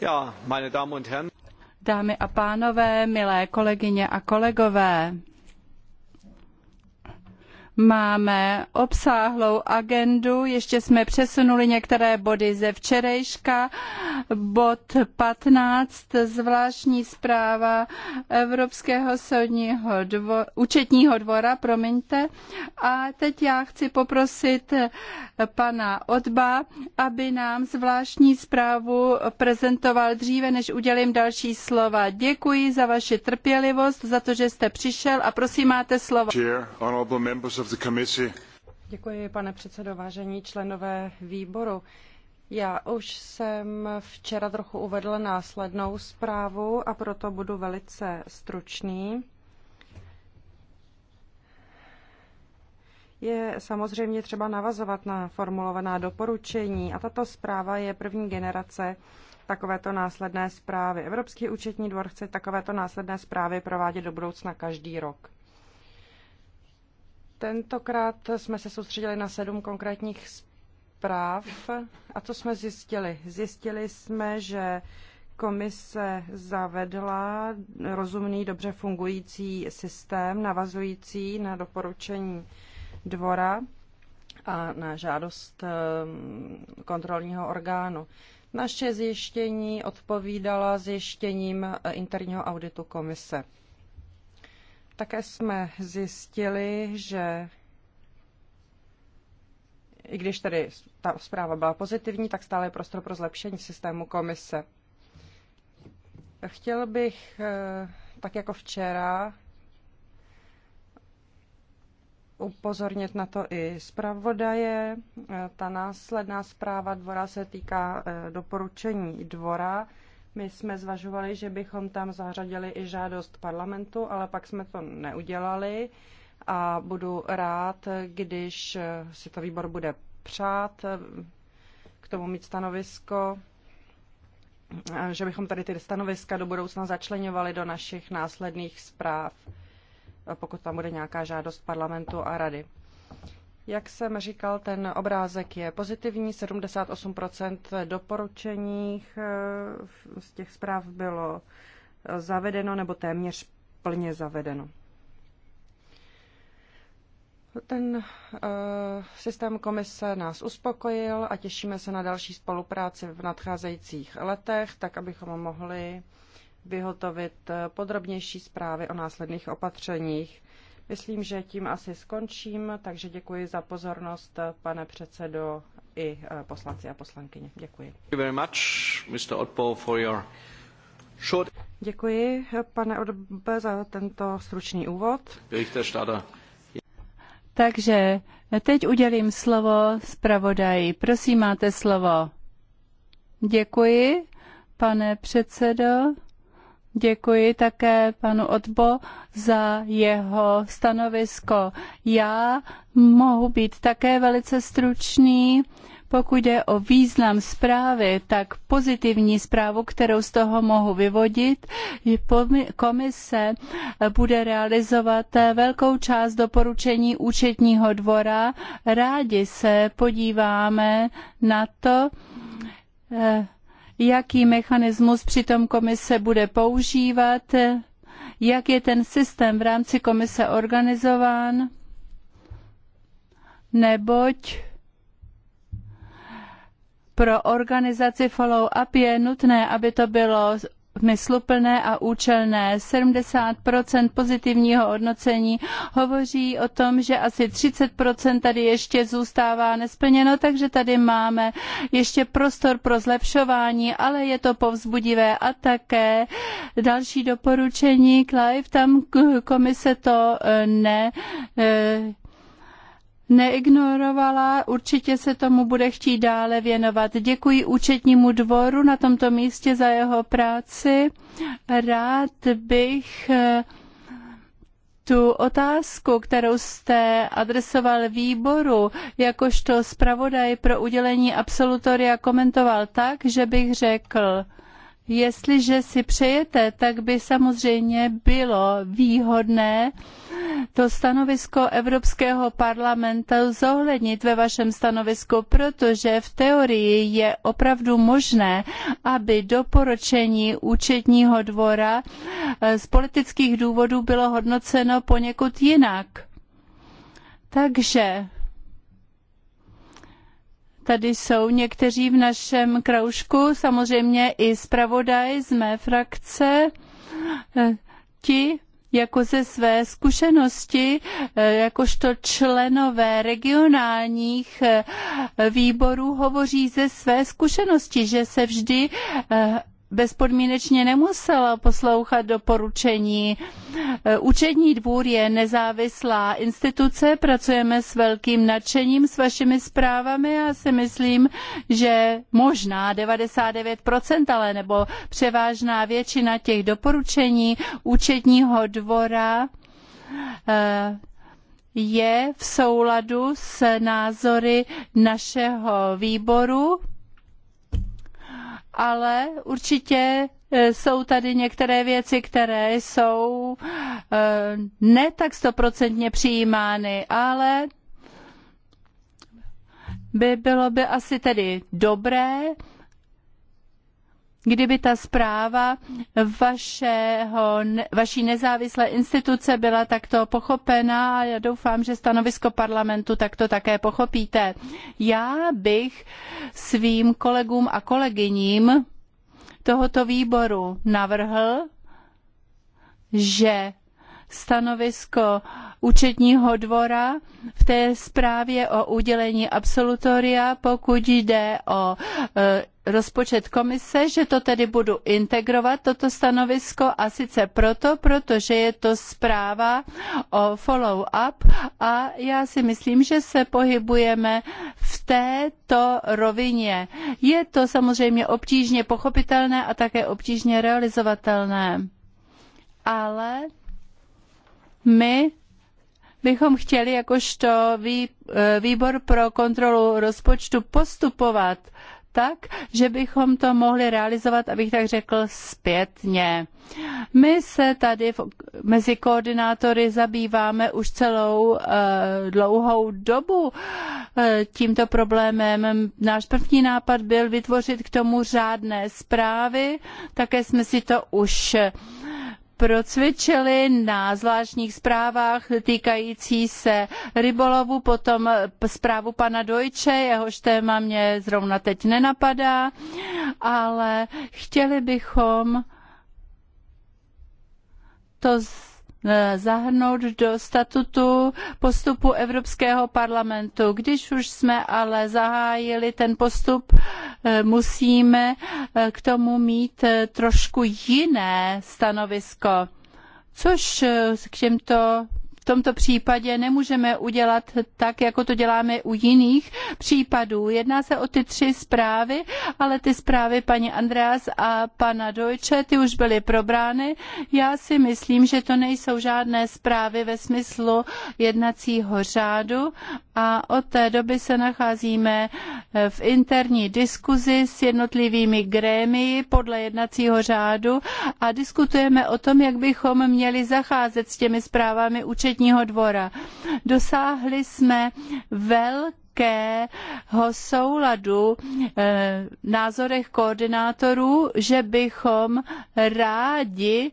Ja, Dámy a pánové, milé kolegyně a kolegové, Máme obsáhlou agendu, ještě jsme přesunuli některé body ze včerejška. Bod 15, zvláštní zpráva Evropského soudního dvo, účetního dvora, promiňte. A teď já chci poprosit pana Odba, aby nám zvláštní zprávu prezentoval dříve, než udělím další slova. Děkuji za vaši trpělivost, za to, že jste přišel a prosím, máte slovo. Děkuji, pane předsedo, vážení členové výboru. Já už jsem včera trochu uvedl následnou zprávu a proto budu velice stručný. Je samozřejmě třeba navazovat na formulovaná doporučení a tato zpráva je první generace takovéto následné zprávy. Evropský účetní dvor chce takovéto následné zprávy provádět do budoucna každý rok. Tentokrát jsme se soustředili na sedm konkrétních zpráv. A co jsme zjistili? Zjistili jsme, že komise zavedla rozumný, dobře fungující systém, navazující na doporučení dvora a na žádost ehm, kontrolního orgánu. Naše zjištění odpovídala zjištěním interního auditu komise. Také jsme zjistili, že i když tedy ta zpráva byla pozitivní, tak stále je prostor pro zlepšení systému komise. Chtěl bych, eh, tak jako včera, upozornit na to i zpravodaje. Eh, ta následná zpráva dvora se týká eh, doporučení dvora my jsme zvažovali, že bychom tam zařadili i žádost parlamentu, ale pak jsme to neudělali a budu rád, když si to výbor bude přát eh, k tomu mít stanovisko, eh, že bychom tady ty stanoviska do budoucna začlenovali do našich následných zpráv, eh, pokud tam bude nějaká žádost parlamentu a rady. Jak jsem říkal, ten obrázek je pozitivní. 78% doporučeních eh, z těch zpráv bylo eh, zavedeno nebo téměř plně zavedeno. Ten uh, systém komise nás uspokojil a těšíme se na další spolupráci v nadcházejících letech, tak abychom mohli vyhotovit podrobnější zprávy o následných opatřeních. Myslím, že tím asi skončím, takže děkuji za pozornost, pane předsedo, i eh, poslanci a poslankyně. Děkuji. Děkuji, pane Odbe, za tento stručný úvod. Takže teď udělím slovo zpravodaji. Prosím, máte slovo. Děkuji, pane předsedo. Děkuji také panu Otbo za jeho stanovisko. Já mohu být také velice stručný. Pokud je o význam zprávy, tak pozitivní zprávu, kterou z toho mohu vyvodit, komise bude realizovat velkou část doporučení účetního dvora. Rádi se podíváme na to, eh, jaký mechanismus přitom komise bude používat, jak je ten systém v rámci komise organizován, neboť pro organizaci follow-up je nutné, aby to bylo smysluplné a účelné. 70 pozitivního hodnocení hovoří o tom, že asi 30 tady ještě zůstává nesplněno, takže tady máme ještě prostor pro zlepšování, ale je to povzbudivé a také další doporučení Clive, tam komise to eh, ne eh, neignorovala. Určitě se tomu bude chtít dále věnovat. Děkuji účetnímu dvoru na tomto místě za jeho práci. Rád bych eh, tu otázku, kterou jste adresoval výboru, jakožto zpravodaj pro udělení absolutoria komentoval tak, že bych řekl, Jestliže si přejete, tak by samozřejmě bylo výhodné to stanovisko Evropského parlamentu zohlednit ve vašem stanovisku, protože v teorii je opravdu možné, aby doporučení účetního dvora eh, z politických důvodů bylo hodnoceno poněkud jinak. Takže Tady jsou někteří v našem kroužku, samozřejmě i zpravodaj z mé frakce. Eh, ti jako ze své zkušenosti, eh, jakožto členové regionálních eh, výborů hovoří ze své zkušenosti, že se vždy bezpodmínečně nemusela poslouchat doporučení. Eh, účetní dvůr je nezávislá instituce, pracujeme s velkým nadšením s vašimi zprávami a si myslím, že možná 99%, ale nebo převážná většina těch doporučení účetního dvora eh, je v souladu s názory našeho výboru ale určitě eh, jsou tady některé věci, které jsou eh, ne tak stoprocentně přijímány, ale by bylo by asi tedy dobré kdyby ta zpráva vašeho, vaší nezávislé instituce byla takto pochopena a já doufám, že stanovisko parlamentu takto také pochopíte. Já bych svým kolegům a kolegyním tohoto výboru navrhl, že stanovisko účetního dvora v té zprávě o udělení absolutoria, pokud jde o e, rozpočet komise, že to tedy budu integrovat, toto stanovisko, a sice proto, protože je to zpráva o follow-up a já si myslím, že se pohybujeme v této rovině. Je to samozřejmě obtížně pochopitelné a také obtížně realizovatelné. Ale my bychom chtěli jakožto e, výbor pro kontrolu rozpočtu postupovat tak, že bychom to mohli realizovat, abych tak řekl, zpětně. My se tady v, mezi koordinátory zabýváme už celou e, dlouhou dobu e, tímto problémem. Náš první nápad byl vytvořit k tomu řádné zprávy, také jsme si to už procvičili na zvláštních zprávách týkající se rybolovu, potom zprávu pana Dojče, jehož téma mě zrovna teď nenapadá, ale chtěli bychom to z Eh, zahrnout do statutu postupu Evropského parlamentu. Když už jsme ale zahájili ten postup, eh, musíme eh, k tomu mít trošku jiné stanovisko což k těmto tomto případě nemůžeme udělat tak, jako to děláme u jiných případů. Jedná se o ty tři zprávy, ale ty zprávy paní Andreas a pana Deutsche, ty už byly probrány. Já si myslím, že to nejsou žádné zprávy ve smyslu jednacího řádu a od té doby se nacházíme v interní diskuzi s jednotlivými grémii podle jednacího řádu a diskutujeme o tom, jak bychom měli zacházet s těmi zprávami účetní účetního dvora. Dosáhli jsme velkého souladu v eh, e, názorech koordinátorů, že bychom rádi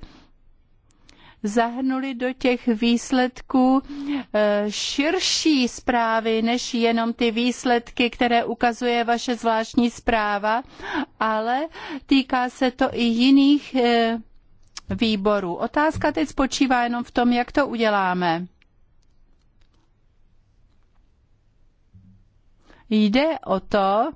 zahrnuli do těch výsledků eh, širší zprávy, než jenom ty výsledky, které ukazuje vaše zvláštní zpráva, ale týká se to i jiných eh, Výboru. Otázka teď spočívá jenom v tom, jak to uděláme. Jde o to,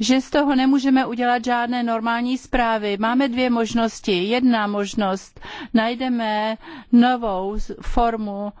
že z toho nemůžeme udělat žádné normální zprávy. Máme dvě možnosti. Jedna možnost, najdeme novou formu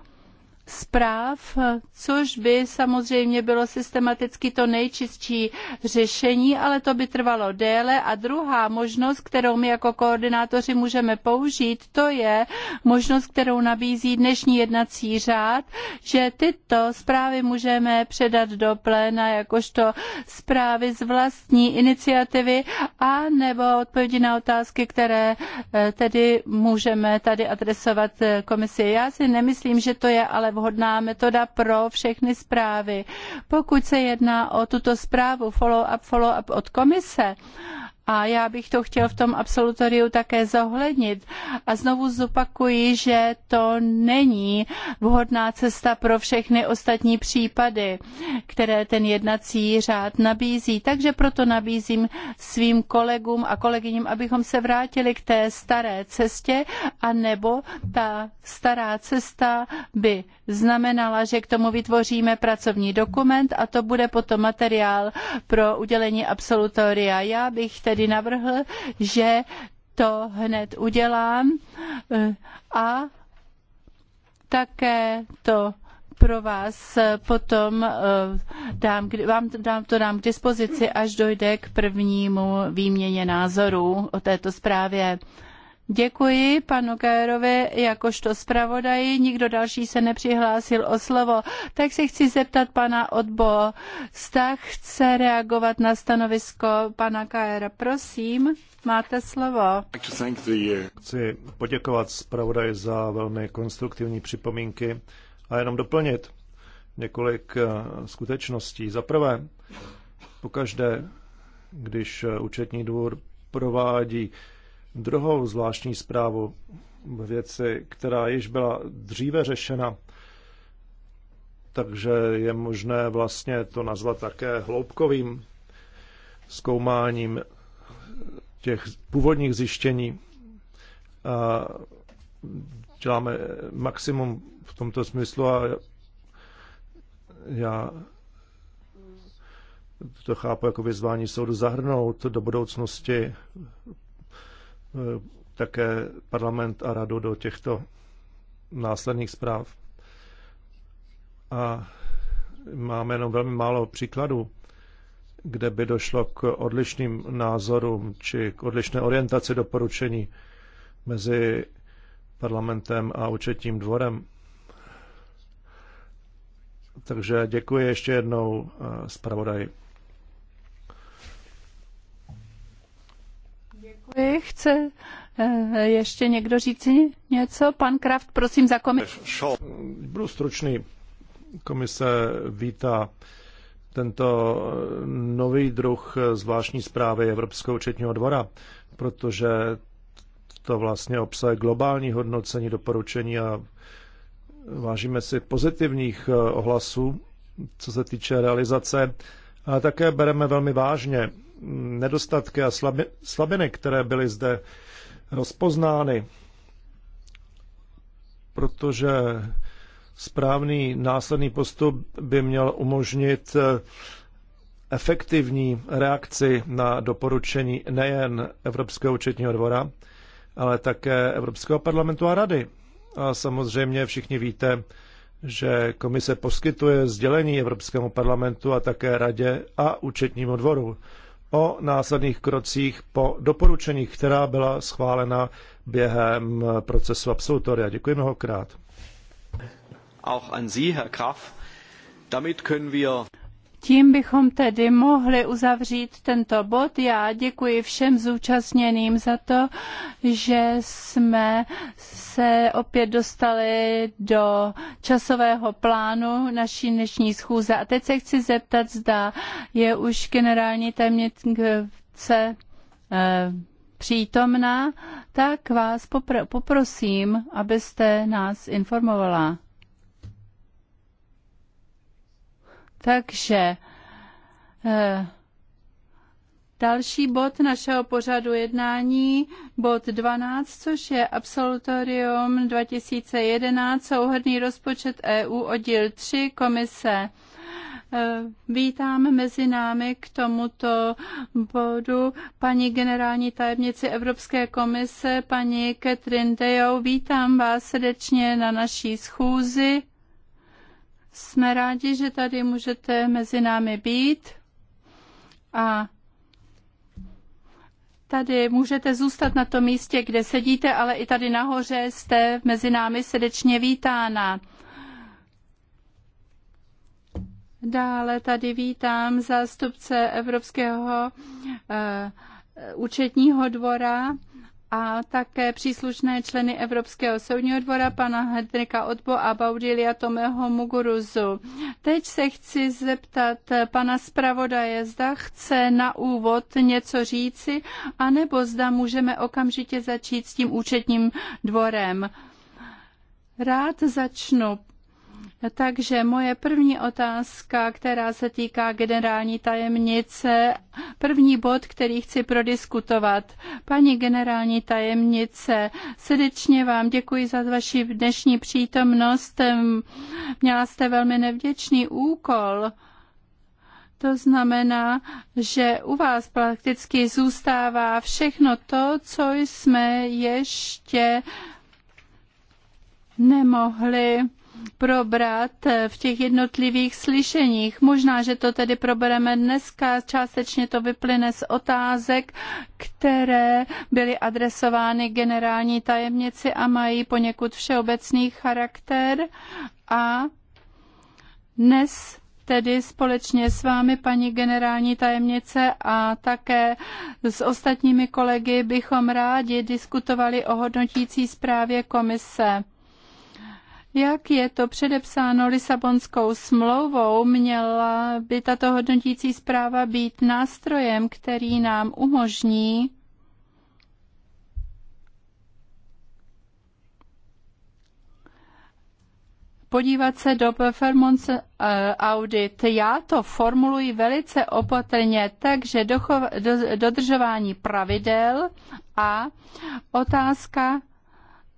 zpráv, což by samozřejmě bylo systematicky to nejčistší řešení, ale to by trvalo déle. A druhá možnost, kterou my jako koordinátoři můžeme použít, to je možnost, kterou nabízí dnešní jednací řád, že tyto zprávy můžeme předat do pléna jakožto zprávy z vlastní iniciativy a nebo odpovědi na otázky, které eh, tedy můžeme tady adresovat eh, komisi. Já si nemyslím, že to je ale vhodná metoda pro všechny zprávy. Pokud se jedná o tuto zprávu follow-up, follow-up od komise, a já bych to chtěl v tom absolutoriu také zohlednit. A znovu zopakuji, že to není vhodná cesta pro všechny ostatní případy, které ten jednací řád nabízí. Takže proto nabízím svým kolegům a kolegyním, abychom se vrátili k té staré cestě, anebo ta stará cesta by znamenala, že k tomu vytvoříme pracovní dokument a to bude potom materiál pro udělení absolutoria. Já bych tedy tedy navrhl, že to hned udělám eh, a také to pro vás potom eh, dám, vám dám, to dám k dispozici, až dojde k prvnímu výměně názorů o této zprávě. Děkuji panu Gajerovi jakožto zpravodaji, nikdo další se nepřihlásil o slovo. Tak se chci zeptat pana Odbo, zda chce reagovat na stanovisko pana Gajera. Prosím, máte slovo. Chci poděkovat zpravodaji za velmi konstruktivní připomínky a jenom doplnit několik eh, skutečností. Za prvé, pokaždé, když eh, účetní dvůr provádí druhou zvláštní zprávu věci, která již byla dříve řešena, takže je možné vlastně to nazvat také hloubkovým zkoumáním těch původních zjištění. A děláme maximum v tomto smyslu a já to chápu jako vyzvání soudu zahrnout do budoucnosti Eh, také parlament a radu do těchto následných zpráv. A máme jenom velmi málo příkladů, kde by došlo k odlišným názorům či k odlišné orientaci doporučení mezi parlamentem a účetním dvorem. Takže děkuji ještě jednou eh, zpravodaji. Děkuji. Chce eh, ještě někdo říci něco? Pan Kraft, prosím za komisi. Budu stručný. Komise vítá tento nový druh zvláštní zprávy Evropského účetního dvora, protože to vlastně obsahuje globální hodnocení doporučení a vážíme si pozitivních eh, ohlasů, co se týče realizace, ale také bereme velmi vážně nedostatky a slabiny, které byly zde rozpoznány, protože správný následný postup by měl umožnit eh, efektivní reakci na doporučení nejen Evropského účetního dvora, ale také Evropského parlamentu a rady. A samozřejmě všichni víte, že komise poskytuje sdělení Evropskému parlamentu a také radě a účetnímu dvoru o následných krocích po doporučeních, která byla schválena během procesu absolutoria. Děkuji mnohokrát. Auch an Sie, Herr Graf. Damit können wir tím bychom tedy mohli uzavřít tento bod. Já děkuji všem zúčastněným za to, že jsme se opět dostali do časového plánu naší dnešní schůze. A teď se chci zeptat, zda je už generální tajemnice eh, přítomná, tak vás poprosím, abyste nás informovala. Takže eh, Další bod našeho pořadu jednání, bod 12, což je Absolutorium 2011, souhrný rozpočet EU oddíl 3 komise. Eh, vítám mezi námi k tomuto bodu paní generální tajemnici Evropské komise, paní Catherine Dejou. Vítám vás srdečně na naší schůzi jsme rádi, že tady můžete mezi námi být a tady můžete zůstat na tom místě, kde sedíte, ale i tady nahoře jste mezi námi srdečně vítána. Dále tady vítám zástupce Evropského eh, účetního dvora a také příslušné členy Evropského soudního dvora, pana Hedrika Odbo a Baudilia Tomeho Muguruzu. Teď se chci zeptat pana zpravodaje, zda chce na úvod něco říci, anebo zda můžeme okamžitě začít s tím účetním dvorem. Rád začnu No takže moje první otázka, která se týká generální tajemnice, první bod, který chci prodiskutovat. Paní generální tajemnice, srdečně vám děkuji za vaši dnešní přítomnost. Měla jste velmi nevděčný úkol. To znamená, že u vás prakticky zůstává všechno to, co jsme ještě nemohli probrat eh, v těch jednotlivých slyšeních. Možná, že to tedy probereme dneska, částečně to vyplyne z otázek, které byly adresovány generální tajemnici a mají poněkud všeobecný charakter. A dnes tedy společně s vámi, paní generální tajemnice, a také s ostatními kolegy bychom rádi diskutovali o hodnotící zprávě komise. Jak je to předepsáno Lisabonskou smlouvou, měla by tato hodnotící zpráva být nástrojem, který nám umožní podívat se do performance eh, audit. Já to formuluji velice opatrně, takže dochov, do, dodržování pravidel a otázka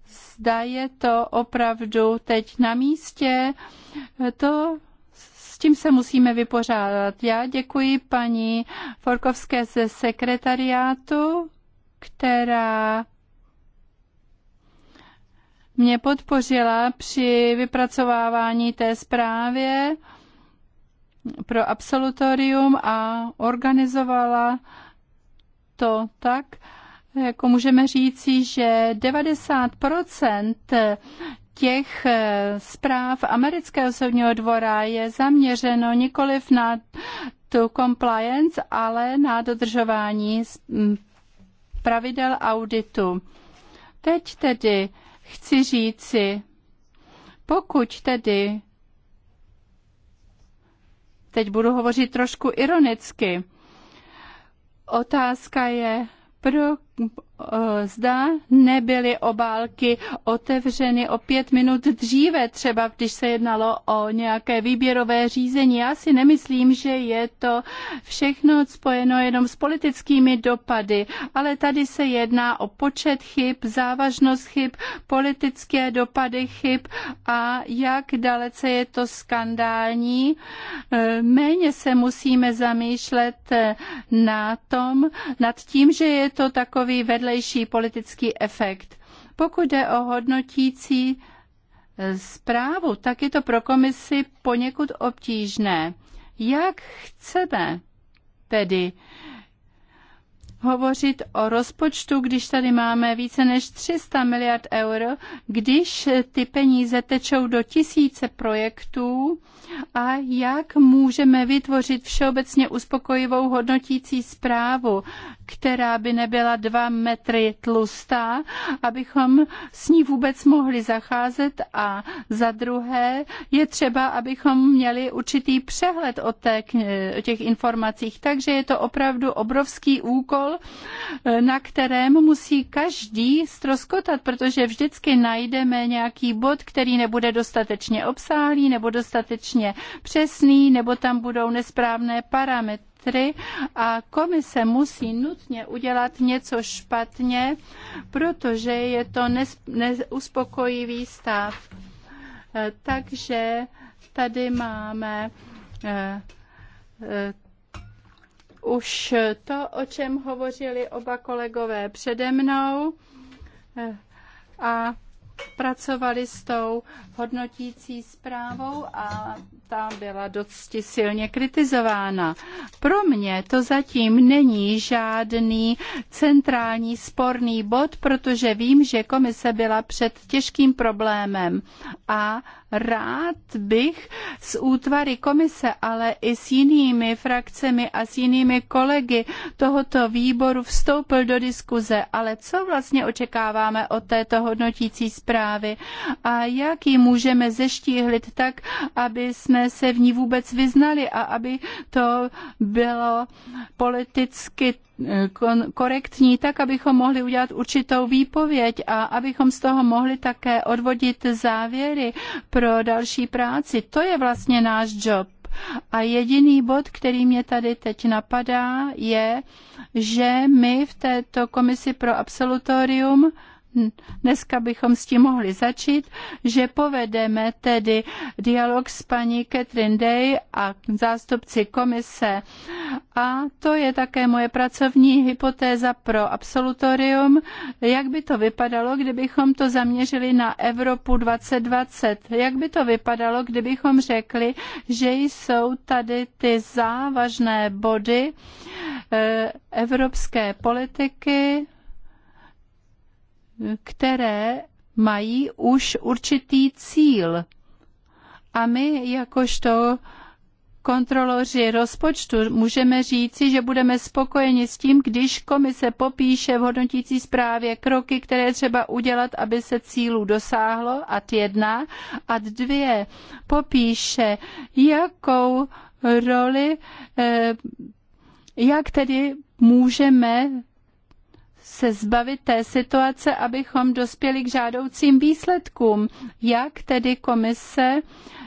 Zda je to opravdu teď na místě, to s tím se musíme vypořádat. Já děkuji paní Forkovské ze sekretariátu, která mě podpořila při vypracovávání té zprávě pro absolutorium a organizovala to tak, jako můžeme říci, že 90 těch eh, zpráv amerického soudního dvora je zaměřeno nikoliv na tu compliance, ale na dodržování mm, pravidel auditu. Teď tedy chci říci, pokud tedy, teď budu hovořit trošku ironicky, otázka je, pro zda nebyly obálky otevřeny o pět minut dříve, třeba když se jednalo o nějaké výběrové řízení. Já si nemyslím, že je to všechno spojeno jenom s politickými dopady, ale tady se jedná o počet chyb, závažnost chyb, politické dopady chyb a jak dalece je to skandální. Eh, méně se musíme zamýšlet eh, na tom, nad tím, že je to takové takový vedlejší politický efekt. Pokud jde o hodnotící e, zprávu, tak je to pro komisi poněkud obtížné. Jak chceme tedy hovořit o rozpočtu, když tady máme více než 300 miliard eur, když ty peníze tečou do tisíce projektů a jak můžeme vytvořit všeobecně uspokojivou hodnotící zprávu, která by nebyla dva metry tlustá, abychom s ní vůbec mohli zacházet a za druhé je třeba, abychom měli určitý přehled o těch, o těch informacích. Takže je to opravdu obrovský úkol vrchol, eh, na kterém musí každý stroskotat, protože vždycky najdeme nějaký bod, který nebude dostatečně obsáhlý nebo dostatečně přesný, nebo tam budou nesprávné parametry a komise musí nutně udělat něco špatně, protože je to neuspokojivý stav. Eh, takže tady máme eh, už to, o čem hovořili oba kolegové přede mnou a pracovali s tou hodnotící zprávou a ta byla dosti silně kritizována. Pro mě to zatím není žádný centrální sporný bod, protože vím, že komise byla před těžkým problémem a Rád bych s útvary komise, ale i s jinými frakcemi a s jinými kolegy tohoto výboru vstoupil do diskuze. Ale co vlastně očekáváme od této hodnotící zprávy a jak ji můžeme zeštíhlit tak, aby jsme se v ní vůbec vyznali a aby to bylo politicky korektní, tak abychom mohli udělat určitou výpověď a abychom z toho mohli také odvodit závěry pro další práci. To je vlastně náš job. A jediný bod, který mě tady teď napadá, je, že my v této komisi pro absolutorium dneska bychom s tím mohli začít, že povedeme tedy dialog s paní Catherine Day a zástupci komise. A to je také moje pracovní hypotéza pro absolutorium, jak by to vypadalo, kdybychom to zaměřili na Evropu 2020. Jak by to vypadalo, kdybychom řekli, že jsou tady ty závažné body eh, evropské politiky, které mají už určitý cíl. A my jakožto kontroloři rozpočtu můžeme říci, že budeme spokojeni s tím, když komise popíše v hodnotící zprávě kroky, které třeba udělat, aby se cílů dosáhlo, a jedna, a dvě popíše, jakou roli, eh, jak tedy můžeme se zbavit té situace, abychom dospěli k žádoucím výsledkům. Jak tedy komise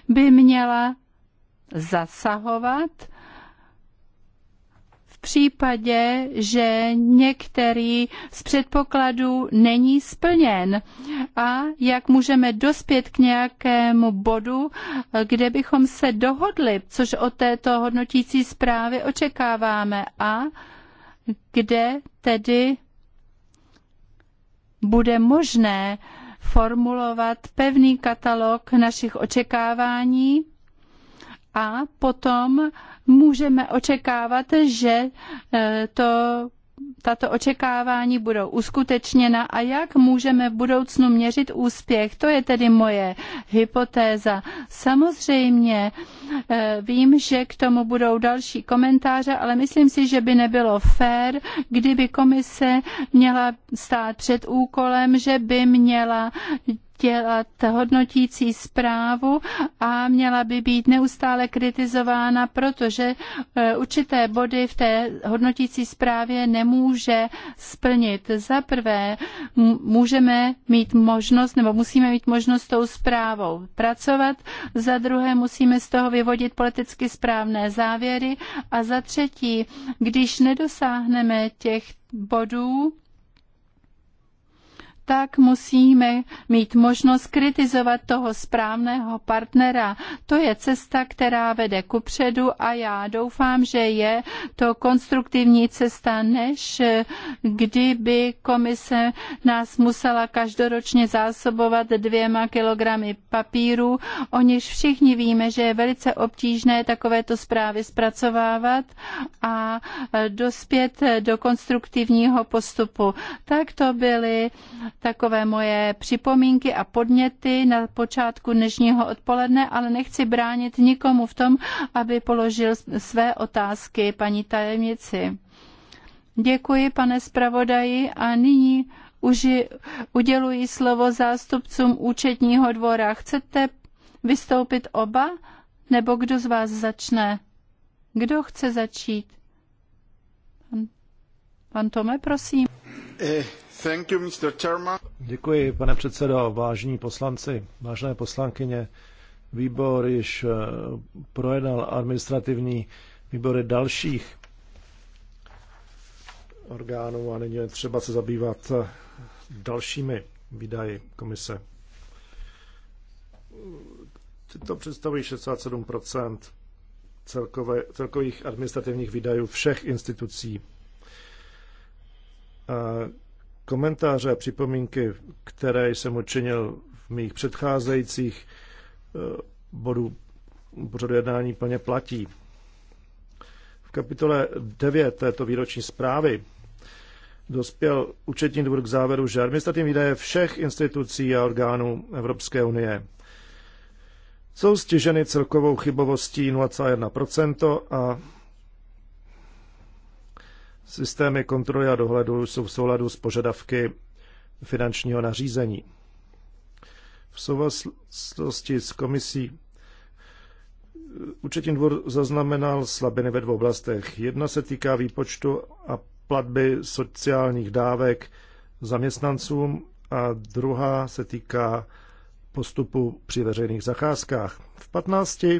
by měla zasahovat v případě, že některý z předpokladů není splněn a jak můžeme dospět k nějakému bodu, kde bychom se dohodli, což od této hodnotící zprávy očekáváme a kde tedy bude možné formulovat pevný katalog našich očekávání a potom můžeme očekávat, že eh, to tato očekávání budou uskutečněna a jak můžeme v budoucnu měřit úspěch. To je tedy moje hypotéza. Samozřejmě eh, vím, že k tomu budou další komentáře, ale myslím si, že by nebylo fér, kdyby komise měla stát před úkolem, že by měla dělat hodnotící zprávu a měla by být neustále kritizována, protože e, určité body v té hodnotící zprávě nemůže splnit. Za prvé můžeme mít možnost nebo musíme mít možnost s tou zprávou pracovat, za druhé musíme z toho vyvodit politicky správné závěry a za třetí, když nedosáhneme těch bodů, tak musíme mít možnost kritizovat toho správného partnera. To je cesta, která vede ku předu a já doufám, že je to konstruktivní cesta, než kdyby komise nás musela každoročně zásobovat dvěma kilogramy papíru, o niž všichni víme, že je velice obtížné takovéto zprávy zpracovávat a dospět do konstruktivního postupu. Tak to byly takové moje připomínky a podněty na počátku dnešního odpoledne, ale nechci bránit nikomu v tom, aby položil své otázky paní tajemnici. Děkuji, pane zpravodaji, a nyní už uděluji slovo zástupcům účetního dvora. Chcete vystoupit oba, nebo kdo z vás začne? Kdo chce začít? Pan, pan Tome, prosím. Eh. Děkuji, pane předsedo, vážní poslanci, vážené poslankyně. Výbor již eh, projednal administrativní výbory dalších orgánů a nyní je třeba se zabývat eh, dalšími výdaji komise. Tyto představují 67 celkových administrativních výdajů všech institucí. Eh, komentáře a připomínky, které jsem učinil v mých předcházejících eh, bodů pořadu jednání plně platí. V kapitole 9 této výroční zprávy dospěl účetní dvůr k závěru, že administrativní výdaje všech institucí a orgánů Evropské unie jsou stiženy celkovou chybovostí 0,1% a Systémy kontroly a dohledu jsou v souladu s požadavky finančního nařízení. V souvislosti s komisí Účetní dvor zaznamenal slabiny ve dvou oblastech. Jedna se týká výpočtu a platby sociálních dávek zaměstnancům a druhá se týká postupu při veřejných zakázkách. V 15 eh,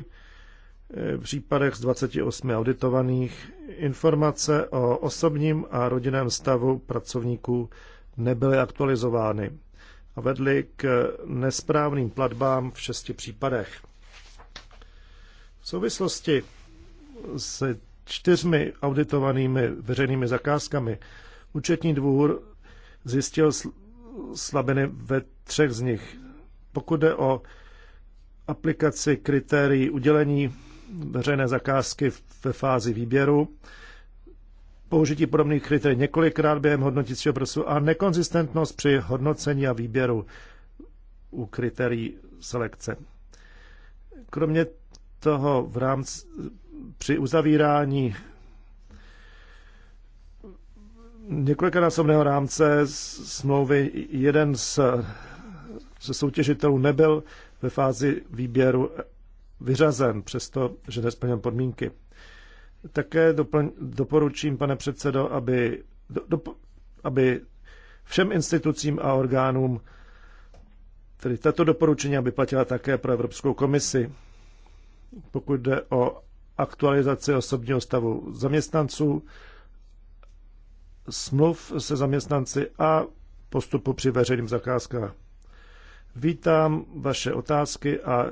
případech z 28 auditovaných Informace o osobním a rodinném stavu pracovníků nebyly aktualizovány a vedly k nesprávným platbám v šesti případech. V souvislosti se čtyřmi auditovanými veřejnými zakázkami účetní dvůr zjistil slabiny ve třech z nich. Pokud jde o aplikaci kritérií udělení veřejné zakázky ve fázi výběru, použití podobných kritérií několikrát během hodnotícího procesu a nekonzistentnost při hodnocení a výběru u kritérií selekce. Kromě toho v rámci, při uzavírání několikanásobného rámce smlouvy jeden z, ze soutěžitelů nebyl ve fázi výběru vyřazen, přesto, že nesplnil podmínky. Také doplň, doporučím, pane předsedo, aby, do, do, aby všem institucím a orgánům, tedy tato doporučení, aby platila také pro Evropskou komisi, pokud jde o aktualizaci osobního stavu zaměstnanců, smluv se zaměstnanci a postupu při veřejným zakázkách. Vítám vaše otázky a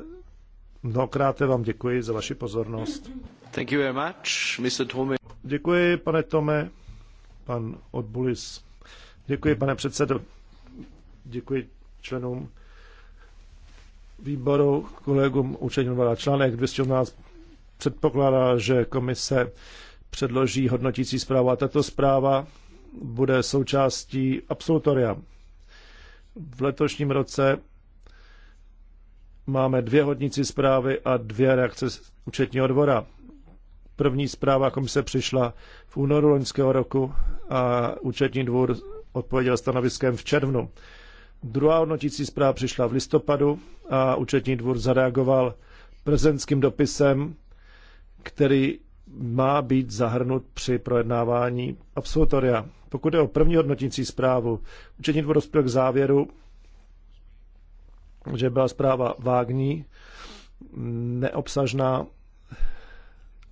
Mnohokrát vám děkuji za vaši pozornost. Thank you very much, Mr. Tome. Děkuji, pane Tome, pan Odbulis. Děkuji, pane předsedo. Děkuji členům výboru, kolegům účetního článek 218 předpokládá, že komise předloží hodnotící zprávu a tato zpráva bude součástí absolutoria. V letošním roce máme dvě hodnici zprávy a dvě reakce z účetního dvora. První zpráva komise přišla v únoru loňského roku a účetní dvůr odpověděl stanoviskem v červnu. Druhá hodnotící zpráva přišla v listopadu a účetní dvůr zareagoval prezidentským dopisem, který má být zahrnut při projednávání absolutoria. Pokud je o první hodnotící zprávu, účetní dvůr dospěl k závěru, že byla zpráva vágní, neobsažná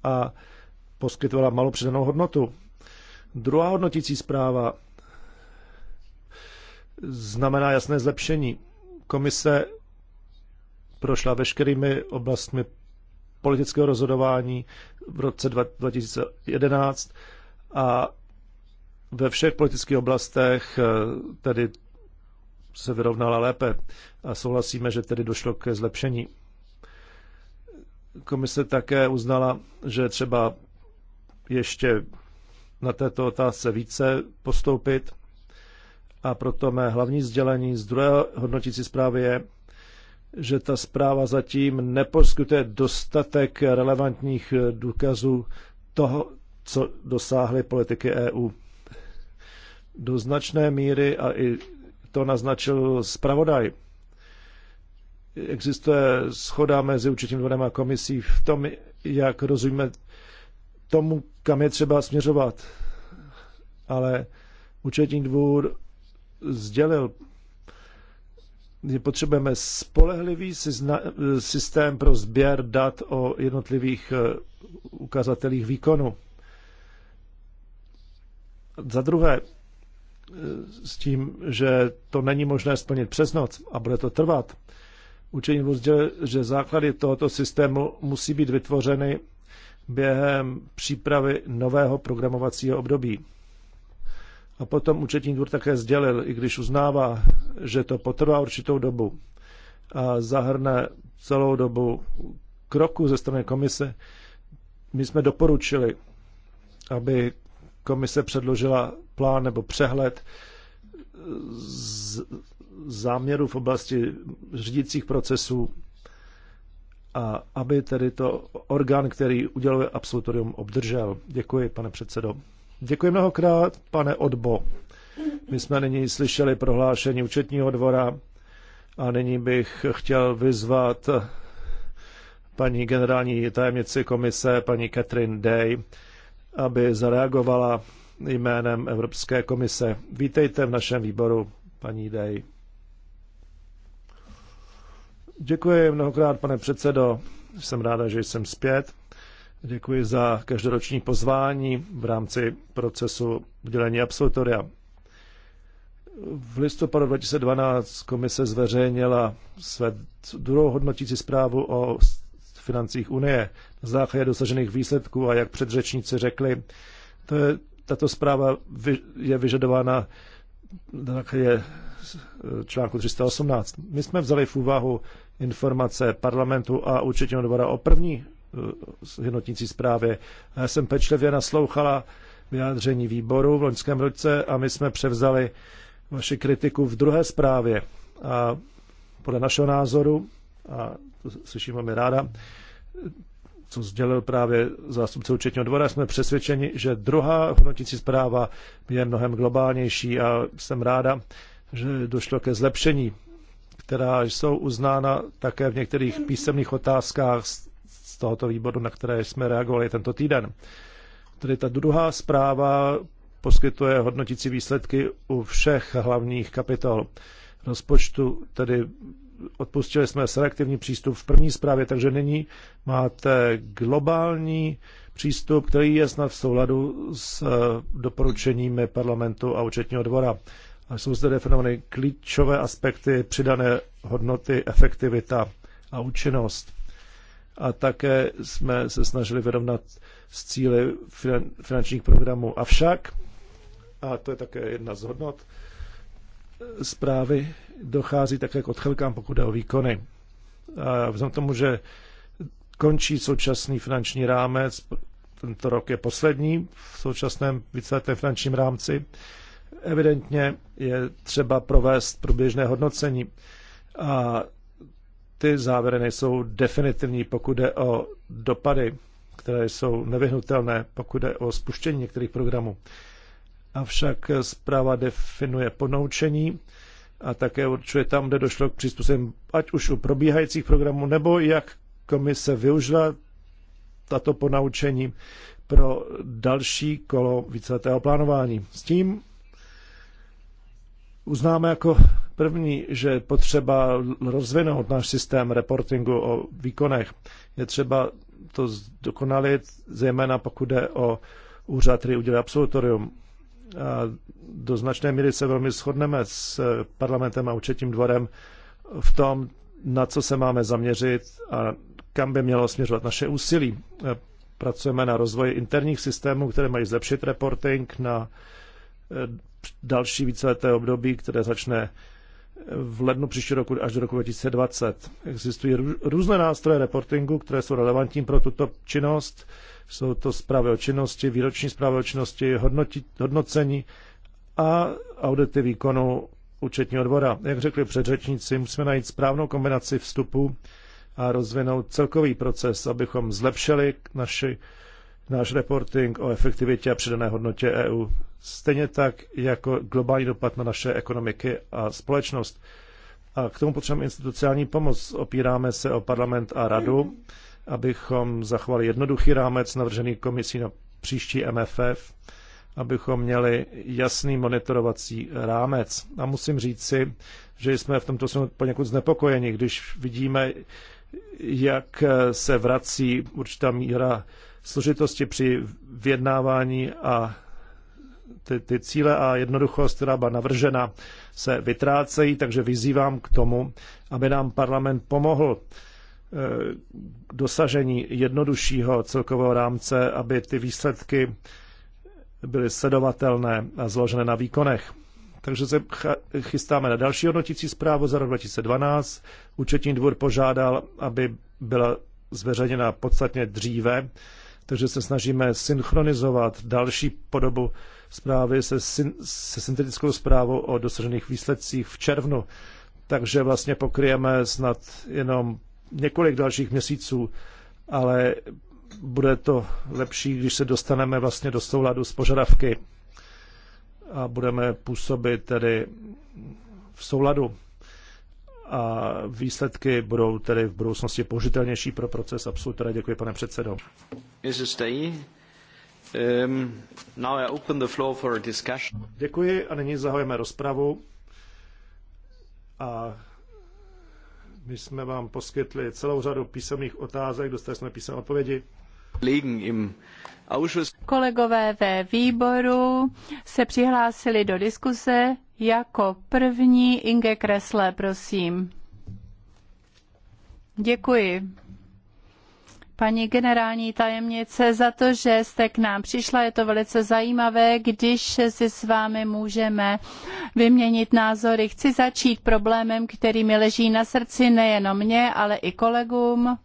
a poskytovala malou přidanou hodnotu. Druhá hodnotící zpráva znamená jasné zlepšení. Komise prošla veškerými oblastmi politického rozhodování v roce 2011 a ve všech politických oblastech eh, tedy se vyrovnala lépe a souhlasíme, že tedy došlo ke zlepšení. Komise také uznala, že třeba ještě na této otázce více postoupit a proto mé hlavní sdělení z druhé hodnotící zprávy je, že ta zpráva zatím neposkytuje dostatek relevantních důkazů toho, co dosáhly politiky EU. Do značné míry, a i to naznačil zpravodaj, existuje schoda mezi účetním dvorem a komisí v tom, jak rozumíme tomu, kam je třeba směřovat. Ale účetní dvůr sdělil, že potřebujeme spolehlivý systém pro sběr dat o jednotlivých eh, ukazatelích výkonu. Za druhé, eh, s tím, že to není možné splnit přes noc a bude to trvat, Učení v že základy tohoto systému musí být vytvořeny během přípravy nového programovacího období. A potom účetní dvůr také sdělil, i když uznává, že to potrvá určitou dobu a zahrne celou dobu kroku ze strany komise, my jsme doporučili, aby komise předložila plán nebo přehled z záměrů v oblasti řídících procesů a aby tedy to orgán, který uděluje absolutorium, obdržel. Děkuji, pane předsedo. Děkuji mnohokrát, pane Odbo. My jsme nyní slyšeli prohlášení účetního dvora a nyní bych chtěl vyzvat paní generální tajemnici komise, paní Catherine Day, aby zareagovala jménem Evropské komise. Vítejte v našem výboru, paní Day. Děkuji mnohokrát, pane předsedo. Jsem ráda, že jsem zpět. Děkuji za každoroční pozvání v rámci procesu udělení absolutoria. V listopadu 2012 komise zveřejnila své druhou hodnotící zprávu o financích Unie na základě dosažených výsledků a jak předřečníci řekli, to je, tato zpráva je vyžadována na základě Eh, článku 318. My jsme vzali v úvahu informace parlamentu a účetního dvora o první eh, hodnotící zprávě. Já jsem pečlivě naslouchala vyjádření výboru v loňském roce a my jsme převzali vaši kritiku v druhé zprávě. A podle našeho názoru, a to slyším velmi ráda, co sdělil právě zástupce účetního dvora, jsme přesvědčeni, že druhá hodnotící zpráva je mnohem globálnější a jsem ráda, že došlo ke zlepšení, která jsou uznána také v některých písemných otázkách z tohoto výboru, na které jsme reagovali tento týden. Tedy ta druhá zpráva poskytuje hodnotící výsledky u všech hlavních kapitol rozpočtu, tedy odpustili jsme selektivní přístup v první zprávě, takže nyní máte globální přístup, který je snad v souladu s doporučeními parlamentu a účetního dvora. Jsou zde definovány klíčové aspekty přidané hodnoty, efektivita a účinnost. A také jsme se snažili vyrovnat s cíly finančních programů. Avšak, a to je také jedna z hodnot, zprávy dochází také k odchylkám, pokud jde o výkony. A vzhledem tomu, že končí současný finanční rámec, tento rok je poslední v současném víceletém finančním rámci, Evidentně je třeba provést průběžné hodnocení a ty závěry nejsou definitivní, pokud jde o dopady, které jsou nevyhnutelné, pokud jde o spuštění některých programů. Avšak zpráva definuje ponoučení a také určuje tam, kde došlo k přizpůsobení, ať už u probíhajících programů, nebo jak komise využila tato ponaučení pro další kolo víceletého plánování. S tím, uznáme jako první, že je potřeba rozvinout náš systém reportingu o výkonech. Je třeba to dokonalit, zejména pokud jde o úřad, který udělá absolutorium. A do značné míry se velmi shodneme s parlamentem a účetním dvorem v tom, na co se máme zaměřit a kam by mělo směřovat naše úsilí. Pracujeme na rozvoji interních systémů, které mají zlepšit reporting, na další víceleté období, které začne v lednu příštího roku až do roku 2020. Existují různé nástroje reportingu, které jsou relevantní pro tuto činnost. Jsou to zprávy o činnosti, výroční zprávy o činnosti, hodnoti, hodnocení a audity výkonu účetního dvora. Jak řekli předřečníci, musíme najít správnou kombinaci vstupu a rozvinout celkový proces, abychom zlepšili naši, náš reporting o efektivitě a přidané hodnotě EU stejně tak jako globální dopad na naše ekonomiky a společnost. A k tomu potřebujeme institucionální pomoc. Opíráme se o parlament a radu, abychom zachovali jednoduchý rámec navržený komisí na příští MFF, abychom měli jasný monitorovací rámec. A musím říci, že jsme v tomto směru poněkud znepokojeni, když vidíme, jak se vrací určitá míra složitosti při vyjednávání a ty, ty cíle a jednoduchost, která byla navržena, se vytrácejí, takže vyzývám k tomu, aby nám parlament pomohl eh, k dosažení jednoduššího celkového rámce, aby ty výsledky byly sledovatelné a zložené na výkonech. Takže se chystáme na další hodnotící zprávu za rok 2012. Účetní dvůr požádal, aby byla zveřejněna podstatně dříve, takže se snažíme synchronizovat další podobu zprávy se, se syntetickou zprávou o dosažených výsledcích v červnu. Takže vlastně pokryjeme snad jenom několik dalších měsíců, ale bude to lepší, když se dostaneme vlastně do souladu s požadavky a budeme působit tedy v souladu a výsledky budou tedy v budoucnosti použitelnější pro proces absolutora. Děkuji, pane předsedo. Um, Děkuji a nyní zahajeme rozpravu. A my jsme vám poskytli celou řadu písemných otázek, dostali jsme písemné odpovědi. Kolegové ve výboru se přihlásili do diskuse jako první Inge Kresle, prosím. Děkuji paní generální tajemnice, za to, že jste k nám přišla. Je to velice zajímavé, když si s vámi můžeme vyměnit názory. Chci začít problémem, který mi leží na srdci nejenom mě, ale i kolegům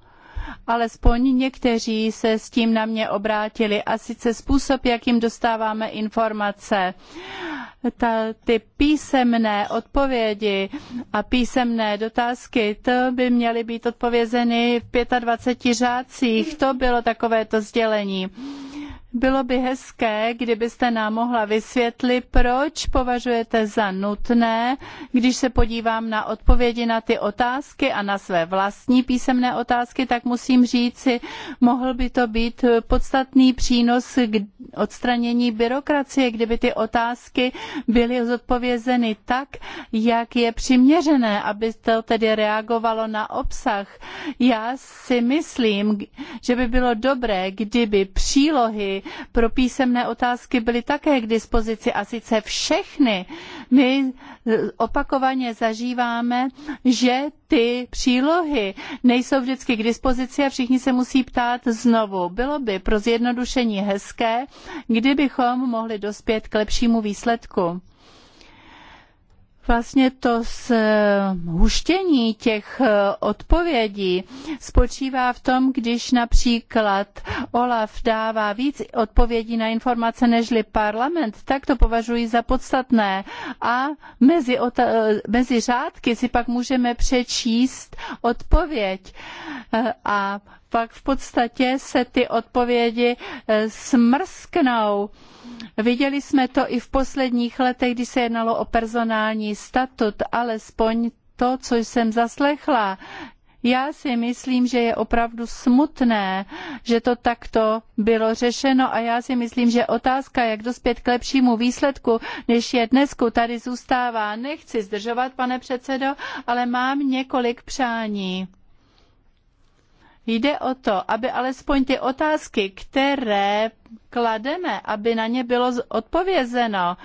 alespoň někteří se s tím na mě obrátili a sice způsob, jakým dostáváme informace. Ta, ty písemné odpovědi a písemné dotázky, to by měly být odpovězeny v 25 řádcích. To bylo takovéto sdělení. Bylo by hezké, kdybyste nám mohla vysvětlit, proč považujete za nutné, když se podívám na odpovědi na ty otázky a na své vlastní písemné otázky, tak musím říci, mohl by to být podstatný přínos k odstranění byrokracie, kdyby ty otázky byly zodpovězeny tak, jak je přiměřené, aby to tedy reagovalo na obsah. Já si myslím, že by bylo dobré, kdyby přílohy pro písemné otázky byly také k dispozici a sice všechny. My opakovaně zažíváme, že ty přílohy nejsou vždycky k dispozici a všichni se musí ptát znovu. Bylo by pro zjednodušení hezké, kdybychom mohli dospět k lepšímu výsledku vlastně to zhuštění těch eh, odpovědí spočívá v tom, když například Olaf dává víc odpovědí na informace nežli parlament, tak to považuji za podstatné. A mezi, eh, mezi řádky si pak můžeme přečíst odpověď. Eh, a pak v podstatě se ty odpovědi eh, smrsknou. Viděli jsme to i v posledních letech, kdy se jednalo o personální statut, alespoň to, co jsem zaslechla. Já si myslím, že je opravdu smutné, že to takto bylo řešeno a já si myslím, že otázka, jak dospět k lepšímu výsledku, než je dnesku, tady zůstává. Nechci zdržovat, pane předsedo, ale mám několik přání. Jde o to, aby alespoň ty otázky, které klademe, aby na ně bylo odpovězeno.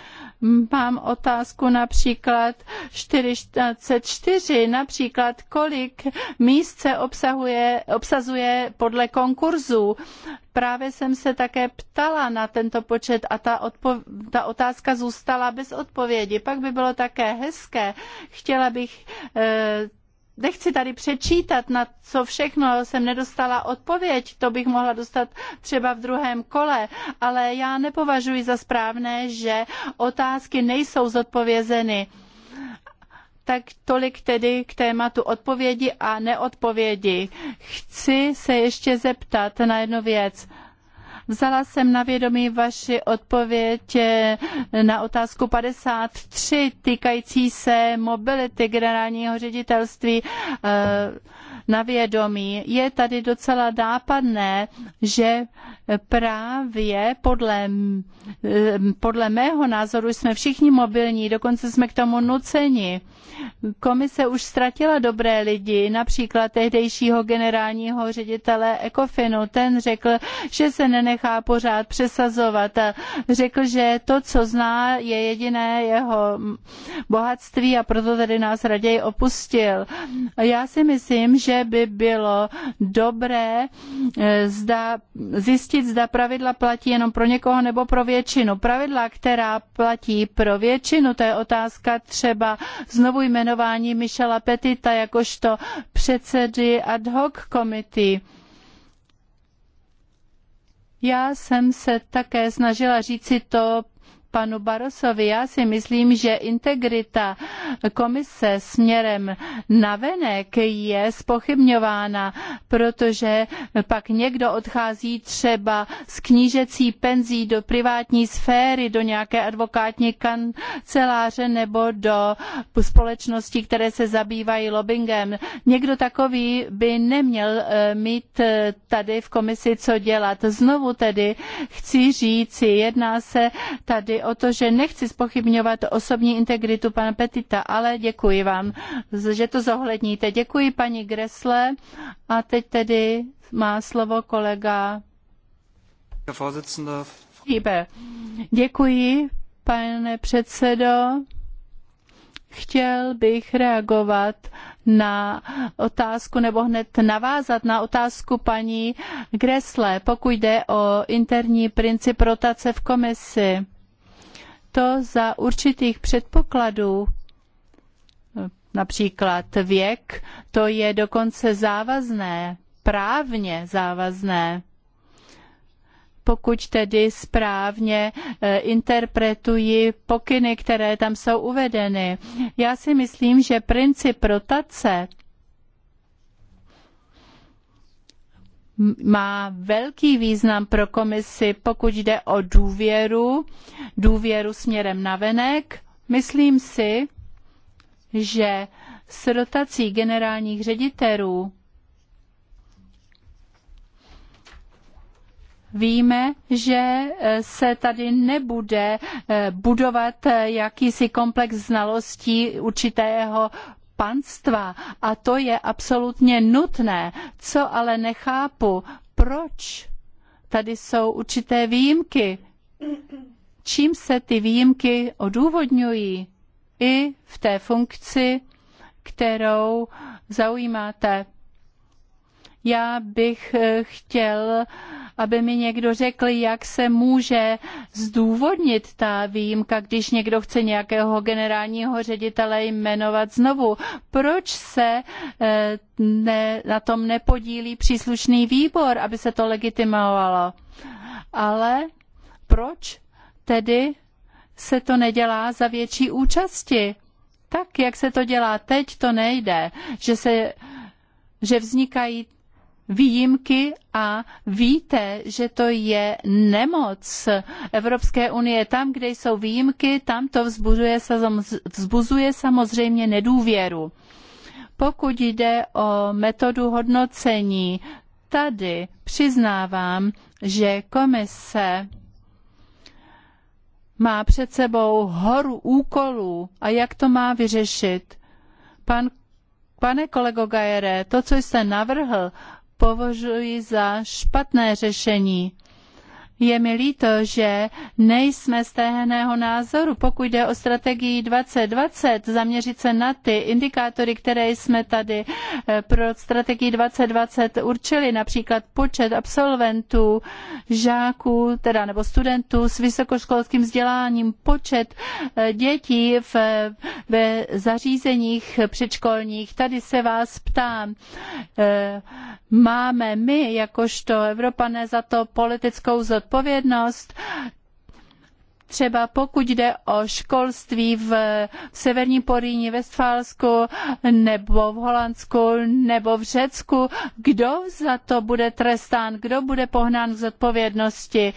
Mám otázku například 44, například kolik míst se obsahuje, obsazuje podle konkurzů. Právě jsem se také ptala na tento počet a ta, odpo- ta otázka zůstala bez odpovědi. Pak by bylo také hezké. Chtěla bych E- Nechci tady přečítat, na co všechno jsem nedostala odpověď, to bych mohla dostat třeba v druhém kole, ale já nepovažuji za správné, že otázky nejsou zodpovězeny. Tak tolik tedy k tématu odpovědi a neodpovědi. Chci se ještě zeptat na jednu věc. Vzala jsem na vědomí vaši odpověď eh, na otázku 53 týkající se mobility generálního ředitelství. Uh, na vědomí, je tady docela nápadné, že právě podle, podle mého názoru jsme všichni mobilní, dokonce jsme k tomu nuceni. Komise už ztratila dobré lidi, například tehdejšího generálního ředitele Ecofinu. Ten řekl, že se nenechá pořád přesazovat a řekl, že to, co zná, je jediné jeho bohatství a proto tady nás raději opustil. Já si myslím, že by bylo dobré eh, zda, zjistit, zda pravidla platí jenom pro někoho nebo pro většinu. Pravidla, která platí pro většinu, to je otázka třeba znovu jmenování Michela Petita jakožto předsedy ad hoc komity. Já jsem se také snažila říci to panu Barosovi. Já si myslím, že integrita komise směrem navenek je spochybňována, protože pak někdo odchází třeba z knížecí penzí do privátní sféry, do nějaké advokátní kanceláře nebo do společností, které se zabývají lobbyingem. Někdo takový by neměl eh, mít eh, tady v komisi co dělat. Znovu tedy chci říci, jedná se tady o to, že nechci spochybňovat osobní integritu pana Petita, ale děkuji vám, že to zohledníte. Děkuji paní Gresle a teď tedy má slovo kolega Hýbe. Děkuji, pane předsedo. Chtěl bych reagovat na otázku nebo hned navázat na otázku paní Gresle, pokud jde o interní princip rotace v komisi to za určitých předpokladů, například věk, to je dokonce závazné, právně závazné pokud tedy správně eh, interpretuji pokyny, které tam jsou uvedeny. Já si myslím, že princip rotace má velký význam pro komisi, pokud jde o důvěru, důvěru směrem navenek. Myslím si, že s rotací generálních ředitelů víme, že e, se tady nebude e, budovat e, jakýsi komplex znalostí určitého panstva a to je absolutně nutné. Co ale nechápu, proč tady jsou určité výjimky? Čím se ty výjimky odůvodňují? I v té funkci, kterou zaujímáte. Já bych eh, chtěl aby mi někdo řekl, jak se může zdůvodnit ta výjimka, když někdo chce nějakého generálního ředitele jmenovat znovu. Proč se eh, ne, na tom nepodílí příslušný výbor, aby se to legitimovalo? Ale proč tedy se to nedělá za větší účasti? tak, jak se to dělá teď, to nejde, že, se, že vznikají výjimky a víte, že to je nemoc Evropské unie. Tam, kde jsou výjimky, tam to vzbuzuje, vzbuzuje samozřejmě nedůvěru. Pokud jde o metodu hodnocení, tady přiznávám, že komise má před sebou horu úkolů a jak to má vyřešit. Pan, pane kolego Gajere, to, co jste navrhl, považuji za špatné řešení. Je mi líto, že nejsme stejného názoru, pokud jde o strategii 2020, zaměřit se na ty indikátory, které jsme tady eh, pro strategii 2020 určili, například počet absolventů, žáků, teda nebo studentů s vysokoškolským vzděláním, počet eh, dětí v, eh, ve zařízeních předškolních. Tady se vás ptám, máme my, jakožto Evropané, za to politickou zodpovědnost, zodpovědnost? třeba pokud jde o školství v, severním Porýní, Westfálsku nebo v Holandsku nebo v Řecku, kdo za to bude trestán, kdo bude pohnán k zodpovědnosti.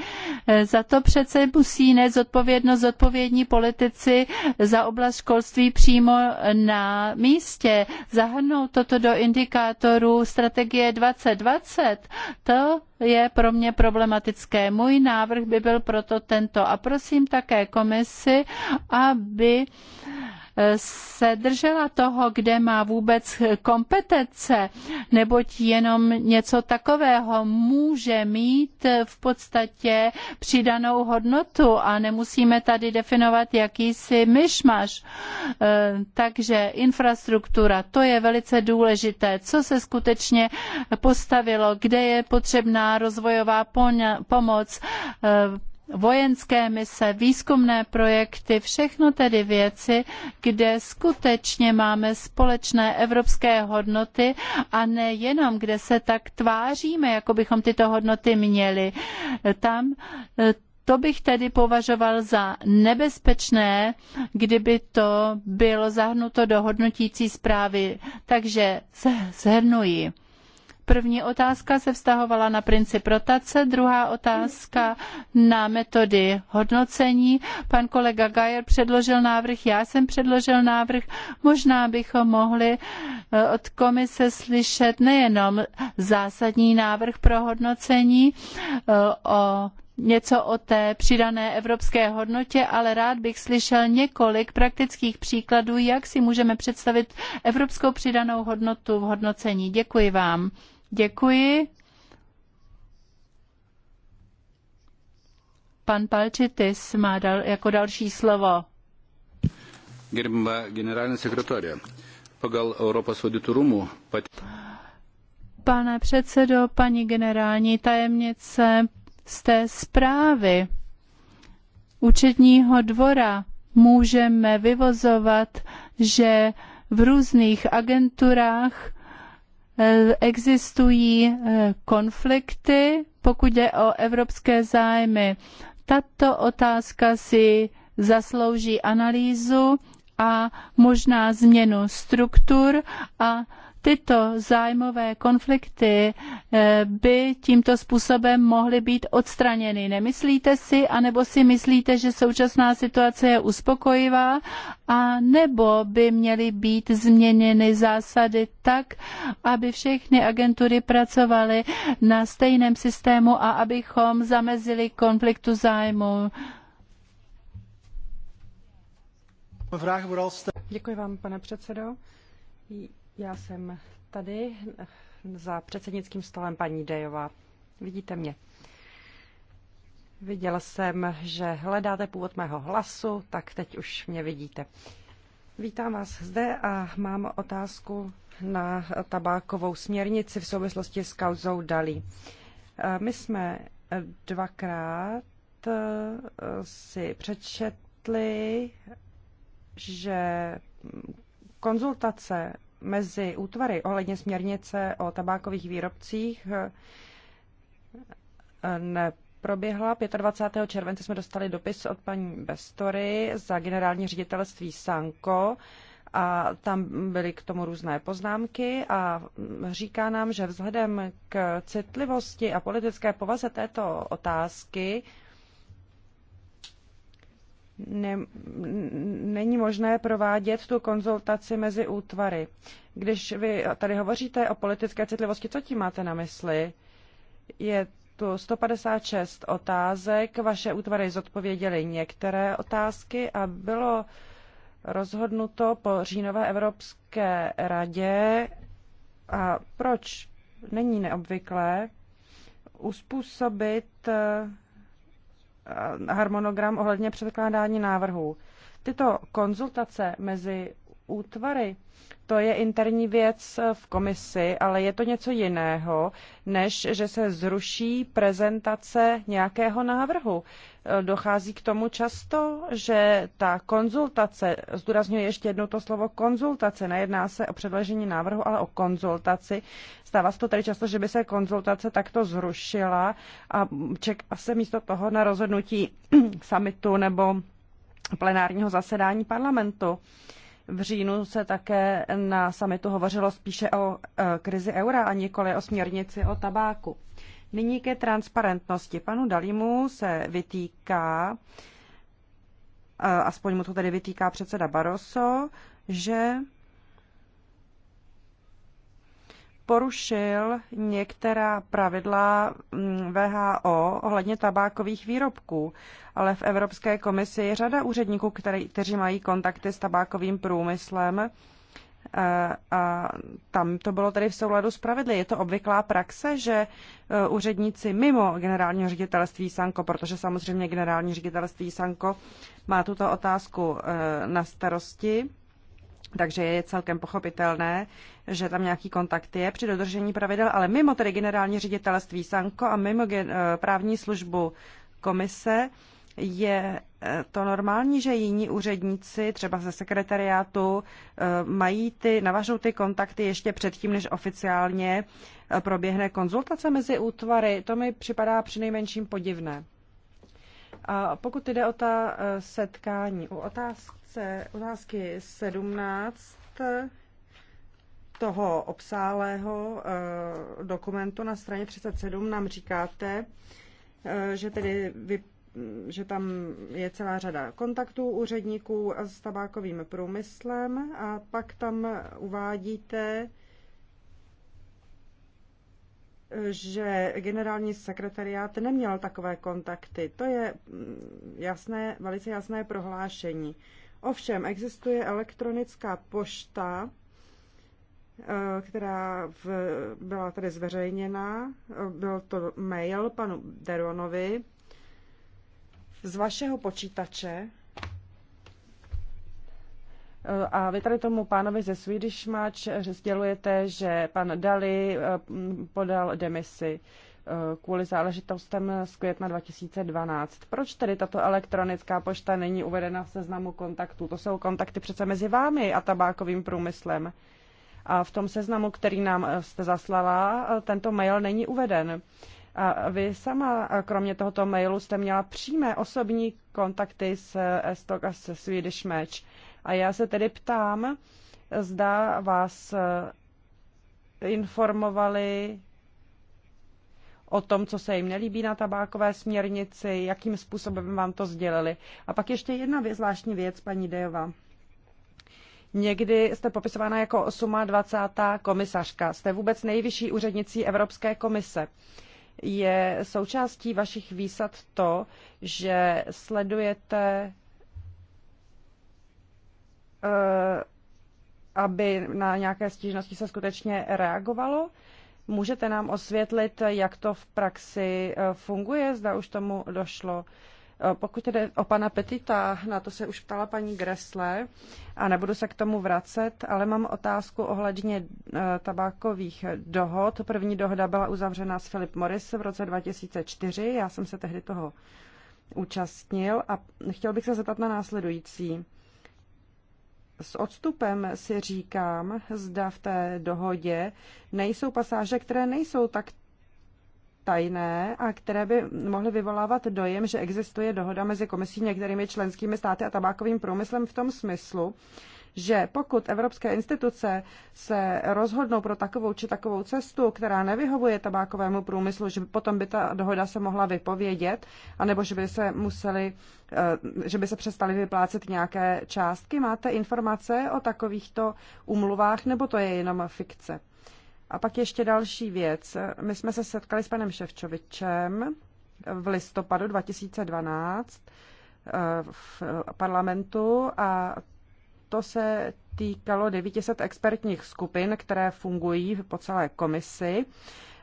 Za to přece musí nést zodpovědnost zodpovědní politici za oblast školství přímo na místě. Zahrnout toto do indikátorů strategie 2020, to je pro mě problematické. Můj návrh by byl proto tento. A prosím také komisi, aby se držela toho, kde má vůbec kompetence, neboť jenom něco takového může mít v podstatě přidanou hodnotu a nemusíme tady definovat jakýsi myšmaš. E, takže infrastruktura, to je velice důležité, co se skutečně postavilo, kde je potřebná rozvojová pomoc, e, vojenské mise, výzkumné projekty, všechno tedy věci, kde skutečně máme společné evropské hodnoty a nejenom, kde se tak tváříme, jako bychom tyto hodnoty měli. Tam to bych tedy považoval za nebezpečné, kdyby to bylo zahrnuto do hodnotící zprávy. Takže shrnuji. První otázka se vztahovala na princip rotace, druhá otázka na metody hodnocení. Pan kolega Gajer předložil návrh, já jsem předložil návrh. Možná bychom mohli eh, od komise slyšet nejenom zásadní návrh pro hodnocení eh, o něco o té přidané evropské hodnotě, ale rád bych slyšel několik praktických příkladů, jak si můžeme představit evropskou přidanou hodnotu v hodnocení. Děkuji vám. Děkuji. Pan Palčitis má dal, jako další slovo. generální sekretáře, pagal Europas auditų rūmų Pane předsedo, paní generální tajemnice, z té zprávy účetního dvora můžeme vyvozovat, že v různých agenturách Eh, existují eh, konflikty, pokud jde o evropské zájmy. Tato otázka si zaslouží analýzu a možná změnu struktur a Tyto zájmové konflikty eh, by tímto způsobem mohly být odstraněny. Nemyslíte si, anebo si myslíte, že současná situace je uspokojivá, a nebo by měly být změněny zásady tak, aby všechny agentury pracovaly na stejném systému a abychom zamezili konfliktu zájmu. Děkuji vám, pane předsedo. Já jsem tady za předsednickým stolem paní Dejová. Vidíte mě. Viděl jsem, že hledáte původ mého hlasu, tak teď už mě vidíte. Vítám vás zde a mám otázku na tabákovou směrnici v souvislosti s kauzou Dalí. Eh, my jsme dvakrát eh, si přečetli, že konzultace mezi útvary ohledně směrnice o tabákových výrobcích eh, neproběhla. 25. července jsme dostali dopis od paní Bestory za generální ředitelství Sanko a tam byly k tomu různé poznámky a říká nám, že vzhledem k citlivosti a politické povaze této otázky ne, není možné provádět tu konzultaci mezi útvary. Když vy tady hovoříte o politické citlivosti, co tím máte na mysli? Je tu 156 otázek, vaše útvary zodpověděly některé otázky a bylo rozhodnuto po říjnové Evropské radě. A proč není neobvyklé uspůsobit Eh, harmonogram ohledně předkládání návrhů. Tyto konzultace mezi útvary. To je interní věc v komisi, ale je to něco jiného, než že se zruší prezentace nějakého návrhu. Dochází k tomu často, že ta konzultace, zdůrazňuje ještě jednou to slovo konzultace, nejedná se o předložení návrhu, ale o konzultaci. Stává se to tedy často, že by se konzultace takto zrušila a čeká se místo toho na rozhodnutí samitu nebo plenárního zasedání parlamentu. Uh, v říjnu se také na samitu hovořilo spíše o e, krizi eura a nikoli o směrnici o tabáku. Nyní ke transparentnosti. Panu Dalimu se vytýká, e, aspoň mu to tedy vytýká předseda Barroso, že porušil některá pravidla mm, VHO ohledně tabákových výrobků, ale v Evropské komisi je řada úředníků, který, kteří mají kontakty s tabákovým průmyslem eh, a tam to bylo tedy v souladu s pravidly. Je to obvyklá praxe, že eh, úředníci mimo generálního ředitelství Sanko, protože samozřejmě generální ředitelství Sanko má tuto otázku eh, na starosti, takže je celkem pochopitelné, že tam nějaký kontakt je při dodržení pravidel, ale mimo tedy generální ředitelství Sanko a mimo eh, právní službu komise je eh, to normální, že jiní úředníci, třeba ze sekretariátu, eh, mají ty, navažou ty kontakty ještě předtím, než oficiálně proběhne konzultace mezi útvary. To mi připadá nejmenším podivné. A pokud jde o ta setkání, u otázce, otázky 17, toho obsáhlého eh, dokumentu na straně 37 nám říkáte, eh, že tedy vy, že tam je celá řada kontaktů úředníků s tabákovým průmyslem a pak tam uvádíte, že generální sekretariát neměl takové kontakty. To je mm, jasné, velice jasné prohlášení. Ovšem, existuje elektronická pošta, Eh, která v, byla tady zveřejněna. Eh, byl to mail panu Deronovi z vašeho počítače. Eh, a vy tady tomu pánovi ze Swedish Match sdělujete, že pan Dali podal demisi kvůli záležitostem z května 2012. Proč tedy tato elektronická pošta není uvedena v seznamu kontaktů? To jsou kontakty přece mezi vámi a tabákovým průmyslem. A v tom seznamu, který nám eh, jste zaslala, eh, tento mail není uveden. A vy sama, eh, kromě tohoto mailu, jste měla přímé osobní kontakty s Estok a se Swedish Match. A já se tedy ptám, zda vás informovali o tom, co se jim nelíbí na tabákové směrnici, jakým způsobem vám to sdělili. A pak ještě jedna zvláštní věc, paní Dejová. Někdy jste popisována jako 28. komisařka. Jste vůbec nejvyšší úřednicí Evropské komise. Je součástí vašich výsad to, že sledujete, eh, aby na nějaké stížnosti se skutečně reagovalo? Můžete nám osvětlit, jak to v praxi eh, funguje? Zda už tomu došlo? Eh, pokud jde o pana Petita, na to se už ptala paní Gresle a nebudu se k tomu vracet, ale mám otázku ohledně eh, tabákových dohod. První dohoda byla uzavřena s Philip Morris v roce 2004, já jsem se tehdy toho účastnil a chtěl bych se zeptat na následující. S odstupem si říkám, zda v té dohodě nejsou pasáže, které nejsou tak tajné a které by mohly vyvolávat dojem, že existuje dohoda mezi komisí některými členskými státy a tabákovým průmyslem v tom smyslu, že pokud evropské instituce se rozhodnou pro takovou či takovou cestu, která nevyhovuje tabákovému průmyslu, že potom by ta dohoda se mohla vypovědět, anebo že by se museli, eh, že by se přestali vyplácet nějaké částky. Máte informace o takovýchto umluvách, nebo to je jenom fikce? A pak ještě další věc. My jsme se setkali s panem Ševčovičem v listopadu 2012 eh, v parlamentu a to se týkalo 900 expertních skupin, které fungují po celé komisi,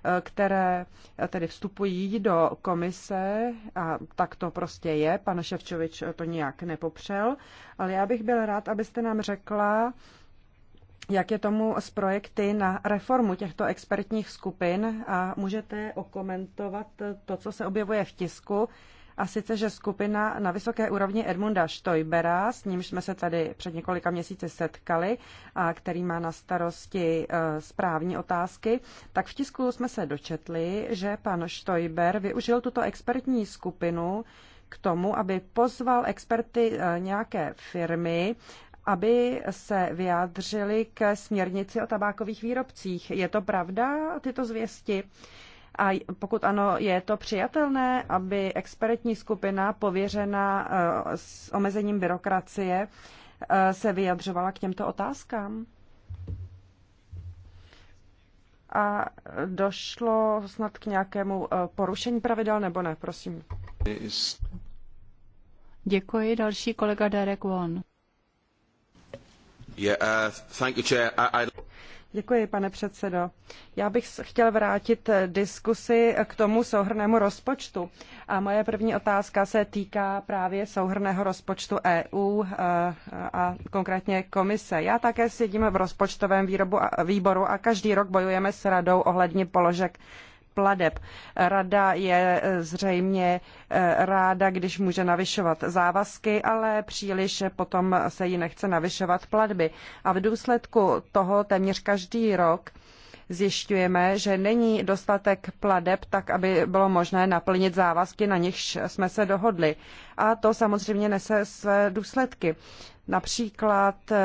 eh, které tedy vstupují do komise a tak to prostě je. Pan Ševčovič to nijak nepopřel, ale já bych byl rád, abyste nám řekla, jak je tomu s projekty na reformu těchto expertních skupin a můžete okomentovat to, co se objevuje v tisku, a sice, že skupina na vysoké úrovni Edmunda Stoibera, s nímž jsme se tady před několika měsíci setkali a který má na starosti e, správní otázky, tak v tisku jsme se dočetli, že pan Stoiber využil tuto expertní skupinu k tomu, aby pozval experty e, nějaké firmy aby se vyjádřili k směrnici o tabákových výrobcích. Je to pravda, tyto zvěsti? A pokud ano, je to přijatelné, aby expertní skupina pověřená eh, s omezením byrokracie eh, se vyjadřovala k těmto otázkám? A došlo snad k nějakému eh, porušení pravidel nebo ne? Prosím. Děkuji. Další kolega Derek Won. Uh, Děkuji, pane předsedo. Já bych chtěl vrátit eh, diskusi eh, k tomu souhrnnému rozpočtu. A moje první otázka se týká právě souhrnného rozpočtu EU eh, a konkrétně komise. Já také sedím v rozpočtovém výboru a každý rok bojujeme s radou ohledně položek pladeb. Rada je eh, zřejmě eh, ráda, když může navyšovat závazky, ale příliš potom se jí nechce navyšovat platby. A v důsledku toho téměř každý rok zjišťujeme, že není dostatek pladeb tak, aby bylo možné naplnit závazky, na nichž jsme se dohodli. A to samozřejmě nese své důsledky. Například eh,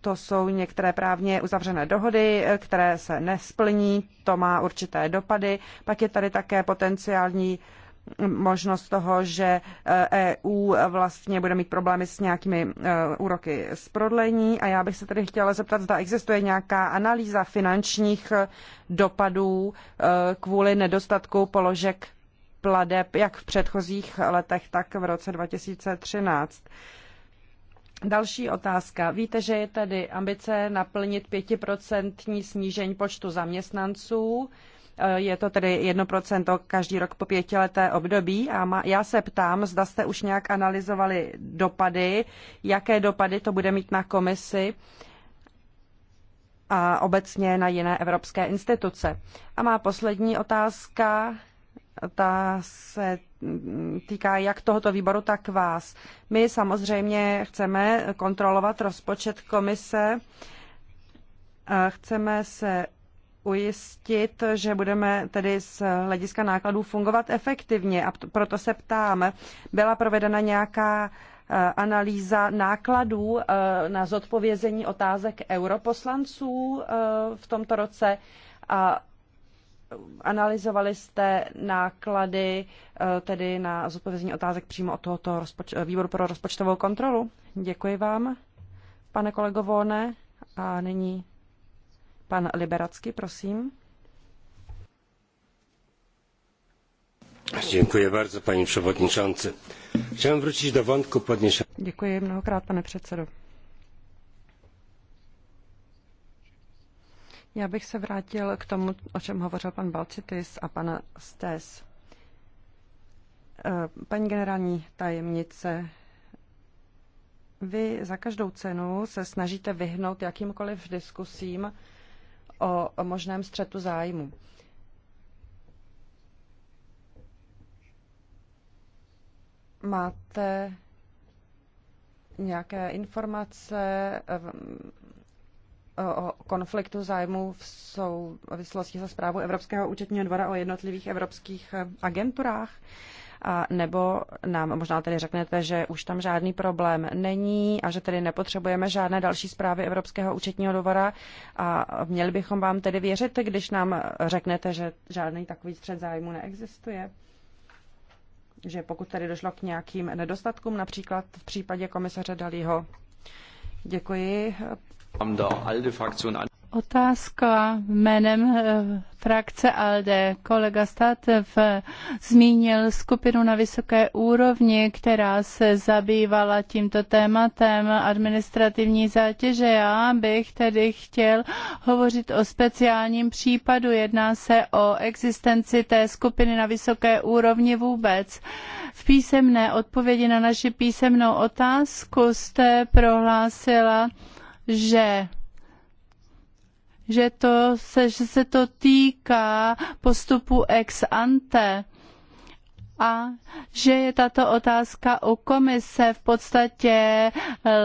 to jsou některé právně uzavřené dohody, eh, které se nesplní, to má určité dopady. Pak je tady také potenciální možnost toho, že EU eh, e vlastně bude mít problémy s nějakými eh, úroky z prodlení. A já bych se tedy chtěla zeptat, zda existuje nějaká analýza finančních dopadů kvůli nedostatku položek pladeb jak v předchozích letech, tak v roce 2013. Další otázka. Víte, že je tady ambice naplnit pětiprocentní snížení počtu zaměstnanců. Eh, je to tedy 1% každý rok po pětileté období a já se ptám, zda jste už nějak analyzovali dopady, jaké dopady to bude mít na komisi a obecně na jiné evropské instituce. A má poslední otázka ta se týká jak tohoto výboru, tak vás. My samozřejmě chceme kontrolovat rozpočet komise, chceme se ujistit, že budeme tedy z hlediska nákladů fungovat efektivně. A proto se ptám, byla provedena nějaká e, analýza nákladů e, na zodpovězení otázek europoslanců e, v tomto roce a analyzovali jste náklady eh, tedy na zodpovězení otázek přímo od tohoto rozpoč- eh, výboru pro rozpočtovou kontrolu? Děkuji vám, pane kolego Vone A nyní pan Liberacky, prosím. Děkuji bardzo, paní předsedající. Chciałem wrócić do wątku podniesienia. Děkuji mnohokrát, pane předsedo. Já bych se vrátil k tomu, o čem hovořil pan Balcitis a pan Stes. Eh, paní generální tajemnice, vy za každou cenu se snažíte vyhnout jakýmkoliv diskusím o možném střetu zájmu. Máte nějaké informace eh, o konfliktu zájmů v souvislosti se zprávou Evropského účetního dvora o jednotlivých evropských agenturách? A nebo nám možná tedy řeknete, že už tam žádný problém není a že tedy nepotřebujeme žádné další zprávy Evropského účetního dvora a měli bychom vám tedy věřit, když nám řeknete, že žádný takový střed zájmu neexistuje? Že pokud tedy došlo k nějakým nedostatkům, například v případě komisaře Dalího, Děkuji, Otázka jménem eh, frakce ALDE. Kolega Statev eh, zmínil skupinu na vysoké úrovni, která se zabývala tímto tématem administrativní zátěže. Já bych tedy chtěl hovořit o speciálním případu. Jedná se o existenci té skupiny na vysoké úrovni vůbec. V písemné odpovědi na naši písemnou otázku jste prohlásila, že že, to se, že se to týká postupu ex ante a že je tato otázka u komise v podstatě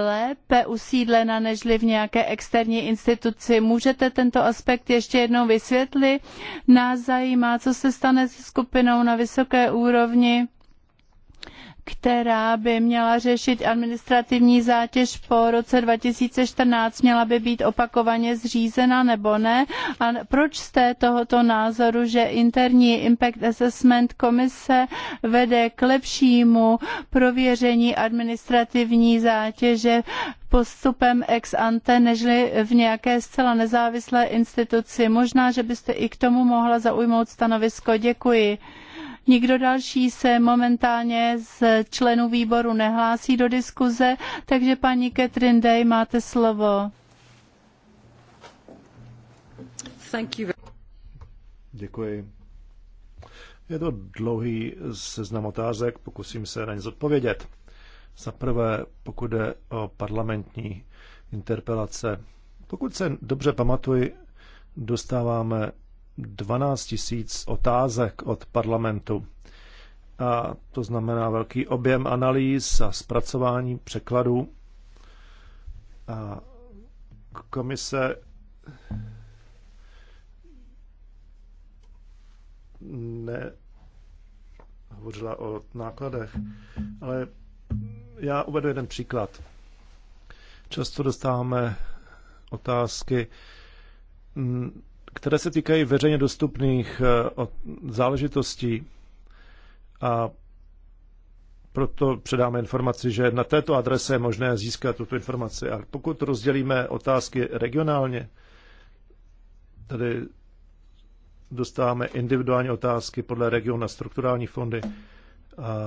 lépe usídlena nežli v nějaké externí instituci. Můžete tento aspekt ještě jednou vysvětlit? Nás zajímá, co se stane se skupinou na vysoké úrovni která by měla řešit administrativní zátěž po roce 2014, měla by být opakovaně zřízena nebo ne? A proč jste tohoto názoru, že interní impact assessment komise vede k lepšímu prověření administrativní zátěže postupem ex ante, nežli v nějaké zcela nezávislé instituci? Možná, že byste i k tomu mohla zaujmout stanovisko. Děkuji. Nikdo další se momentálně z členů výboru nehlásí do diskuze, takže paní Catherine Day, máte slovo. Děkuji. Je to dlouhý seznam otázek, pokusím se na ně zodpovědět. Za prvé, pokud jde o parlamentní interpelace. Pokud se dobře pamatuji, dostáváme 12 tisíc otázek od parlamentu. A to znamená velký objem analýz a zpracování překladů. A komise ne hovořila o nákladech, ale já uvedu jeden příklad. Často dostáváme otázky mm, které se týkají veřejně dostupných eh, záležitostí. A proto předáme informaci, že na této adrese je možné získat tuto informaci. A pokud rozdělíme otázky regionálně, tedy dostáváme individuální otázky podle regionu na strukturální fondy, a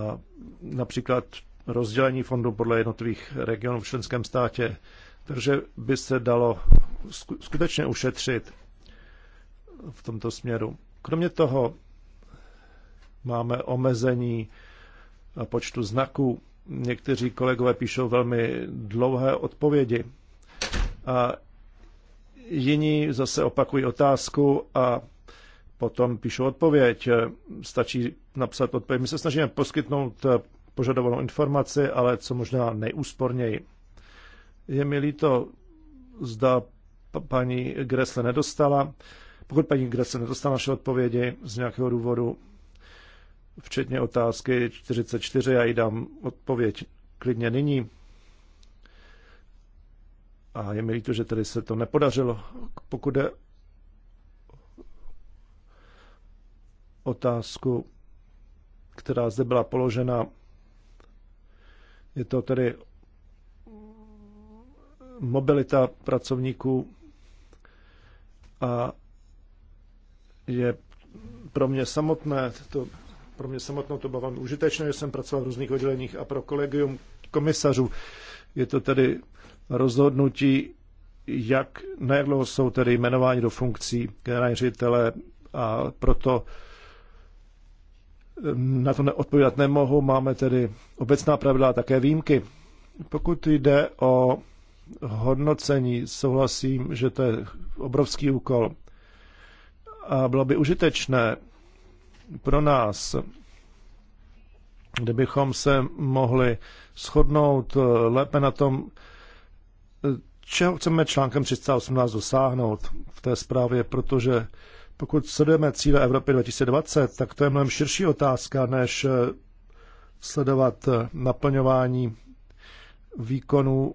například rozdělení fondů podle jednotlivých regionů v členském státě, takže by se dalo skutečně ušetřit v tomto směru. Kromě toho máme omezení počtu znaků. Někteří kolegové píšou velmi dlouhé odpovědi a jiní zase opakují otázku a potom píšou odpověď. Stačí napsat odpověď. My se snažíme poskytnout požadovanou informaci, ale co možná nejúsporněji. Je mi líto, zda paní Gresle nedostala pokud paní Grace nedostala naše odpovědi z nějakého důvodu, včetně otázky 44, já jí dám odpověď klidně nyní. A je mi líto, že tady se to nepodařilo. Pokud je otázku, která zde byla položena, je to tedy mobilita pracovníků a je pro mě samotné, to, pro mě samotnou to bylo velmi užitečné, že jsem pracoval v různých odděleních a pro kolegium komisařů je to tedy rozhodnutí, jak, na jsou tedy jmenováni do funkcí generální ředitele a proto na to neodpovídat nemohu. Máme tedy obecná pravidla a také výjimky. Pokud jde o hodnocení, souhlasím, že to je obrovský úkol a bylo by užitečné pro nás, kdybychom se mohli shodnout eh, lépe na tom, eh, čeho chceme článkem 318 dosáhnout v té zprávě, protože pokud sledujeme cíle Evropy 2020, tak to je mnohem širší otázka, než eh, sledovat naplňování výkonu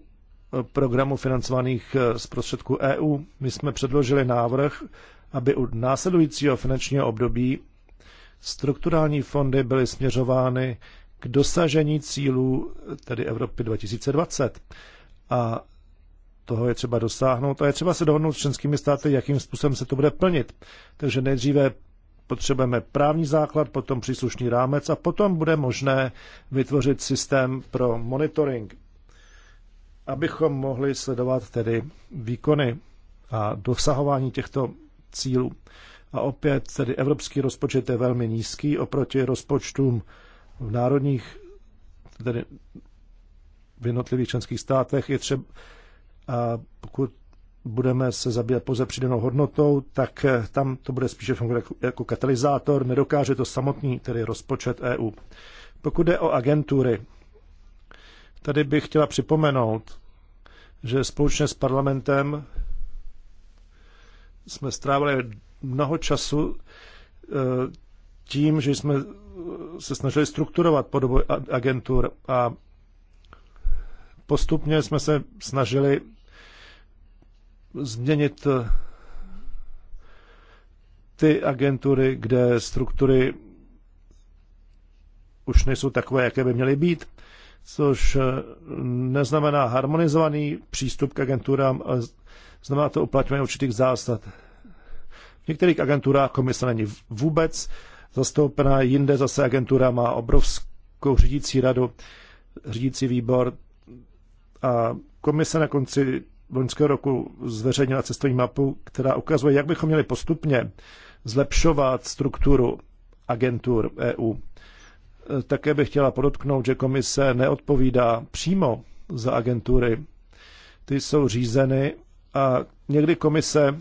programů financovaných z prostředků EU. My jsme předložili návrh aby u následujícího finančního období strukturální fondy byly směřovány k dosažení cílů tedy Evropy 2020. A toho je třeba dosáhnout a je třeba se dohodnout s členskými státy, jakým způsobem se to bude plnit. Takže nejdříve potřebujeme právní základ, potom příslušný rámec a potom bude možné vytvořit systém pro monitoring, abychom mohli sledovat tedy výkony a dosahování těchto cílů. A opět tedy evropský rozpočet je velmi nízký oproti rozpočtům v národních, tedy v jednotlivých členských státech. Je třeba, a pokud budeme se zabývat pouze přidanou hodnotou, tak eh, tam to bude spíše fungovat jako, jako katalyzátor, nedokáže to samotný, tedy rozpočet EU. Pokud jde o agentury, tady bych chtěla připomenout, že společně s parlamentem jsme strávili mnoho času eh, tím, že jsme se snažili strukturovat podobu agentur a postupně jsme se snažili změnit eh, ty agentury, kde struktury už nejsou takové, jaké by měly být, což eh, neznamená harmonizovaný přístup k agenturám, Znamená to uplatňování určitých zásad. V některých agenturách komise není vůbec zastoupená, jinde zase agentura má obrovskou řídící radu, řídící výbor a komise na konci loňského roku zveřejnila cestovní mapu, která ukazuje, jak bychom měli postupně zlepšovat strukturu agentur EU. Také bych chtěla podotknout, že komise neodpovídá přímo za agentury. Ty jsou řízeny a někdy komise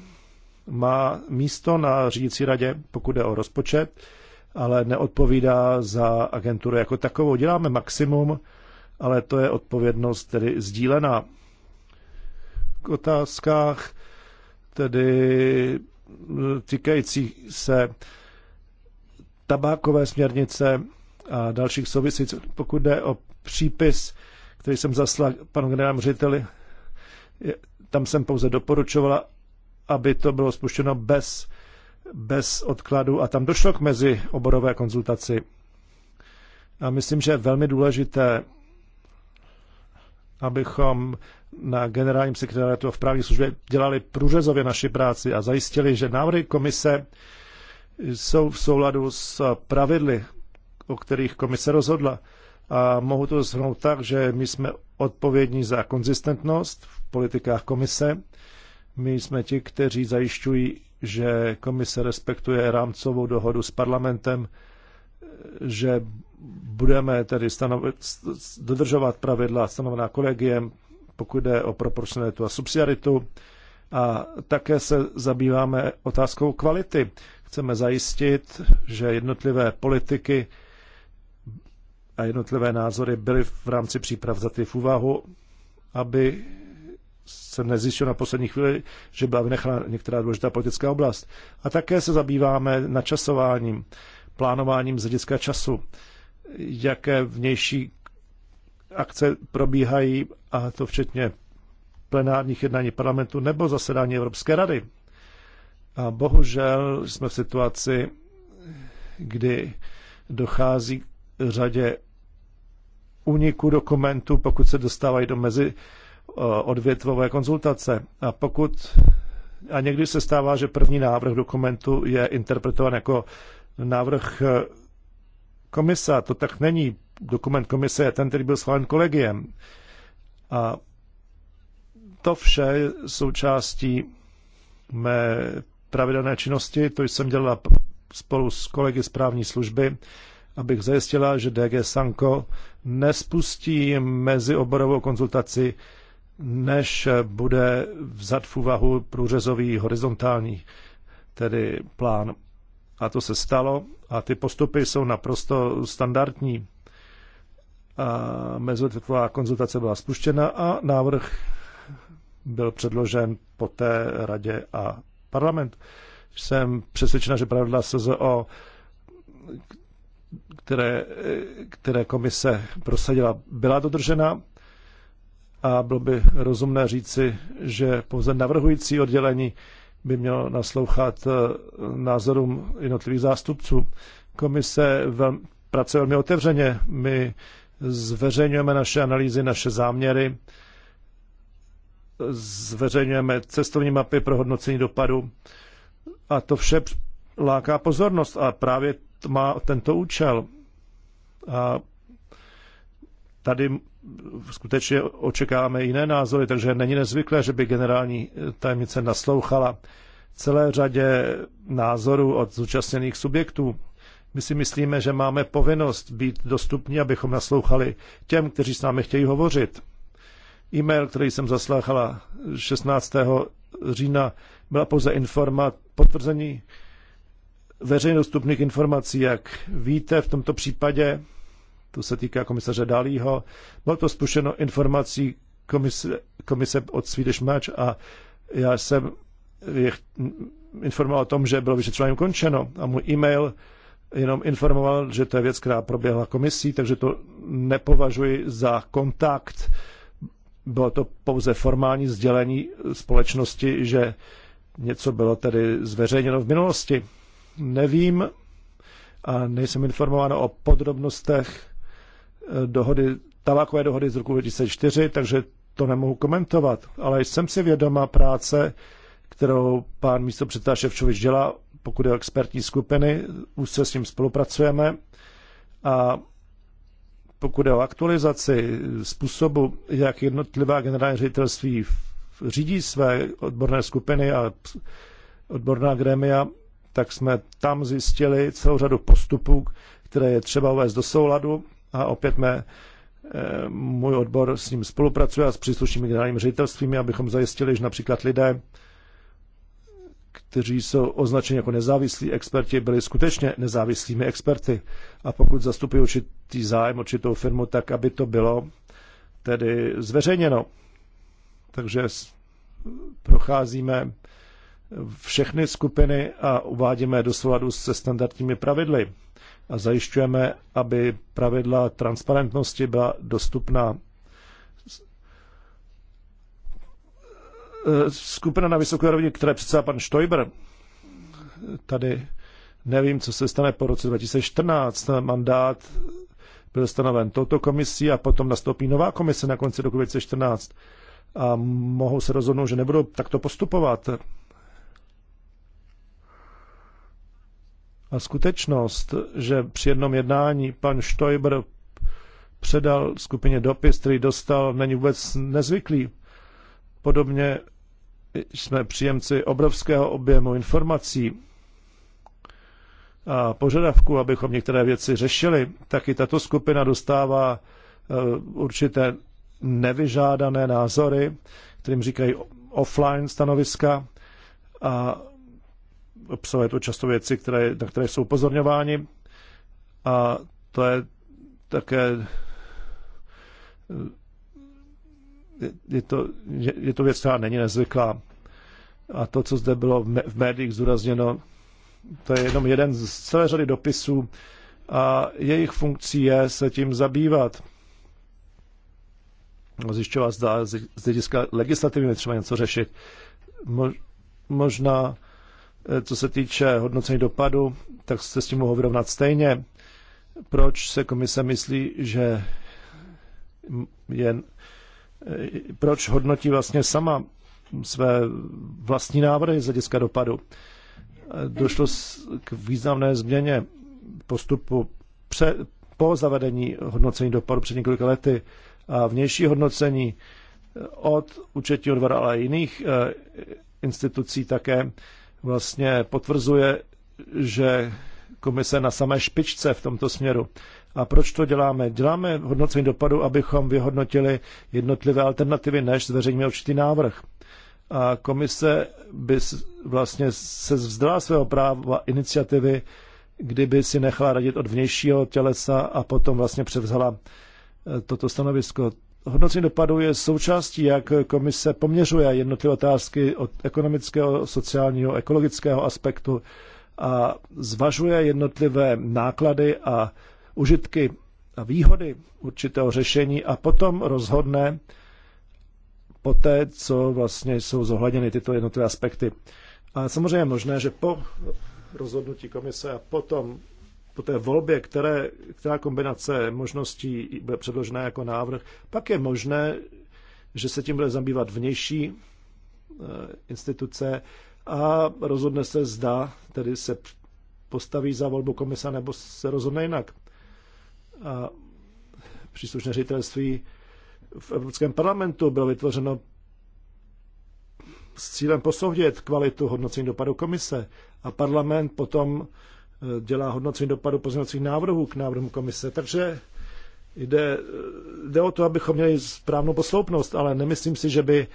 má místo na řídící radě, pokud jde o rozpočet, ale neodpovídá za agenturu jako takovou. Děláme maximum, ale to je odpovědnost tedy sdílená. K otázkách tedy týkající se tabákové směrnice a dalších souvisících, pokud jde o přípis, který jsem zaslal panu generálnímu řediteli, tam jsem pouze doporučovala, aby to bylo spuštěno bez, bez odkladu a tam došlo k mezi oborové konzultaci. A myslím, že je velmi důležité, abychom na generálním sekretariátu v právní službě dělali průřezově naši práci a zajistili, že návrhy komise jsou v souladu s pravidly, o kterých komise rozhodla. A mohu to zhrnout tak, že my jsme odpovědní za konzistentnost v politikách komise. My jsme ti, kteří zajišťují, že komise respektuje rámcovou dohodu s parlamentem, že budeme tedy stanovit, dodržovat pravidla stanovená kolegiem, pokud jde o proporcionalitu a subsidiaritu. A také se zabýváme otázkou kvality. Chceme zajistit, že jednotlivé politiky a jednotlivé názory byly v rámci příprav za ty v úvahu, aby se nezjistil na poslední chvíli, že byla vynechána některá důležitá politická oblast. A také se zabýváme načasováním, plánováním z hlediska času, jaké vnější akce probíhají, a to včetně plenárních jednání parlamentu nebo zasedání Evropské rady. A bohužel jsme v situaci, kdy dochází řadě úniku dokumentů, pokud se dostávají do mezi eh, odvětvové konzultace. A pokud a někdy se stává, že první návrh dokumentu je interpretován jako návrh eh, komise. to tak není. Dokument komise je ten, který byl schválen kolegiem. A to vše je součástí mé pravidelné činnosti. To jsem dělala spolu s kolegy z právní služby abych zajistila, že DG Sanko nespustí mezioborovou konzultaci, než bude vzat v úvahu průřezový horizontální, tedy plán. A to se stalo a ty postupy jsou naprosto standardní. A mezioborová konzultace byla spuštěna a návrh byl předložen poté radě a parlament. Jsem přesvědčena, že pravidla SZO které, které komise prosadila, byla dodržena a bylo by rozumné říci, že pouze navrhující oddělení by mělo naslouchat eh, názorům jednotlivých zástupců. Komise vel, pracuje velmi otevřeně. My zveřejňujeme naše analýzy, naše záměry, zveřejňujeme cestovní mapy pro hodnocení dopadu a to vše láká pozornost a právě má tento účel. A tady skutečně očekáváme jiné názory, takže není nezvyklé, že by generální eh, tajemnice naslouchala celé řadě názorů od zúčastněných subjektů. My si myslíme, že máme povinnost být dostupní, abychom naslouchali těm, kteří s námi chtějí hovořit. E-mail, který jsem zaslouchala 16. října, byla pouze informa potvrzení veřejně dostupných informací, jak víte v tomto případě, to se týká komisaře Dalího, bylo to spuštěno informací komise, komise od Swedish Match a já jsem je informoval o tom, že bylo vyšetřování ukončeno a můj e-mail jenom informoval, že to je věc, která proběhla komisí, takže to nepovažuji za kontakt. Bylo to pouze formální sdělení společnosti, že něco bylo tedy zveřejněno v minulosti nevím a nejsem informován o podrobnostech eh, dohody, tabákové dohody z roku 2004, takže to nemohu komentovat, ale jsem si vědoma práce, kterou pán místo předseda Ševčovič dělá, pokud je o expertní skupiny, už se s ním spolupracujeme a pokud je o aktualizaci způsobu, jak jednotlivá generální ředitelství řídí své odborné skupiny a odborná grémia, tak jsme tam zjistili celou řadu postupů, které je třeba uvést do souladu a opět mé, eh, můj odbor s ním spolupracuje a s příslušnými generálními ředitelstvími, abychom zajistili, že například lidé, kteří jsou označeni jako nezávislí experti, byli skutečně nezávislými experty. A pokud zastupují určitý zájem, určitou firmu, tak aby to bylo tedy zveřejněno. Takže procházíme všechny skupiny a uvádíme do souladu se standardními pravidly a zajišťujeme, aby pravidla transparentnosti byla dostupná. E, skupina na vysoké rovni, které předsedá pan Stoiber, tady nevím, co se stane po roce 2014. Mandát byl stanoven touto komisí a potom nastoupí nová komise na konci roku 2014 a mohou se rozhodnout, že nebudou takto postupovat. A skutečnost, že při jednom jednání pan Stoiber předal skupině dopis, který dostal, není vůbec nezvyklý. Podobně jsme příjemci obrovského objemu informací a požadavku, abychom některé věci řešili, tak i tato skupina dostává e, určité nevyžádané názory, kterým říkají offline stanoviska a obsahuje to často věci, které, na které jsou upozorňováni a to je také eh, je to, je, to věc, která není nezvyklá. A to, co zde bylo v médiích zdůrazněno, to je jenom jeden z celé řady dopisů a jejich funkcí je se tím zabývat. Zjišťovat, zda z hlediska legislativy třeba něco řešit. Možná Eh, co se týče hodnocení dopadu, tak se s tím mohou vyrovnat stejně. Proč se komise myslí, že jen, eh, proč hodnotí vlastně sama své vlastní návrhy z hlediska dopadu? Eh, došlo k významné změně postupu pře, po zavedení hodnocení dopadu před několika lety a vnější hodnocení od účetního dvora, ale i jiných institucí také vlastně potvrzuje, že komise na samé špičce v tomto směru. A proč to děláme? Děláme hodnocení dopadu, abychom vyhodnotili jednotlivé alternativy, než zveřejníme určitý návrh. A komise by vlastně se vzdala svého práva iniciativy, kdyby si nechala radit od vnějšího tělesa a potom vlastně převzala eh, toto stanovisko. Hodnocení dopadu je součástí, jak komise poměřuje jednotlivé otázky od ekonomického, sociálního, ekologického aspektu a zvažuje jednotlivé náklady a užitky a výhody určitého řešení a potom rozhodne po té, co vlastně jsou zohledněny tyto jednotlivé aspekty. A samozřejmě je možné, že po rozhodnutí komise a potom po té volbě, které, která kombinace možností bude předložena jako návrh, pak je možné, že se tím bude zabývat vnější eh, instituce a rozhodne se, zda tedy se postaví za volbu komisa nebo se rozhodne jinak. A příslušné ředitelství v Evropském parlamentu bylo vytvořeno s cílem posoudit kvalitu hodnocení dopadu komise a parlament potom dělá hodnocení dopadu pozměňovacích návrhů k návrhům komise. Takže jde, jde o to, abychom měli správnou posloupnost, ale nemyslím si, že by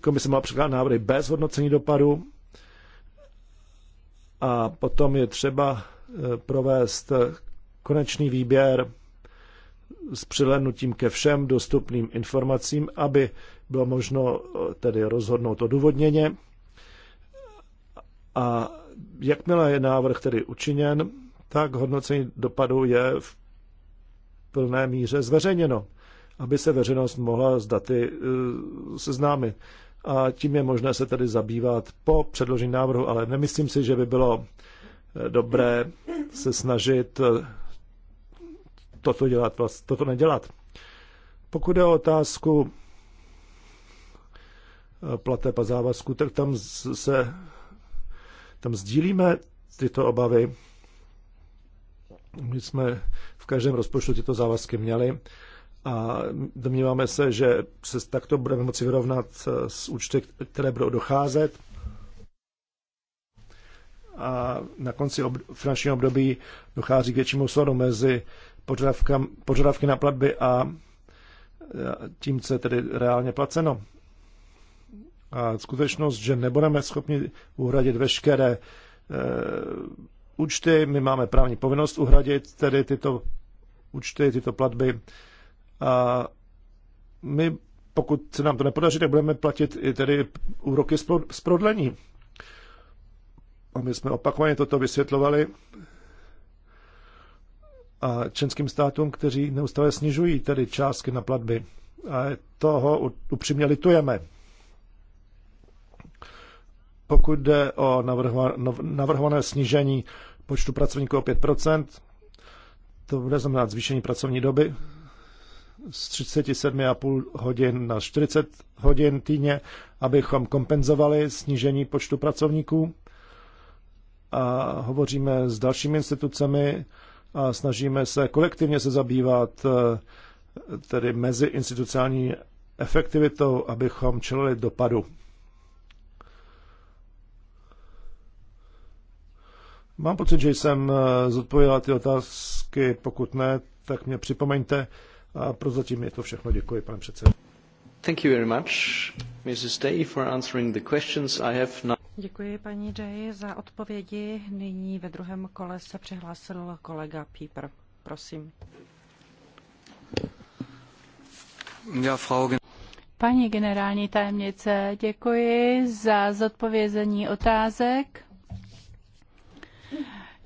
komise měla předkládat návrhy bez hodnocení dopadu. A potom je třeba eh, provést konečný výběr s přilednutím ke všem dostupným informacím, aby bylo možno eh, tedy rozhodnout odůvodněně a jakmile je návrh tedy učiněn, tak hodnocení dopadu je v plné míře zveřejněno, aby se veřejnost mohla s daty e, seznámit. A tím je možné se tedy zabývat po předložení návrhu, ale nemyslím si, že by bylo e, dobré se snažit e, toto dělat, toto nedělat. Pokud je o otázku plateb a závazku, tak tam se tam sdílíme tyto obavy. My jsme v každém rozpočtu tyto závazky měli a domníváme se, že se takto budeme moci vyrovnat eh, s účty, které budou docházet. A na konci ob- finančního období dochází k většímu sladu mezi požadavky na platby a eh, tím, co je tedy reálně placeno. A skutečnost, že nebudeme schopni uhradit veškeré e, účty, my máme právní povinnost uhradit tedy tyto účty, tyto platby. A my, pokud se nám to nepodaří, tak budeme platit i tedy úroky z prodlení. A my jsme opakovaně toto vysvětlovali a členským státům, kteří neustále snižují tedy částky na platby. A toho upřímně litujeme. Pokud jde o navrhované snížení počtu pracovníků o 5 to bude znamenat zvýšení pracovní doby z 37,5 hodin na 40 hodin týdně, abychom kompenzovali snížení počtu pracovníků. A hovoříme s dalšími institucemi a snažíme se kolektivně se zabývat eh, tedy mezi institucionální efektivitou, abychom čelili dopadu Mám pocit, že jsem eh, zodpověděla ty otázky. Pokud ne, tak mě připomeňte. A prozatím je to všechno. Děkuji, pane předsedo. Thank you very much, Mrs. Day, for answering the questions I have now. Děkuji paní Day za odpovědi. Nyní ve druhém kole se přihlásil kolega Pieper. Prosím. Ja, Frau Paní generální tajemnice, děkuji za zodpovězení otázek.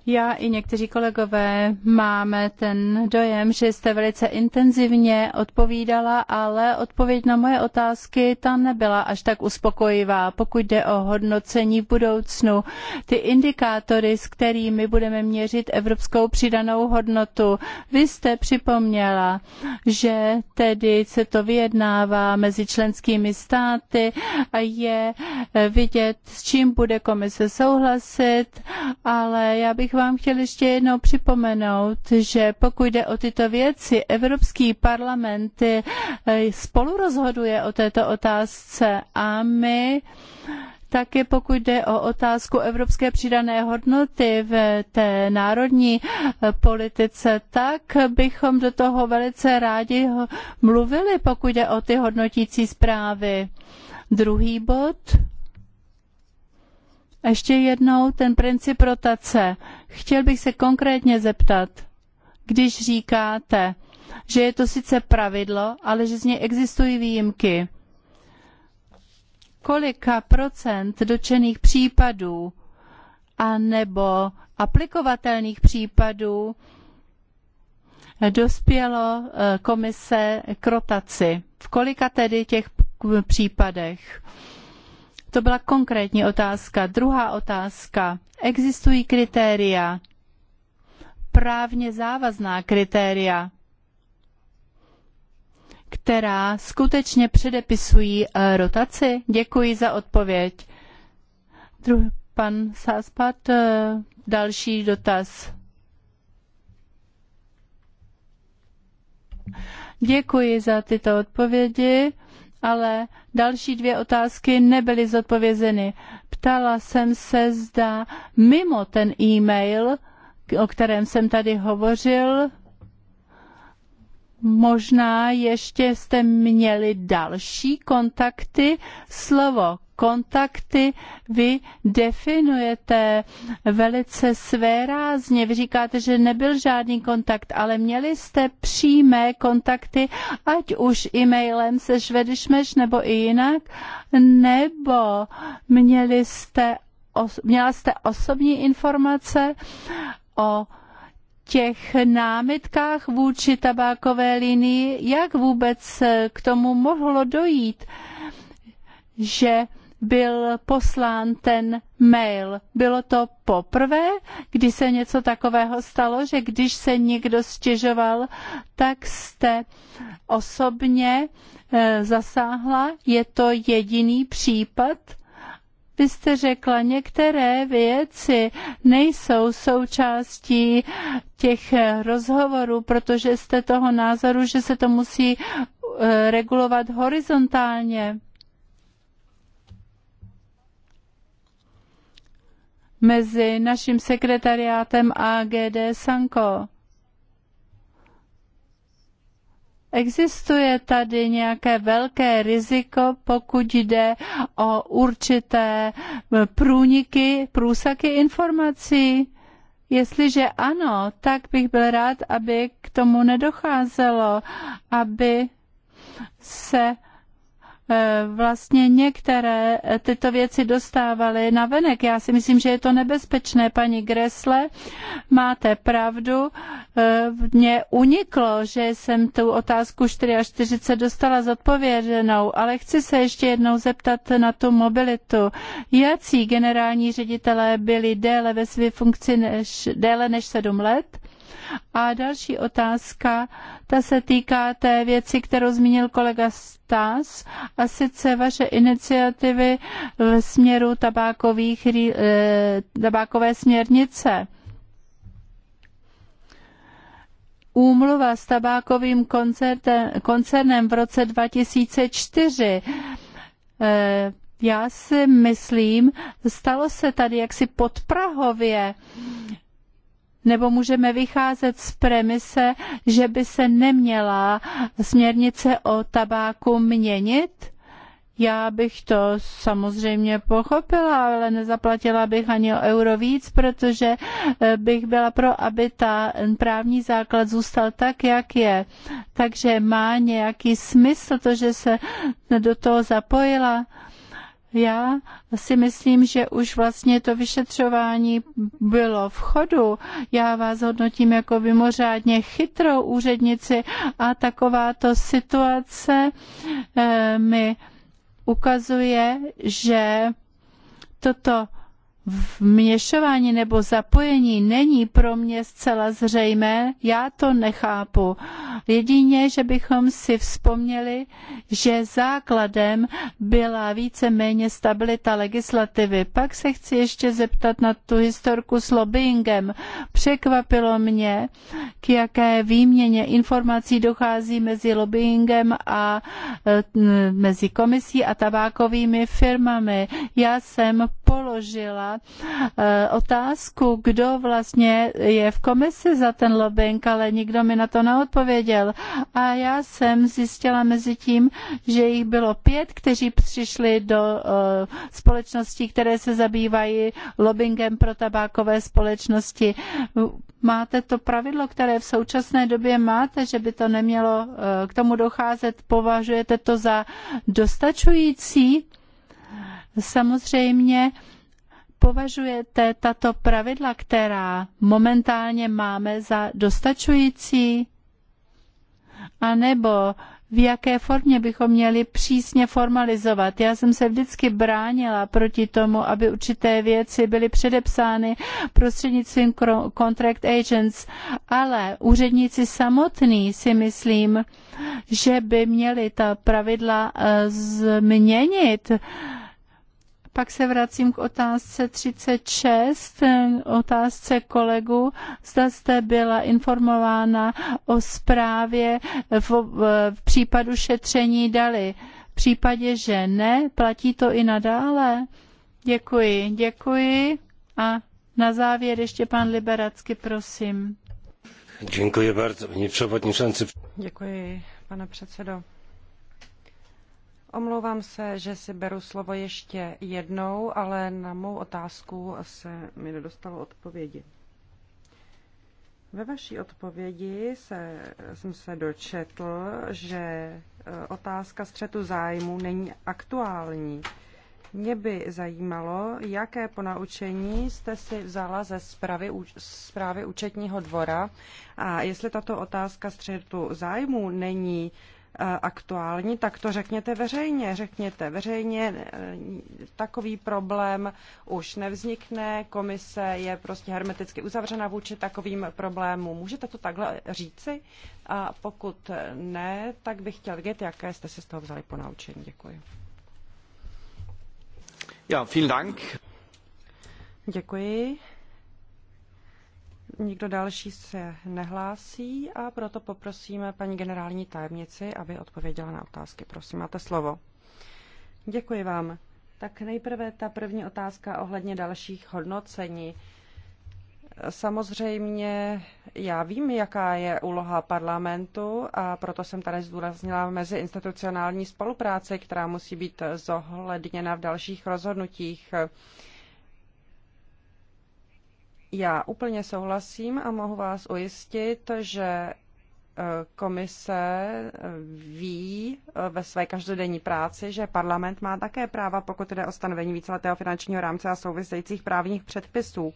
Já i někteří kolegové máme ten dojem, že jste velice intenzivně odpovídala, ale odpověď na moje otázky tam nebyla až tak uspokojivá. Pokud jde o hodnocení v budoucnu, ty indikátory, s kterými budeme měřit evropskou přidanou hodnotu, vy jste připomněla, že tedy se to vyjednává mezi členskými státy a je vidět, s čím bude komise souhlasit, ale já bych bych vám chtěl ještě jednou připomenout, že pokud jde o tyto věci, Evropský parlament eh, spolurozhoduje o této otázce a my také pokud jde o otázku evropské přidané hodnoty v té národní eh, politice, tak bychom do toho velice rádi mluvili, pokud jde o ty hodnotící zprávy. Druhý bod a ještě jednou ten princip rotace. Chtěl bych se konkrétně zeptat, když říkáte, že je to sice pravidlo, ale že z něj existují výjimky. Kolika procent dočených případů a nebo aplikovatelných případů dospělo eh, komise k rotaci? V kolika tedy těch případech? To byla konkrétní otázka. Druhá otázka. Existují kritéria, právně závazná kritéria, která skutečně předepisují eh, rotaci? Děkuji za odpověď. Druhý, pan Sáspat, eh, další dotaz. Děkuji za tyto odpovědi ale další dvě otázky nebyly zodpovězeny. Ptala jsem se, zda mimo ten e-mail, o kterém jsem tady hovořil, možná ještě jste měli další kontakty. Slovo kontakty vy definujete velice svérázně. Vy říkáte, že nebyl žádný kontakt, ale měli jste přímé kontakty, ať už e-mailem se švedišmeš nebo i jinak, nebo měli jste, měla jste osobní informace o těch námitkách vůči tabákové linii, jak vůbec k tomu mohlo dojít, že byl poslán ten mail. Bylo to poprvé, kdy se něco takového stalo, že když se někdo stěžoval, tak jste osobně e, zasáhla? Je to jediný případ? Vy jste řekla, některé věci nejsou součástí těch rozhovorů, protože jste toho názoru, že se to musí e, regulovat horizontálně. mezi naším sekretariátem a GD Sanko. Existuje tady nějaké velké riziko, pokud jde o určité průniky, průsaky informací? Jestliže ano, tak bych byl rád, aby k tomu nedocházelo, aby se Eh, vlastně některé eh, tyto věci dostávaly na venek. Já si myslím, že je to nebezpečné, paní Gresle. Máte pravdu. Eh, Mně uniklo, že jsem tu otázku 44 dostala zodpovězenou, ale chci se ještě jednou zeptat na tu mobilitu. Jací generální ředitelé byli déle ve své funkci než, déle než sedm let? A další otázka, ta se týká té věci, kterou zmínil kolega Stas, a sice vaše iniciativy v směru tabákových, eh, tabákové směrnice. Úmluva s tabákovým koncernem v roce 2004 eh, já si myslím, stalo se tady jaksi podprahově nebo můžeme vycházet z premise, že by se neměla směrnice o tabáku měnit? Já bych to samozřejmě pochopila, ale nezaplatila bych ani o euro víc, protože eh, bych byla pro, aby ta právní základ zůstal tak, jak je. Takže má nějaký smysl to, že se do toho zapojila? Já si myslím, že už vlastně to vyšetřování bylo v chodu. Já vás hodnotím jako vymořádně chytrou úřednici a takováto situace eh, mi ukazuje, že toto vměšování nebo zapojení není pro mě zcela zřejmé, já to nechápu. Jedině, že bychom si vzpomněli, že základem byla více-méně stabilita legislativy. Pak se chci ještě zeptat na tu historku s lobbyingem. Překvapilo mě, k jaké výměně informací dochází mezi lobbyingem a e, mezi komisí a tabákovými firmami. Já jsem položila Eh, otázku, kdo vlastně je v komisi za ten lobbying, ale nikdo mi na to neodpověděl. A já jsem zjistila mezi tím, že jich bylo pět, kteří přišli do eh, společností, které se zabývají lobbyingem pro tabákové společnosti. Máte to pravidlo, které v současné době máte, že by to nemělo eh, k tomu docházet, považujete to za dostačující? Samozřejmě považujete tato pravidla, která momentálně máme, za dostačující? A nebo v jaké formě bychom měli přísně formalizovat. Já jsem se vždycky bránila proti tomu, aby určité věci byly předepsány prostřednictvím contract agents, ale úředníci samotní si myslím, že by měli ta pravidla eh, změnit pak se vracím k otázce 36, otázce kolegu. Zda jste byla informována o zprávě v, v případu šetření Dali. V případě, že ne, platí to i nadále. Děkuji, děkuji. A na závěr ještě pan Liberacky, prosím. Děkuji bardzo, paní předsedající. Děkuji, pane předsedo. Omlouvám se, že si beru slovo ještě jednou, ale na mou otázku se mi nedostalo odpovědi. Ve vaší odpovědi se, jsem se dočetl, že e, otázka střetu zájmu není aktuální. Mě by zajímalo, jaké ponaučení jste si vzala ze zprávy, zprávy účetního dvora a jestli tato otázka střetu zájmu není Eh, aktuální, tak to řekněte veřejně. Řekněte veřejně, eh, takový problém už nevznikne, komise je prostě hermeticky uzavřena vůči takovým problémům. Můžete to takhle říci? A pokud ne, tak bych chtěl vědět, jaké jste se z toho vzali po naučení. Děkuji. Ja, vielen Dank. Děkuji. Nikdo další se nehlásí a proto poprosíme paní generální tajemnici, aby odpověděla na otázky. Prosím, máte slovo. Děkuji vám. Tak nejprve ta první otázka ohledně dalších hodnocení. Samozřejmě já vím, jaká je úloha parlamentu a proto jsem tady zdůraznila institucionální spolupráci, která musí být zohledněna v dalších rozhodnutích. Já úplně souhlasím a mohu vás ujistit, že eh, komise eh, ví eh, ve své každodenní práci, že parlament má také práva, pokud jde o stanovení víceletého finančního rámce a souvisejících právních předpisů.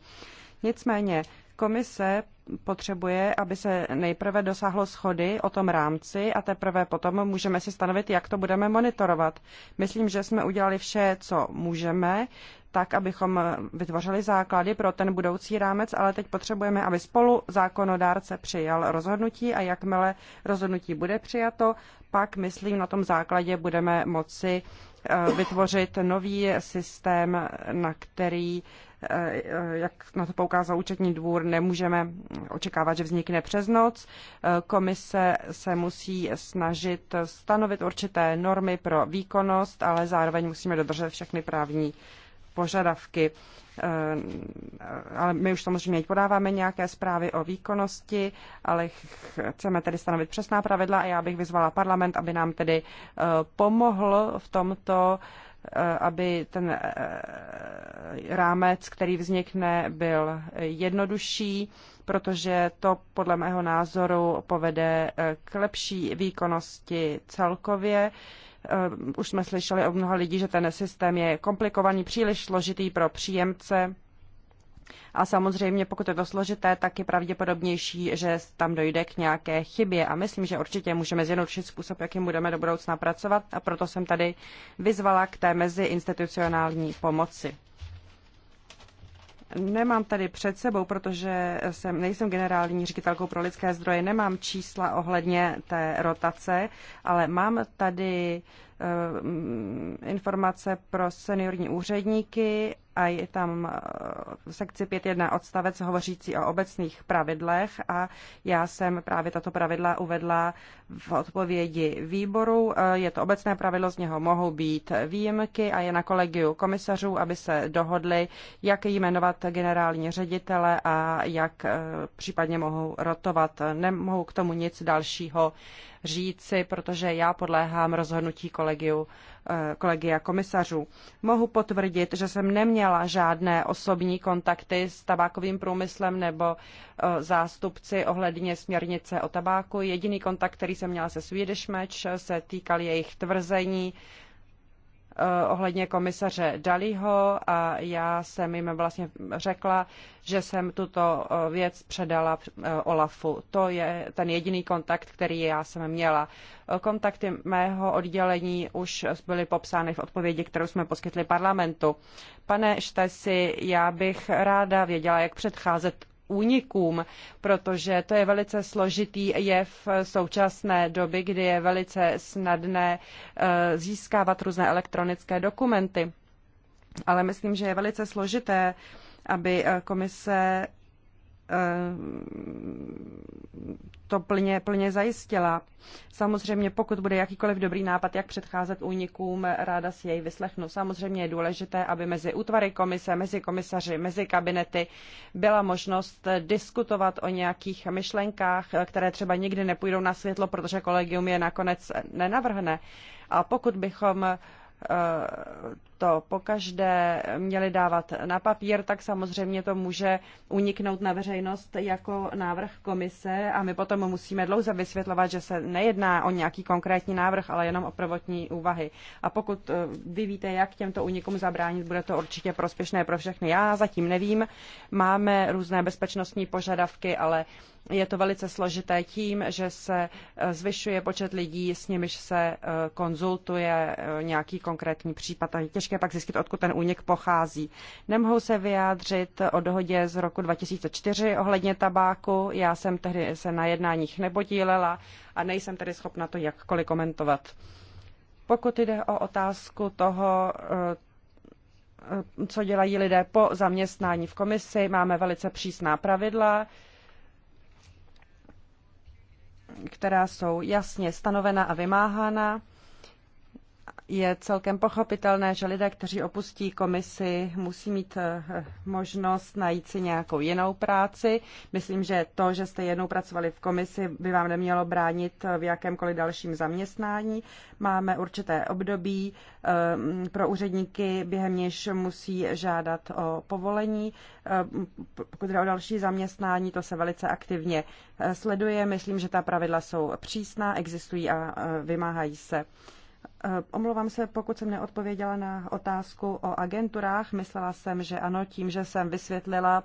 Nicméně Komise potřebuje, aby se nejprve dosáhlo schody o tom rámci a teprve potom můžeme si stanovit, jak to budeme monitorovat. Myslím, že jsme udělali vše, co můžeme, tak, abychom vytvořili základy pro ten budoucí rámec, ale teď potřebujeme, aby spolu zákonodárce přijal rozhodnutí a jakmile rozhodnutí bude přijato, pak, myslím, na tom základě budeme moci eh, vytvořit nový systém, na který Eh, jak na to poukázal účetní dvůr, nemůžeme očekávat, že vznikne přes noc. Eh, komise se musí snažit stanovit určité normy pro výkonnost, ale zároveň musíme dodržet všechny právní požadavky. Eh, ale my už samozřejmě podáváme nějaké zprávy o výkonnosti, ale chceme tedy stanovit přesná pravidla a já bych vyzvala parlament, aby nám tedy pomohl v tomto Eh, aby ten eh, rámec, který vznikne, byl jednodušší, protože to podle mého názoru povede eh, k lepší výkonnosti celkově. Už jsme slyšeli od mnoha lidí, že ten systém je komplikovaný, příliš složitý pro příjemce a samozřejmě, pokud je to složité, tak je pravděpodobnější, že tam dojde k nějaké chybě. A myslím, že určitě můžeme zjednodušit způsob, jakým budeme do budoucna pracovat. A proto jsem tady vyzvala k té meziinstitucionální pomoci. Nemám tady před sebou, protože jsem, nejsem generální ředitelkou pro lidské zdroje, nemám čísla ohledně té rotace, ale mám tady eh, informace pro seniorní úředníky a je tam eh, v sekci 5.1 odstavec hovořící o obecných pravidlech a já jsem právě tato pravidla uvedla v odpovědi výboru. Eh, je to obecné pravidlo, z něho mohou být výjimky a je na kolegiu komisařů, aby se dohodli, jak jmenovat generální ředitele a jak eh, případně mohou rotovat. Nemohu k tomu nic dalšího říci, protože já podléhám rozhodnutí kolegiu Eh, kolegia komisařů. Mohu potvrdit, že jsem neměla žádné osobní kontakty s tabákovým průmyslem nebo eh, zástupci ohledně směrnice o tabáku. Jediný kontakt, který jsem měla se Swedish Match, se týkal jejich tvrzení, Eh, ohledně komisaře Dalího a já jsem jim vlastně řekla, že jsem tuto eh, věc předala eh, Olafu. To je ten jediný kontakt, který já jsem měla. Kontakty mého oddělení už byly popsány v odpovědi, kterou jsme poskytli parlamentu. Pane Štesi, já bych ráda věděla, jak předcházet únikům, protože to je velice složitý jev současné doby, kdy je velice snadné eh, získávat různé elektronické dokumenty. Ale myslím, že je velice složité, aby eh, komise Eh, to plně, plně zajistila. Samozřejmě, pokud bude jakýkoliv dobrý nápad, jak předcházet únikům, ráda si jej vyslechnu. Samozřejmě je důležité, aby mezi útvary komise, mezi komisaři, mezi kabinety byla možnost diskutovat o nějakých myšlenkách, které třeba nikdy nepůjdou na světlo, protože kolegium je nakonec nenavrhne. A pokud bychom eh, to pokaždé měli dávat na papír, tak samozřejmě to může uniknout na veřejnost jako návrh komise a my potom musíme dlouze vysvětlovat, že se nejedná o nějaký konkrétní návrh, ale jenom o prvotní úvahy. A pokud eh, vy víte, jak těmto unikům zabránit, bude to určitě prospěšné pro všechny. Já zatím nevím, máme různé bezpečnostní požadavky, ale je to velice složité tím, že se eh, zvyšuje počet lidí, s nimiž se eh, konzultuje nějaký konkrétní případ a je těžké pak zjistit, odkud ten únik pochází. Nemohu se vyjádřit o dohodě z roku 2004 ohledně tabáku. Já jsem tehdy se na jednáních nepodílela a nejsem tedy schopna to jakkoliv komentovat. Pokud jde o otázku toho, eh, co dělají lidé po zaměstnání v komisi, máme velice přísná pravidla, která jsou jasně stanovena a vymáhána je celkem pochopitelné, že lidé, kteří opustí komisi, musí mít eh, možnost najít si nějakou jinou práci. Myslím, že to, že jste jednou pracovali v komisi, by vám nemělo bránit v jakémkoliv dalším zaměstnání. Máme určité období eh, pro úředníky, během něž musí žádat o povolení. Eh, pokud jde o další zaměstnání, to se velice aktivně sleduje. Myslím, že ta pravidla jsou přísná, existují a vymáhají se. Eh, omlouvám se, pokud jsem neodpověděla na otázku o agenturách. Myslela jsem, že ano, tím, že jsem vysvětlila,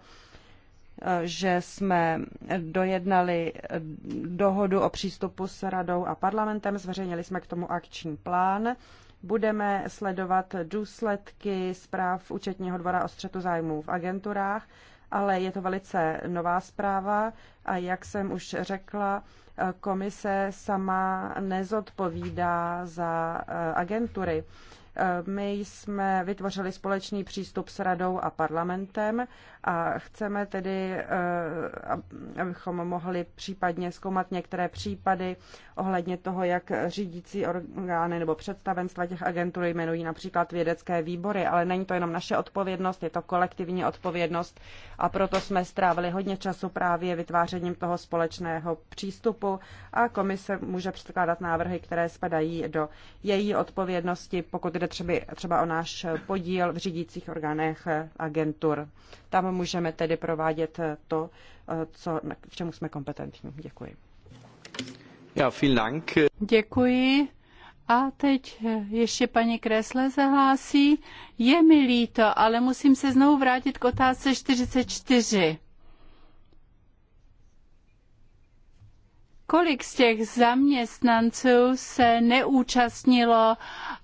eh, že jsme dojednali eh, dohodu o přístupu s radou a parlamentem, zveřejnili jsme k tomu akční plán. Budeme sledovat důsledky zpráv účetního dvora o střetu zájmů v agenturách ale je to velice nová zpráva a jak jsem už řekla, komise sama nezodpovídá za eh, agentury. Eh, my jsme vytvořili společný přístup s radou a parlamentem a chceme tedy, eh, abychom mohli případně zkoumat některé případy ohledně toho, jak řídící orgány nebo představenstva těch agentů jmenují například vědecké výbory, ale není to jenom naše odpovědnost, je to kolektivní odpovědnost a proto jsme strávili hodně času právě vytvářením toho společného přístupu a komise může předkládat návrhy, které spadají do její odpovědnosti, pokud jde třeba, třeba o náš podíl v řídících orgánech agentur. Tam můžeme tedy provádět to, co, k čemu jsme kompetentní. Děkuji. Ja, vielen Dank. Děkuji a teď eh, ještě paní Kresle zahlásí. Je mi líto, ale musím se znovu vrátit k otázce 44. kolik z těch zaměstnanců se neúčastnilo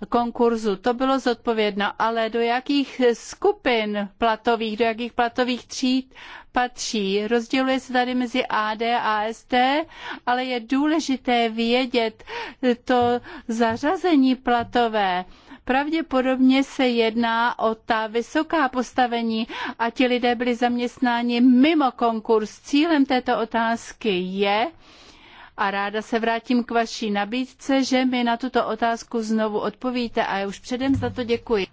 konkurzu. To bylo zodpovědno, ale do jakých skupin platových, do jakých platových tříd patří. Rozděluje se tady mezi AD a ST, ale je důležité vědět to zařazení platové. Pravděpodobně se jedná o ta vysoká postavení a ti lidé byli zaměstnáni mimo konkurs. Cílem této otázky je, a ráda se vrátím k vaší nabídce, že mi na tuto otázku znovu odpovíte a já už předem za to děkuji.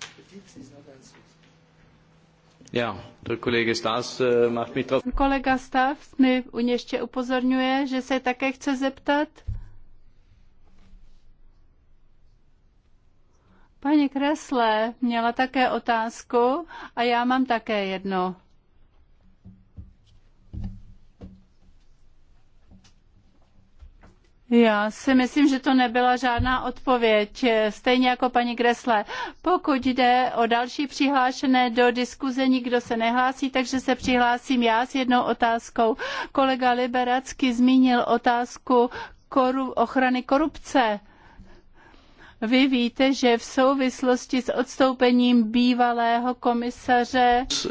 Ja, der kolega Stas eh, macht mich Kolega Stas mi ještě upozorňuje, že se také chce zeptat. Paní Kresle měla také otázku a já mám také jedno. Já si myslím, že to nebyla žádná odpověď, stejně jako paní Gresle. Pokud jde o další přihlášené do diskuze, nikdo se nehlásí, takže se přihlásím já s jednou otázkou. Kolega Liberacky zmínil otázku koru- ochrany korupce. Vy víte, že v souvislosti s odstoupením bývalého komisaře... S, eh,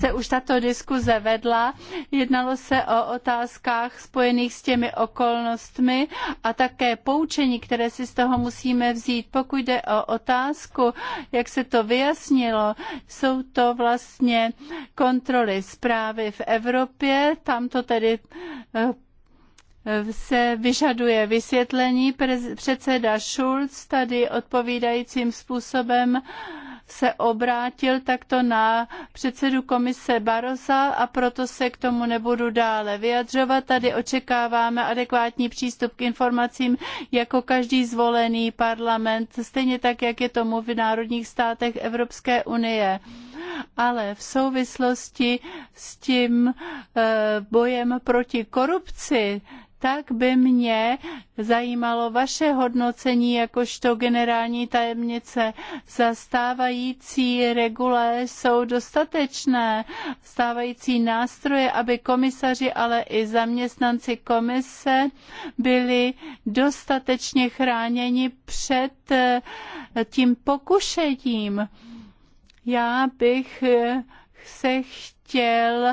se už tato diskuze vedla, jednalo se o otázkách spojených s těmi okolnostmi a také poučení, které si z toho musíme vzít. Pokud jde o otázku, jak se to vyjasnilo, jsou to vlastně kontroly zprávy v Evropě, tam to tedy eh, se vyžaduje vysvětlení. Předseda Schulz tady odpovídajícím způsobem se obrátil takto na předsedu komise Barosa a proto se k tomu nebudu dále vyjadřovat. Tady očekáváme adekvátní přístup k informacím jako každý zvolený parlament, stejně tak, jak je tomu v národních státech Evropské unie. Ale v souvislosti s tím eh, bojem proti korupci, tak by mě zajímalo vaše hodnocení jakožto generální tajemnice. Zastávající regule jsou dostatečné, stávající nástroje, aby komisaři, ale i zaměstnanci komise byli dostatečně chráněni před eh, tím pokušením. Já bych eh, se chtěla chtěl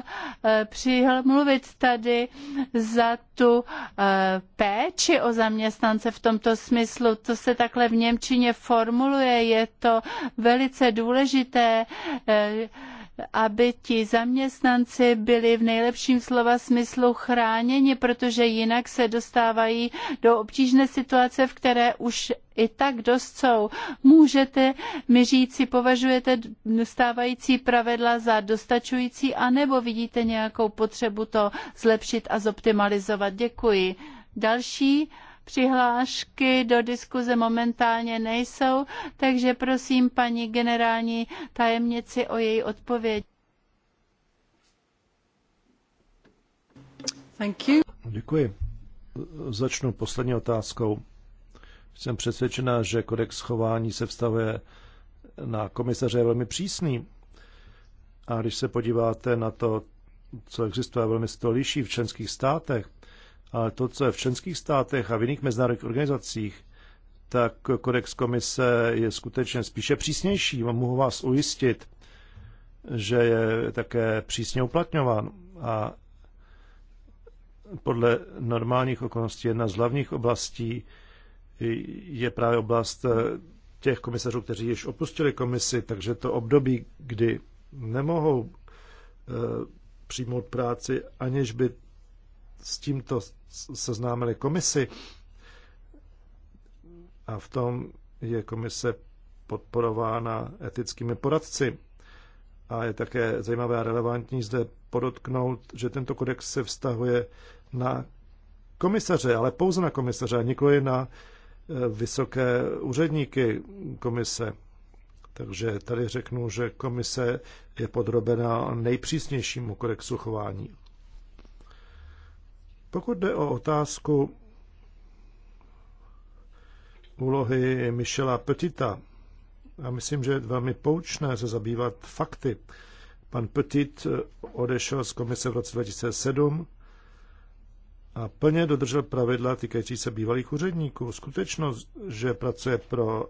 eh, přimluvit tady za tu eh, péči o zaměstnance v tomto smyslu. To se takhle v Němčině formuluje, je to velice důležité eh, aby ti zaměstnanci byli v nejlepším slova smyslu chráněni, protože jinak se dostávají do obtížné situace, v které už i tak dost jsou. Můžete mi si považujete stávající pravidla za dostačující, anebo vidíte nějakou potřebu to zlepšit a zoptimalizovat. Děkuji. Další Přihlášky do diskuze momentálně nejsou, takže prosím paní generální tajemnici o její odpověď. Thank you. Děkuji. Začnu poslední otázkou. Jsem přesvědčená, že kodex chování se vztahuje na komisaře je velmi přísný. A když se podíváte na to, co existuje, velmi se to liší v členských státech, ale to, co je v členských státech a v jiných mezinárodních organizacích, tak kodex komise je skutečně spíše přísnější. Mohu vás ujistit, že je také přísně uplatňován a podle normálních okolností jedna z hlavních oblastí je právě oblast těch komisařů, kteří již opustili komisi, takže to období, kdy nemohou eh, přijmout práci, aniž by s tímto seznámili komisi a v tom je komise podporována etickými poradci. A je také zajímavé a relevantní zde podotknout, že tento kodex se vztahuje na komisaře, ale pouze na komisaře a nikoli na e, vysoké úředníky komise. Takže tady řeknu, že komise je podrobena nejpřísnějšímu kodexu chování. Pokud jde o otázku úlohy Michela Petita, a myslím, že je velmi poučné se zabývat fakty. Pan Petit odešel z komise v roce 2007 a plně dodržel pravidla týkající se bývalých úředníků. Skutečnost, že pracuje pro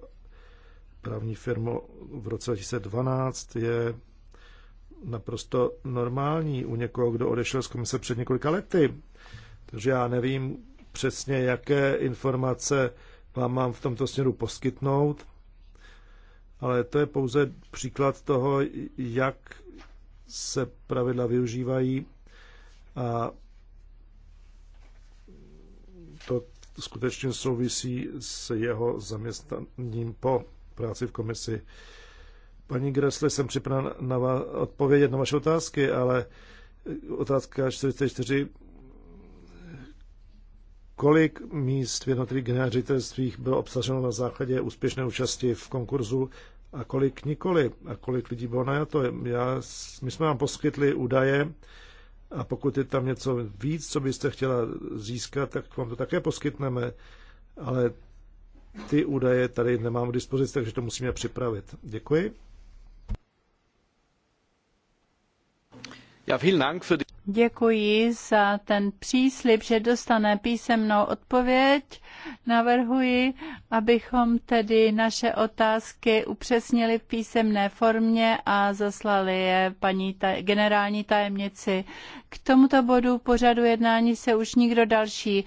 právní firmu v roce 2012, je naprosto normální u někoho, kdo odešel z komise před několika lety. Takže já nevím přesně, jaké informace vám mám v tomto směru poskytnout, ale to je pouze příklad toho, jak se pravidla využívají a to skutečně souvisí s jeho zaměstnaním po práci v komisi. Paní Gressle, jsem připraven na odpovědět na vaše otázky, ale otázka 44 kolik míst v jednotlivých generálních bylo obsaženo na základě úspěšné účasti v konkurzu a kolik nikoli a kolik lidí bylo najato. Já, my jsme vám poskytli údaje a pokud je tam něco víc, co byste chtěla získat, tak vám to také poskytneme, ale ty údaje tady nemám k dispozici, takže to musíme připravit. Děkuji. Ja, vielen Dank für die... Děkuji za ten příslip, že dostane písemnou odpověď. Navrhuji, abychom tedy naše otázky upřesnili v písemné formě a zaslali je paní taj- generální tajemnici. K tomuto bodu pořadu jednání se už nikdo další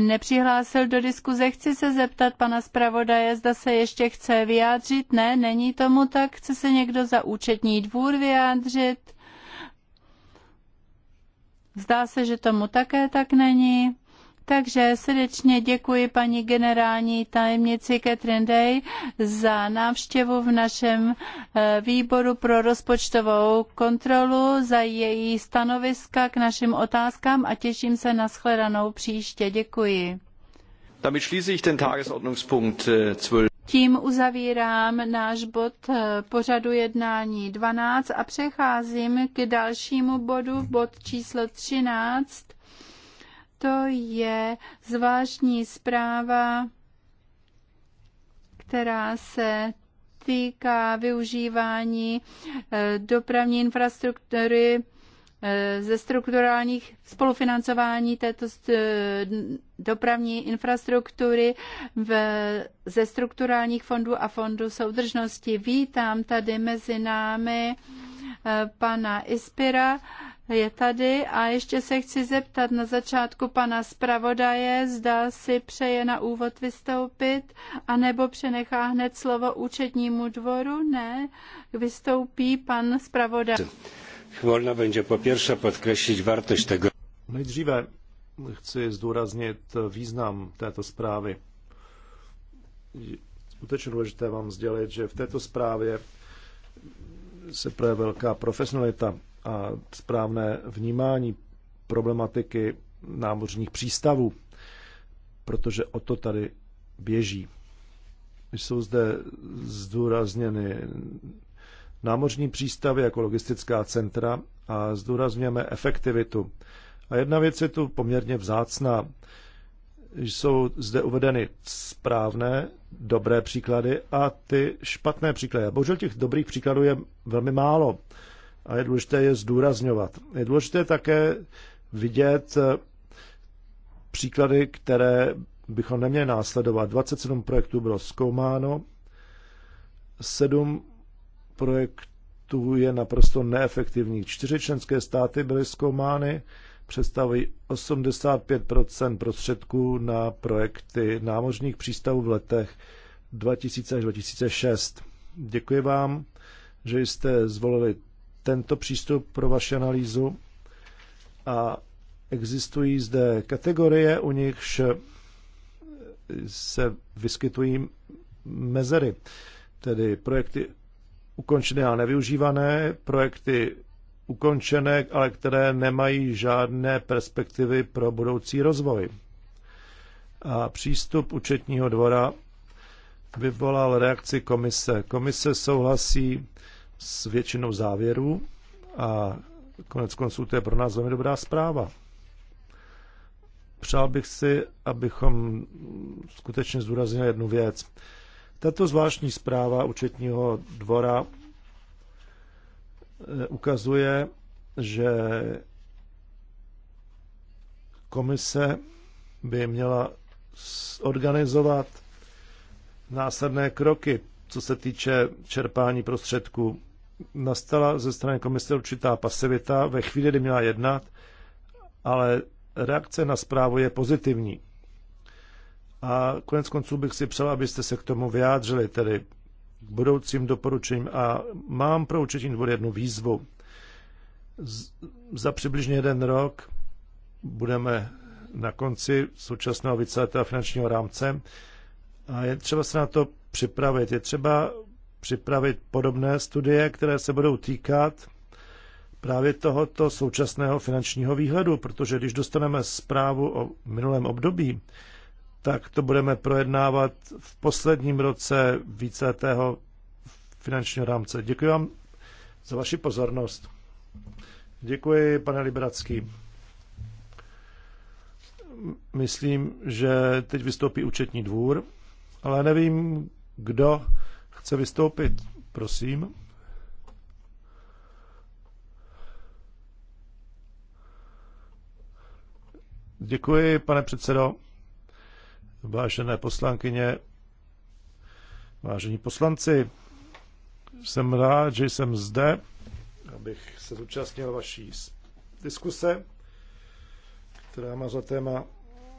nepřihlásil do diskuze. Chci se zeptat pana zpravodaje, zda se ještě chce vyjádřit. Ne, není tomu tak. Chce se někdo za účetní dvůr vyjádřit? Zdá se, že tomu také tak není. Takže srdečně děkuji paní generální tajemnici Catherine Day za návštěvu v našem eh, výboru pro rozpočtovou kontrolu, za její stanoviska k našim otázkám a těším se na shledanou příště. Děkuji. Damit schließe ich den Tagesordnungspunkt 12. Eh, tím uzavírám náš bod eh, pořadu jednání 12 a přecházím k dalšímu bodu, bod číslo 13. To je zvláštní zpráva, která se týká využívání eh, dopravní infrastruktury Eh, ze strukturálních spolufinancování této eh, dopravní infrastruktury v, ze strukturálních fondů a fondů soudržnosti. Vítám tady mezi námi eh, pana Ispira, je tady a ještě se chci zeptat na začátku pana zpravodaje, zda si přeje na úvod vystoupit, anebo přenechá hned slovo účetnímu dvoru, ne, vystoupí pan zpravodaj można będzie po pierwsze podkreślić wartość tego. Nejdříve chci zdůraznit význam této zprávy. Skutečně důležité vám sdělit, že v této zprávě se projevila velká profesionalita a správné vnímání problematiky námořních přístavů, protože o to tady běží. Jsou zde zdůrazněny námořní přístavy jako logistická centra a zdůrazňujeme efektivitu. A jedna věc je tu poměrně vzácná. Jsou zde uvedeny správné, dobré příklady a ty špatné příklady. Bohužel těch dobrých příkladů je velmi málo a je důležité je zdůrazňovat. Je důležité také vidět eh, příklady, které bychom neměli následovat. 27 projektů bylo zkoumáno, 7 projektů je naprosto neefektivní. Čtyři členské státy byly zkoumány, představují 85 prostředků na projekty námořních přístavů v letech 2000 až 2006. Děkuji vám, že jste zvolili tento přístup pro vaši analýzu a existují zde kategorie, u nichž se vyskytují mezery, tedy projekty ukončené a nevyužívané, projekty ukončené, ale které nemají žádné perspektivy pro budoucí rozvoj. A přístup účetního dvora vyvolal reakci komise. Komise souhlasí s většinou závěrů a konec konců to je pro nás velmi dobrá zpráva. Přál bych si, abychom skutečně zdůraznili jednu věc. Tato zvláštní zpráva účetního dvora eh, ukazuje, že komise by měla organizovat následné kroky, co se týče čerpání prostředků. Nastala ze strany komise určitá pasivita ve chvíli, kdy měla jednat, ale reakce na zprávu je pozitivní. A konec konců bych si přál, abyste se k tomu vyjádřili, tedy k budoucím doporučením. A mám pro určitý dvor jednu výzvu. Z, za přibližně jeden rok budeme na konci současného víceletého finančního rámce a je třeba se na to připravit. Je třeba připravit podobné studie, které se budou týkat právě tohoto současného finančního výhledu, protože když dostaneme zprávu o minulém období, tak to budeme projednávat v posledním roce víceletého finančního rámce. Děkuji vám za vaši pozornost. Děkuji, pane Liberacký. Myslím, že teď vystoupí účetní dvůr, ale nevím, kdo chce vystoupit. Prosím. Děkuji, pane předsedo. Vážené poslankyně, vážení poslanci, jsem rád, že jsem zde, abych se zúčastnil vaší diskuse, která má za téma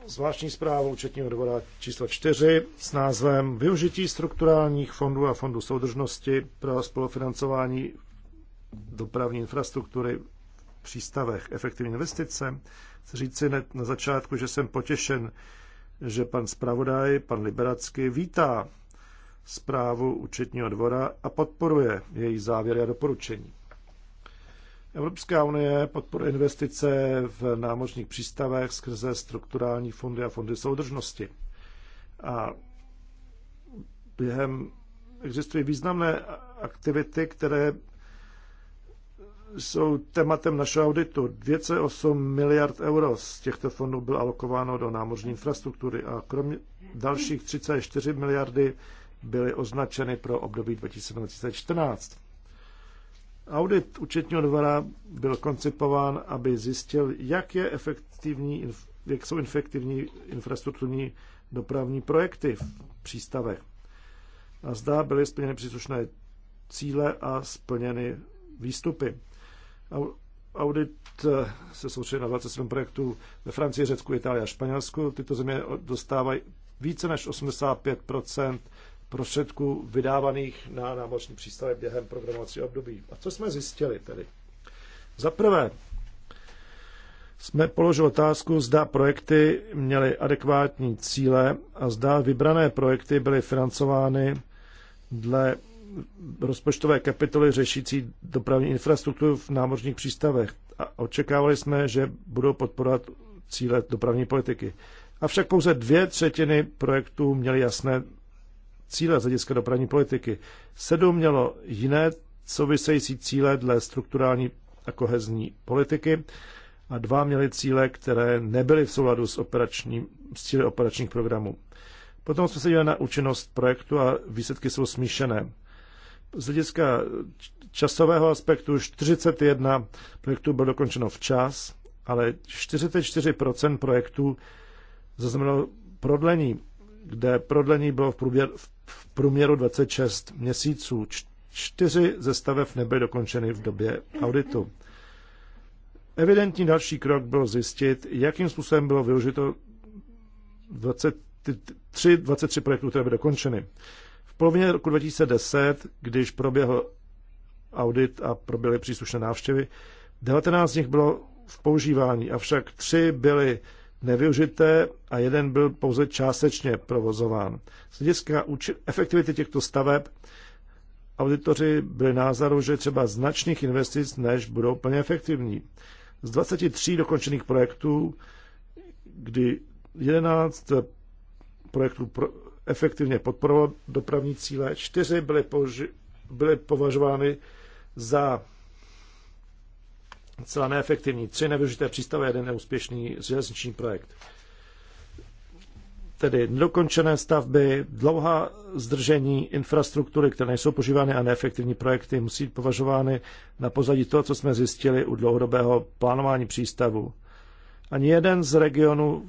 zvláštní zprávu účetního dvora číslo 4 s názvem Využití strukturálních fondů a fondů soudržnosti pro spolufinancování dopravní infrastruktury v přístavech efektivní investice. Chci říci na začátku, že jsem potěšen, že pan zpravodaj, pan Liberacky, vítá zprávu účetního dvora a podporuje její závěry a doporučení. Evropská unie podporuje investice v námořních přístavech skrze strukturální fondy a fondy soudržnosti. A během existují významné aktivity, které jsou tématem našeho auditu. 2,8 miliard euro z těchto fondů bylo alokováno do námořní infrastruktury a kromě dalších 34 miliardy byly označeny pro období 2014. Audit účetního dvora byl koncipován, aby zjistil, jak, je efektivní, jak jsou efektivní infrastrukturní dopravní projekty v přístavech. A zdá byly splněny příslušné cíle a splněny výstupy. Audit eh, se soustředí na 27 projektů ve Francii, Řecku, Itálii a Španělsku. Tyto země dostávají více než 85 prostředků vydávaných na námořní přístavy během programovacího období. A co jsme zjistili tedy? Za prvé, jsme položili otázku, zda projekty měly adekvátní cíle a zda vybrané projekty byly financovány dle rozpočtové kapitoly řešící dopravní infrastrukturu v námořních přístavech a očekávali jsme, že budou podporovat cíle dopravní politiky. Avšak pouze dvě třetiny projektů měly jasné cíle z hlediska dopravní politiky. Sedm mělo jiné související cíle dle strukturální a kohezní politiky a dva měly cíle, které nebyly v souladu s, operačním, s cíly operačních programů. Potom jsme se dívali na účinnost projektu a výsledky jsou smíšené. Z hlediska časového aspektu 41 projektů bylo dokončeno včas, ale 44% projektů zaznamenalo prodlení, kde prodlení bylo v průměru, v průměru 26 měsíců. Čtyři ze stavev nebyly dokončeny v době auditu. Evidentní další krok byl zjistit, jakým způsobem bylo využito 23, 23 projektů, které byly dokončeny. V polovině roku 2010, když proběhl audit a proběhly příslušné návštěvy, 19 z nich bylo v používání, avšak tři byly nevyužité a jeden byl pouze částečně provozován. Z hlediska efektivity těchto staveb auditoři byli názoru, že třeba značných investic než budou plně efektivní. Z 23 dokončených projektů, kdy 11 projektů pro, efektivně podporovat dopravní cíle. Čtyři byly, poži- byly považovány za celá neefektivní. Tři nevyužité přístavy, jeden neúspěšný železniční projekt. Tedy nedokončené stavby, dlouhá zdržení infrastruktury, které nejsou požívány a neefektivní projekty musí být považovány na pozadí toho, co jsme zjistili u dlouhodobého plánování přístavu. Ani jeden z regionů,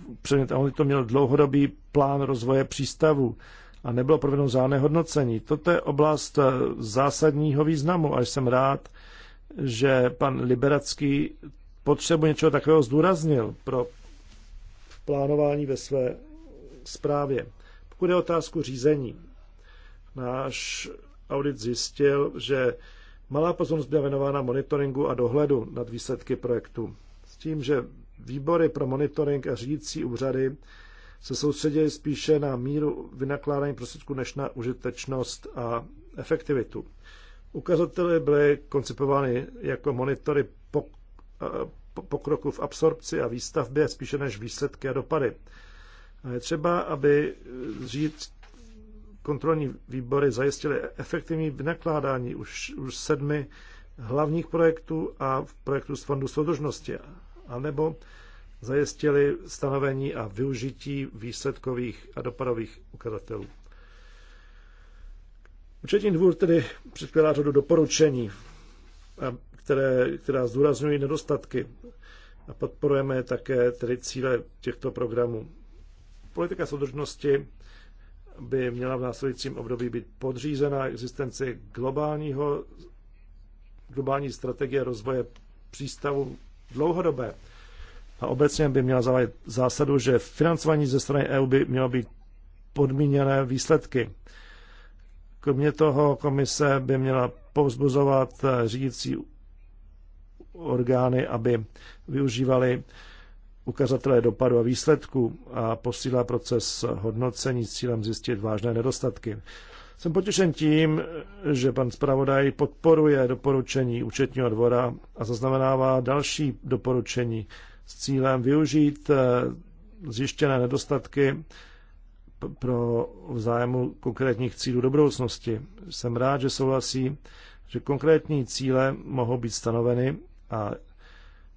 a on to měl dlouhodobý plán rozvoje přístavů a nebylo provedeno žádné hodnocení. Toto je oblast eh, zásadního významu a jsem rád, že pan Liberacký potřebu něčeho takového zdůraznil pro plánování ve své zprávě. Pokud je otázku řízení, náš audit zjistil, že malá pozornost byla věnována monitoringu a dohledu nad výsledky projektu. S tím, že Výbory pro monitoring a řídící úřady se soustředili spíše na míru vynakládání prostředků než na užitečnost a efektivitu. Ukazatele byly koncipovány jako monitory pokroku v absorpci a výstavbě spíše než výsledky a dopady. je třeba, aby říct kontrolní výbory zajistily efektivní vynakládání už, už sedmi hlavních projektů a v projektu z Fondu soudržnosti anebo zajistili stanovení a využití výsledkových a dopadových ukazatelů. Účetní dvůr tedy předkládá řadu doporučení, které, která zdůrazňují nedostatky a podporujeme také tedy cíle těchto programů. Politika soudržnosti by měla v následujícím období být podřízena existenci globálního, globální strategie rozvoje přístavu dlouhodobé. A obecně by měla zavádět zásadu, že financování ze strany EU by mělo být podmíněné výsledky. Kromě toho komise by měla povzbuzovat eh, řídící orgány, aby využívali ukazatele dopadu a výsledku a posílá proces hodnocení s cílem zjistit vážné nedostatky. Jsem potěšen tím, že pan zpravodaj podporuje doporučení účetního dvora a zaznamenává další doporučení s cílem využít eh, zjištěné nedostatky pro vzájemu konkrétních cílů do budoucnosti. Jsem rád, že souhlasí, že konkrétní cíle mohou být stanoveny a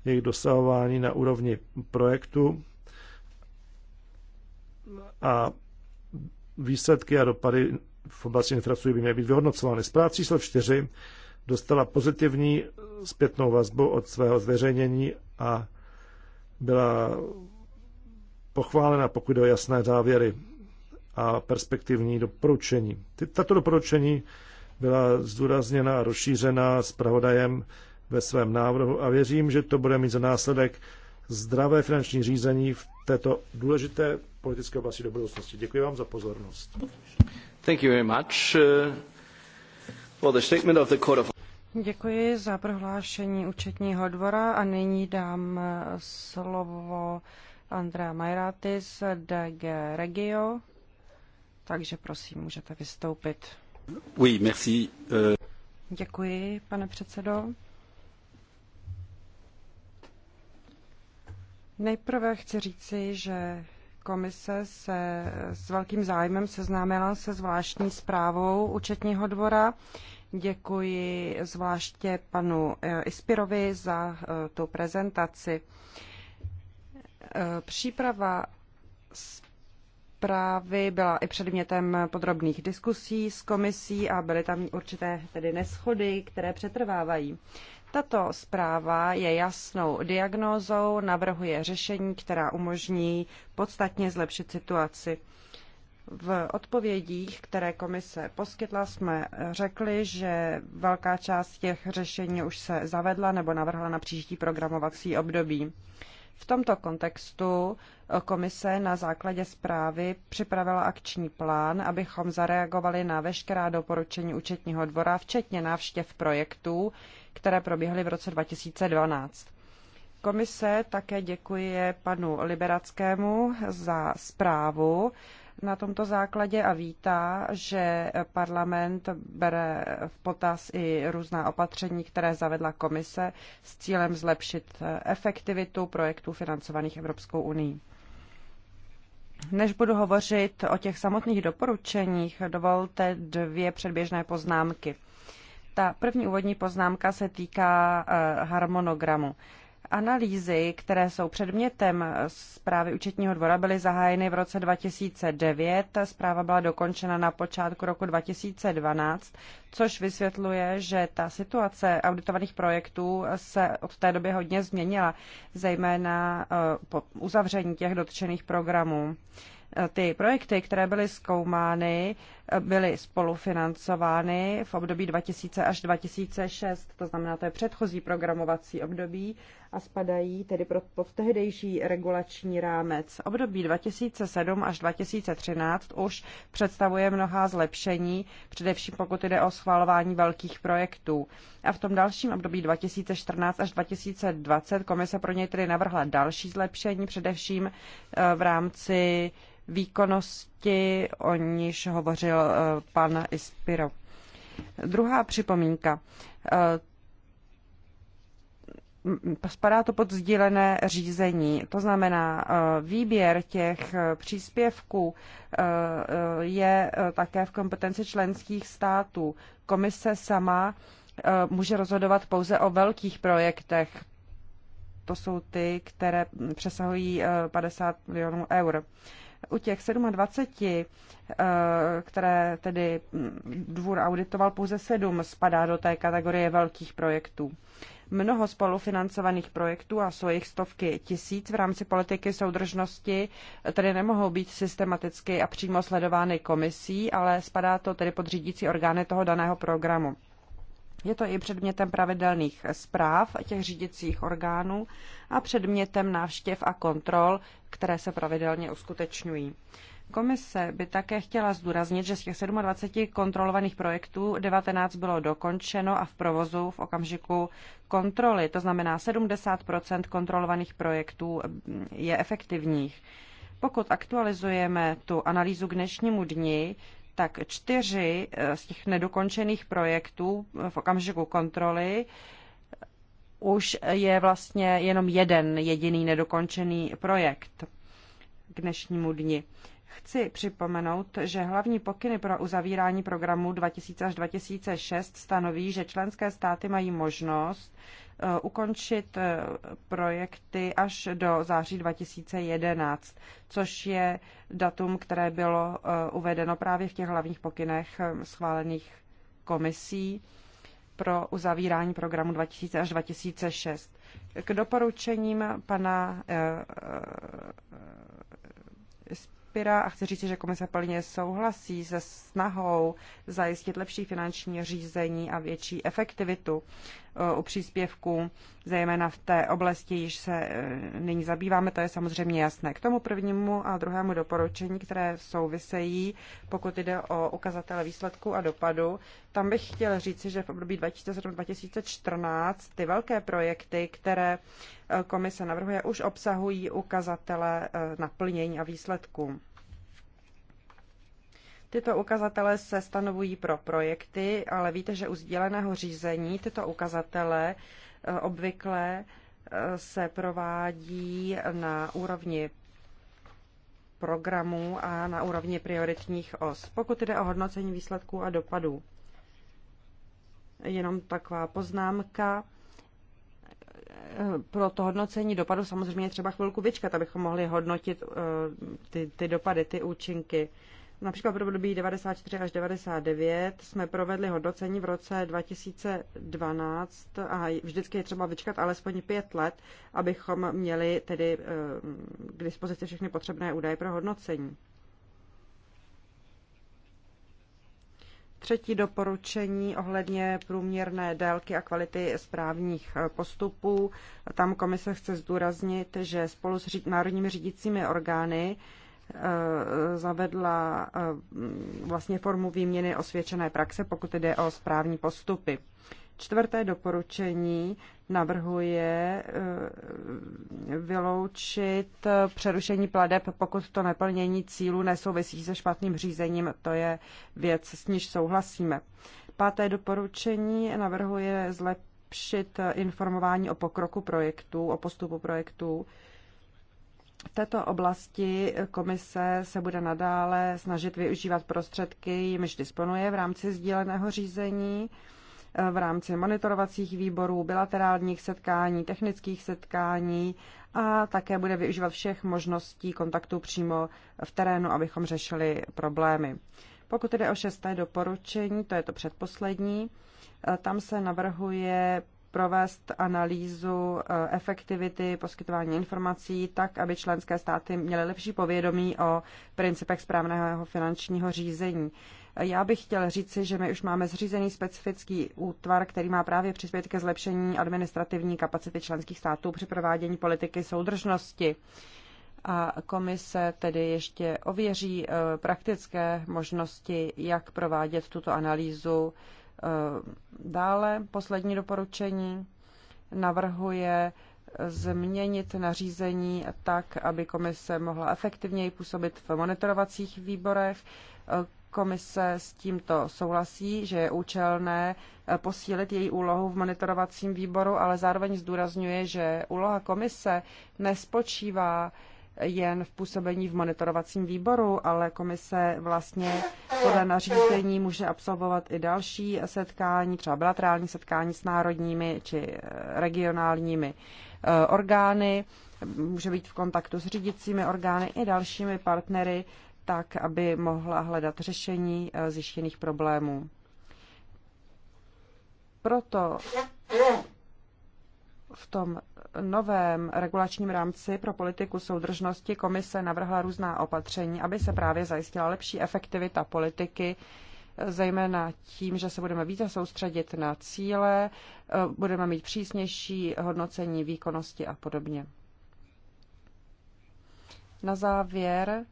jejich dosahování na úrovni projektu a výsledky a dopady v oblasti infrastruktury by měly být vyhodnocovány. Zpráva číslo 4 dostala pozitivní zpětnou vazbu od svého zveřejnění a byla pochválena, pokud jde o jasné závěry a perspektivní doporučení. Tato doporučení byla zdůrazněna a rozšířena s pravodajem ve svém návrhu a věřím, že to bude mít za následek zdravé finanční řízení v této důležité politické oblasti do budoucnosti. Děkuji vám za pozornost. Děkuji za prohlášení účetního dvora a nyní dám uh, slovo Andrea Majraty DG Regio. Takže prosím, můžete vystoupit. Oui, merci. Uh. Děkuji, pane předsedo. Nejprve chci říci, že komise se s velkým zájmem seznámila se zvláštní zprávou účetního dvora. Děkuji zvláště panu eh, Ispirovi za eh, tu prezentaci. Eh, příprava zprávy byla i předmětem podrobných diskusí s komisí a byly tam určité tedy neschody, které přetrvávají. Tato zpráva je jasnou diagnózou, navrhuje řešení, která umožní podstatně zlepšit situaci. V odpovědích, které komise poskytla, jsme řekli, že velká část těch řešení už se zavedla nebo navrhla na příští programovací období. V tomto kontextu komise na základě zprávy připravila akční plán, abychom zareagovali na veškerá doporučení účetního dvora, včetně návštěv projektů, které proběhly v roce 2012. Komise také děkuje panu Liberackému za zprávu na tomto základě a vítá, že parlament bere v potaz i různá opatření, které zavedla komise s cílem zlepšit efektivitu projektů financovaných Evropskou unii. Než budu hovořit o těch samotných doporučeních, dovolte dvě předběžné poznámky. Ta první úvodní poznámka se týká eh, harmonogramu. Analýzy, které jsou předmětem eh, zprávy účetního dvora, byly zahájeny v roce 2009. Zpráva byla dokončena na počátku roku 2012, což vysvětluje, že ta situace auditovaných projektů se od té doby hodně změnila, zejména eh, po uzavření těch dotčených programů. Ty projekty, které byly zkoumány, byly spolufinancovány v období 2000 až 2006, to znamená, to je předchozí programovací období a spadají tedy pro, pod tehdejší regulační rámec. Období 2007 až 2013 už představuje mnohá zlepšení, především pokud jde o schvalování velkých projektů. A v tom dalším období 2014 až 2020 komise pro něj tedy navrhla další zlepšení, především eh, v rámci výkonnosti oblasti, o níž hovořil eh, pan Ispiro. Druhá připomínka. Eh, spadá to pod sdílené řízení. To znamená, eh, výběr těch příspěvků je také v kompetenci členských států. Komise sama může rozhodovat pouze o velkých projektech. To jsou ty, které přesahují 50 milionů eur u těch 27, eh, které tedy mm, dvůr auditoval, pouze 7 spadá do té kategorie velkých projektů. Mnoho spolufinancovaných projektů, a jsou jich stovky tisíc v rámci politiky soudržnosti, tedy nemohou být systematicky a přímo sledovány komisí, ale spadá to tedy pod řídící orgány toho daného programu. Je to i předmětem pravidelných zpráv těch řídicích orgánů a předmětem návštěv a kontrol, které se pravidelně uskutečňují. Komise by také chtěla zdůraznit, že z těch 27 kontrolovaných projektů 19 bylo dokončeno a v provozu v okamžiku kontroly. To znamená, 70 kontrolovaných projektů je efektivních. Pokud aktualizujeme tu analýzu k dnešnímu dni, tak čtyři eh, z těch nedokončených projektů eh, v okamžiku kontroly eh, už je vlastně jenom jeden jediný nedokončený projekt k dnešnímu dni. Chci připomenout, že hlavní pokyny pro uzavírání programu 2000 až 2006 stanoví, že členské státy mají možnost eh, ukončit eh, projekty až do září 2011, což je datum, které bylo eh, uvedeno právě v těch hlavních pokynech schválených komisí pro uzavírání programu 2000 až 2006. K doporučením pana Pira a chci říct, že komise plně souhlasí se snahou zajistit lepší finanční řízení a větší efektivitu u příspěvku, zejména v té oblasti, již se e, nyní zabýváme, to je samozřejmě jasné. K tomu prvnímu a druhému doporučení, které souvisejí, pokud jde o ukazatele výsledku a dopadu, tam bych chtěl říci, že v období 2007-2014 ty velké projekty, které e, komise navrhuje, už obsahují ukazatele e, naplnění a výsledku. Tyto ukazatele se stanovují pro projekty, ale víte, že u sdíleného řízení tyto ukazatele eh, obvykle eh, se provádí na úrovni programů a na úrovni prioritních os. Pokud jde o hodnocení výsledků a dopadů, jenom taková poznámka. Eh, pro to hodnocení dopadu samozřejmě je třeba chvilku vyčkat, abychom mohli hodnotit ty, ty dopady, ty účinky. Například pro období 94 až 99 jsme provedli hodnocení v roce 2012 a vždycky je třeba vyčkat alespoň pět let, abychom měli tedy eh, k dispozici všechny potřebné údaje pro hodnocení. Třetí doporučení ohledně průměrné délky a kvality správních eh, postupů. Tam komise chce zdůraznit, že spolu s národními řídícími orgány Eh, zavedla eh, vlastně formu výměny osvědčené praxe, pokud jde o správní postupy. Čtvrté doporučení navrhuje eh, vyloučit přerušení pladeb, pokud to neplnění cílu nesouvisí se špatným řízením. To je věc, s níž souhlasíme. Páté doporučení navrhuje zlepšit informování o pokroku projektů, o postupu projektů v této oblasti komise se bude nadále snažit využívat prostředky, jimž disponuje v rámci sdíleného řízení, eh, v rámci monitorovacích výborů, bilaterálních setkání, technických setkání a také bude využívat všech možností kontaktu přímo v terénu, abychom řešili problémy. Pokud jde o šesté doporučení, to je to předposlední, eh, tam se navrhuje provést analýzu eh, efektivity poskytování informací tak, aby členské státy měly lepší povědomí o principech správného finančního řízení. Eh, já bych chtěl říci, že my už máme zřízený specifický útvar, který má právě přispět ke zlepšení administrativní kapacity členských států při provádění politiky soudržnosti. A komise tedy ještě ověří eh, praktické možnosti, jak provádět tuto analýzu Eh, dále poslední doporučení navrhuje změnit nařízení tak, aby komise mohla efektivněji působit v monitorovacích výborech. Eh, komise s tímto souhlasí, že je účelné eh, posílit její úlohu v monitorovacím výboru, ale zároveň zdůrazňuje, že úloha komise nespočívá jen v působení v monitorovacím výboru, ale komise vlastně podle nařízení může absolvovat i další setkání, třeba bilaterální setkání s národními či eh, regionálními eh, orgány, může být v kontaktu s řídicími orgány i dalšími partnery, tak, aby mohla hledat řešení eh, zjištěných problémů. Proto v tom novém regulačním rámci pro politiku soudržnosti komise navrhla různá opatření, aby se právě zajistila lepší efektivita politiky, zejména tím, že se budeme více soustředit na cíle, budeme mít přísnější hodnocení výkonnosti a podobně. Na závěr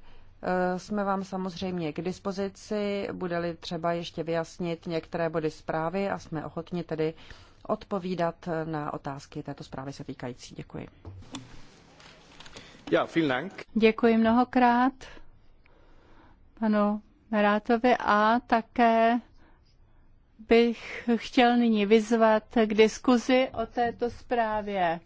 eh, jsme vám samozřejmě k dispozici, bude-li třeba ještě vyjasnit některé body zprávy a jsme ochotni tedy odpovídat na otázky této zprávy se týkající. Děkuji. Ja, vielen Dank. Děkuji mnohokrát panu Merátovi a také bych chtěl nyní vyzvat k diskuzi o této zprávě.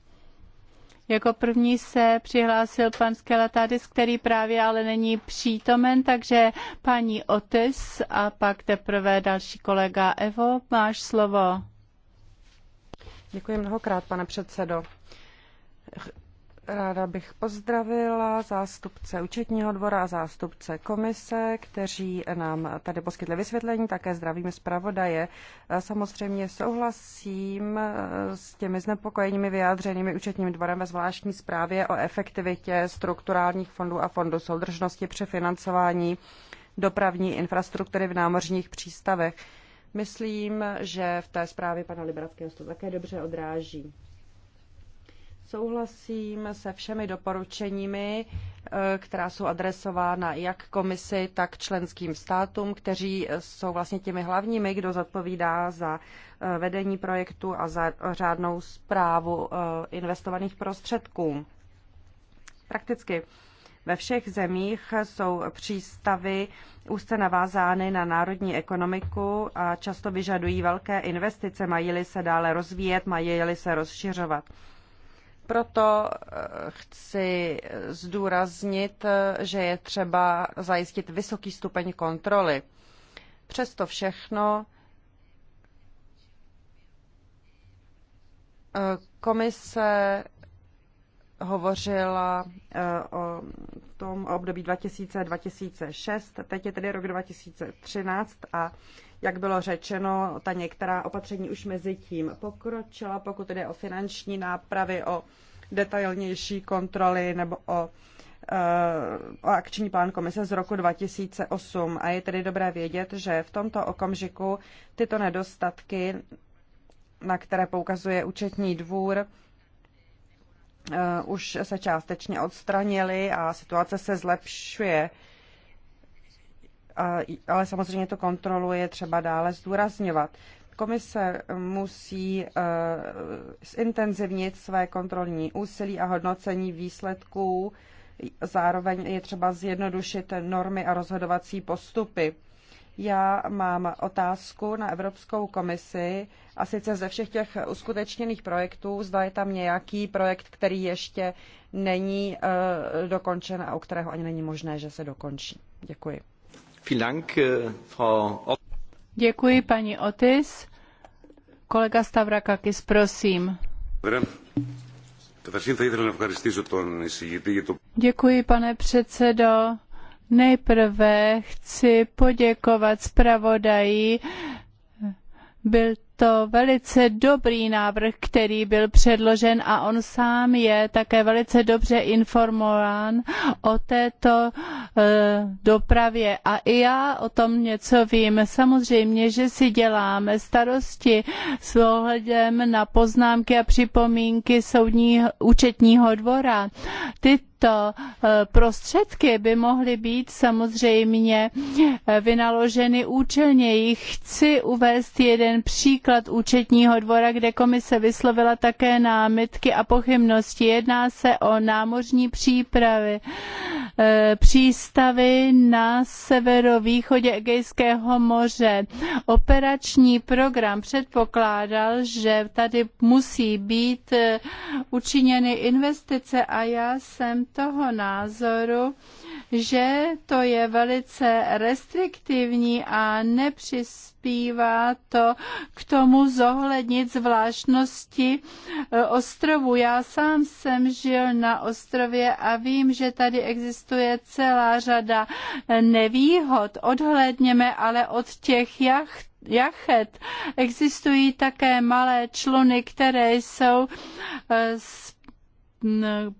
Jako první se přihlásil pan Skelatadis, který právě ale není přítomen, takže paní Otis a pak teprve další kolega Evo, máš slovo. Děkuji mnohokrát, pane předsedo. Ráda bych pozdravila zástupce účetního dvora a zástupce komise, kteří nám tady poskytli vysvětlení. Také zdravíme zpravodaje. Samozřejmě souhlasím s těmi znepokojeními vyjádřenými účetním dvorem ve zvláštní zprávě o efektivitě strukturálních fondů a fondu soudržnosti při financování dopravní infrastruktury v námořních přístavech. Myslím, že v té zprávě pana Libravského to také dobře odráží. Souhlasím se všemi doporučeními, eh, která jsou adresována jak komisi, tak členským státům, kteří jsou vlastně těmi hlavními, kdo zodpovídá za eh, vedení projektu a za řádnou zprávu eh, investovaných prostředků. Prakticky ve všech zemích jsou přístavy úzce navázány na národní ekonomiku a často vyžadují velké investice, mají-li se dále rozvíjet, mají-li se rozšiřovat. Proto eh, chci zdůraznit, eh, že je třeba zajistit vysoký stupeň kontroly. Přesto všechno eh, komise hovořila eh, o tom období 2000-2006, teď je tedy rok 2013 a jak bylo řečeno, ta některá opatření už mezi tím pokročila, pokud jde o finanční nápravy, o detailnější kontroly nebo o, eh, o akční plán komise z roku 2008. A je tedy dobré vědět, že v tomto okamžiku tyto nedostatky, na které poukazuje účetní dvůr, Eh, už se částečně odstranili a situace se zlepšuje. Ale samozřejmě to kontroluje třeba dále zdůrazňovat. Komise musí eh, zintenzivnit své kontrolní úsilí a hodnocení výsledků. Zároveň je třeba zjednodušit normy a rozhodovací postupy. Já mám otázku na Evropskou komisi a sice ze všech těch uskutečněných projektů, zda je tam nějaký projekt, který ještě není eh, dokončen a u kterého ani není možné, že se dokončí. Děkuji. Eh, Děkuji, paní Otis. Kolega Stavrakakis, prosím. Děkuji, pane předsedo. Nejprve chci poděkovat zpravodaji. Byl to velice dobrý návrh, který byl předložen a on sám je také velice dobře informován o této eh, dopravě. A i já o tom něco vím. Samozřejmě, že si děláme starosti s ohledem na poznámky a připomínky soudního účetního dvora. Ty tyto eh, prostředky by mohly být samozřejmě eh, vynaloženy účelněji. Chci uvést jeden příklad účetního dvora, kde komise vyslovila také námitky a pochybnosti. Jedná se o námořní přípravy eh, přístavy na severovýchodě Egejského moře. Operační program předpokládal, že tady musí být učiněny investice a já jsem toho názoru, že to je velice restriktivní a nepřispívá to k tomu zohlednit zvláštnosti eh, ostrovu. Já sám jsem žil na ostrově a vím, že tady existuje celá řada eh, nevýhod. Odhledněme, ale od těch jacht jachet. Existují také malé čluny, které jsou z eh,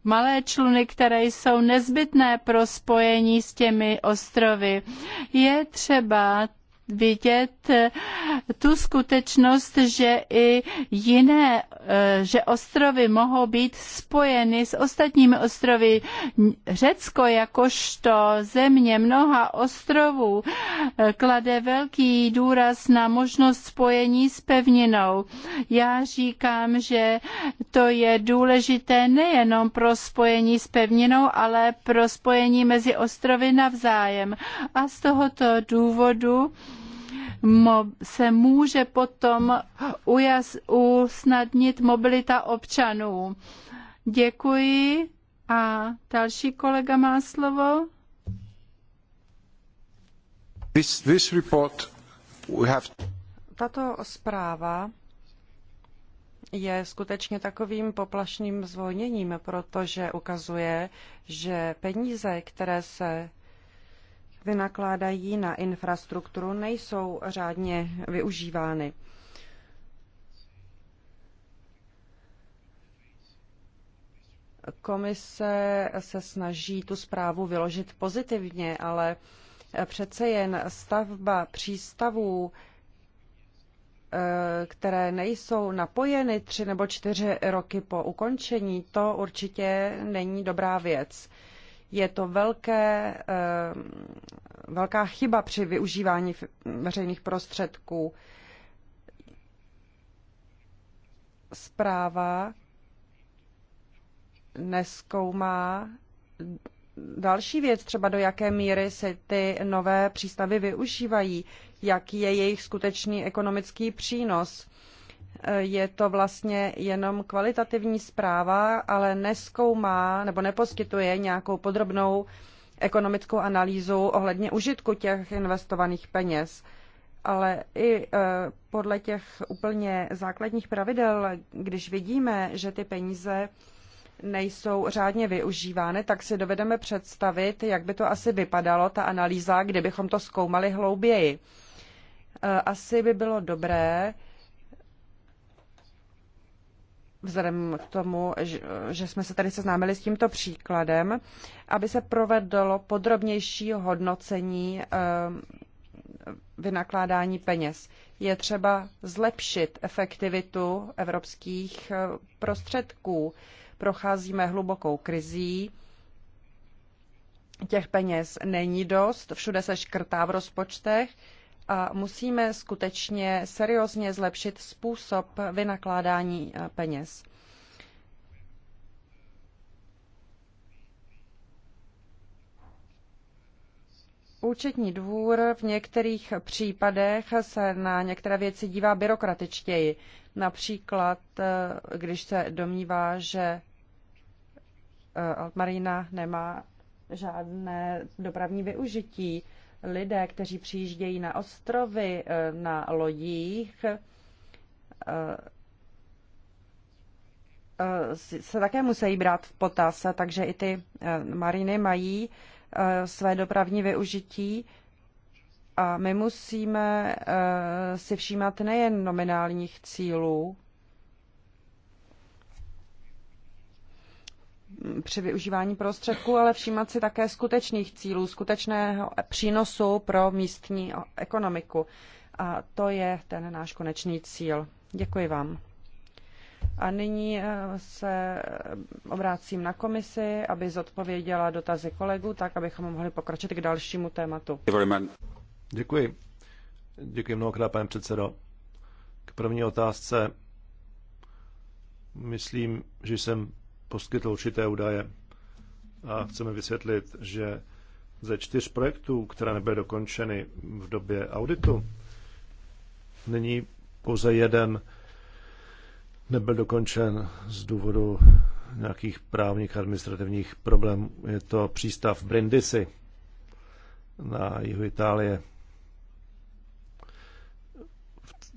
malé čluny, které jsou nezbytné pro spojení s těmi ostrovy. Je třeba vidět tu skutečnost, že i jiné, eh, že ostrovy mohou být spojeny s ostatními ostrovy. Řecko jakožto země mnoha ostrovů eh, klade velký důraz na možnost spojení s pevninou. Já říkám, že to je důležité nejenom pro spojení s pevninou, ale pro spojení mezi ostrovy navzájem. A z tohoto důvodu se může potom ujas, usnadnit mobilita občanů. Děkuji. A další kolega má slovo. This, this report we have... Tato zpráva je skutečně takovým poplašným zvolněním, protože ukazuje, že peníze, které se vynakládají na infrastrukturu, nejsou řádně využívány. Komise se snaží tu zprávu vyložit pozitivně, ale přece jen stavba přístavů, eh, které nejsou napojeny tři nebo čtyři roky po ukončení, to určitě není dobrá věc. Je to velké, eh, velká chyba při využívání veřejných prostředků. Zpráva neskoumá další věc, třeba do jaké míry se ty nové přístavy využívají, jaký je jejich skutečný ekonomický přínos je to vlastně jenom kvalitativní zpráva, ale neskoumá nebo neposkytuje nějakou podrobnou ekonomickou analýzu ohledně užitku těch investovaných peněz. Ale i e, podle těch úplně základních pravidel, když vidíme, že ty peníze nejsou řádně využívány, tak si dovedeme představit, jak by to asi vypadalo, ta analýza, kdybychom to zkoumali hlouběji. E, asi by bylo dobré, vzhledem k tomu, že jsme se tady seznámili s tímto příkladem, aby se provedlo podrobnější hodnocení eh, vynakládání peněz. Je třeba zlepšit efektivitu evropských eh, prostředků. Procházíme hlubokou krizí, těch peněz není dost, všude se škrtá v rozpočtech a musíme skutečně seriózně zlepšit způsob vynakládání eh, peněz. Účetní dvůr v některých případech se na některé věci dívá byrokratičtěji. Například, eh, když se domnívá, že Altmarina eh, nemá žádné dopravní využití, lidé, kteří přijíždějí na ostrovy eh, na lodích, eh, eh, se také musí brát v potaz, takže i ty mariny mají své dopravní využití. A my musíme si všímat nejen nominálních cílů, při využívání prostředků, ale všímat si také skutečných cílů, skutečného přínosu pro místní ekonomiku. A to je ten náš konečný cíl. Děkuji vám. A nyní eh, se obrácím na komisi, aby zodpověděla dotazy kolegů, tak abychom mohli pokročit k dalšímu tématu. Děkuji. Děkuji mnohokrát, pane předsedo. K první otázce myslím, že jsem poskytl určité údaje. A chceme vysvětlit, že ze čtyř projektů, které nebyly dokončeny v době auditu, nyní pouze jeden nebyl dokončen z důvodu nějakých právních administrativních problémů. Je to přístav Brindisi na jihu Itálie,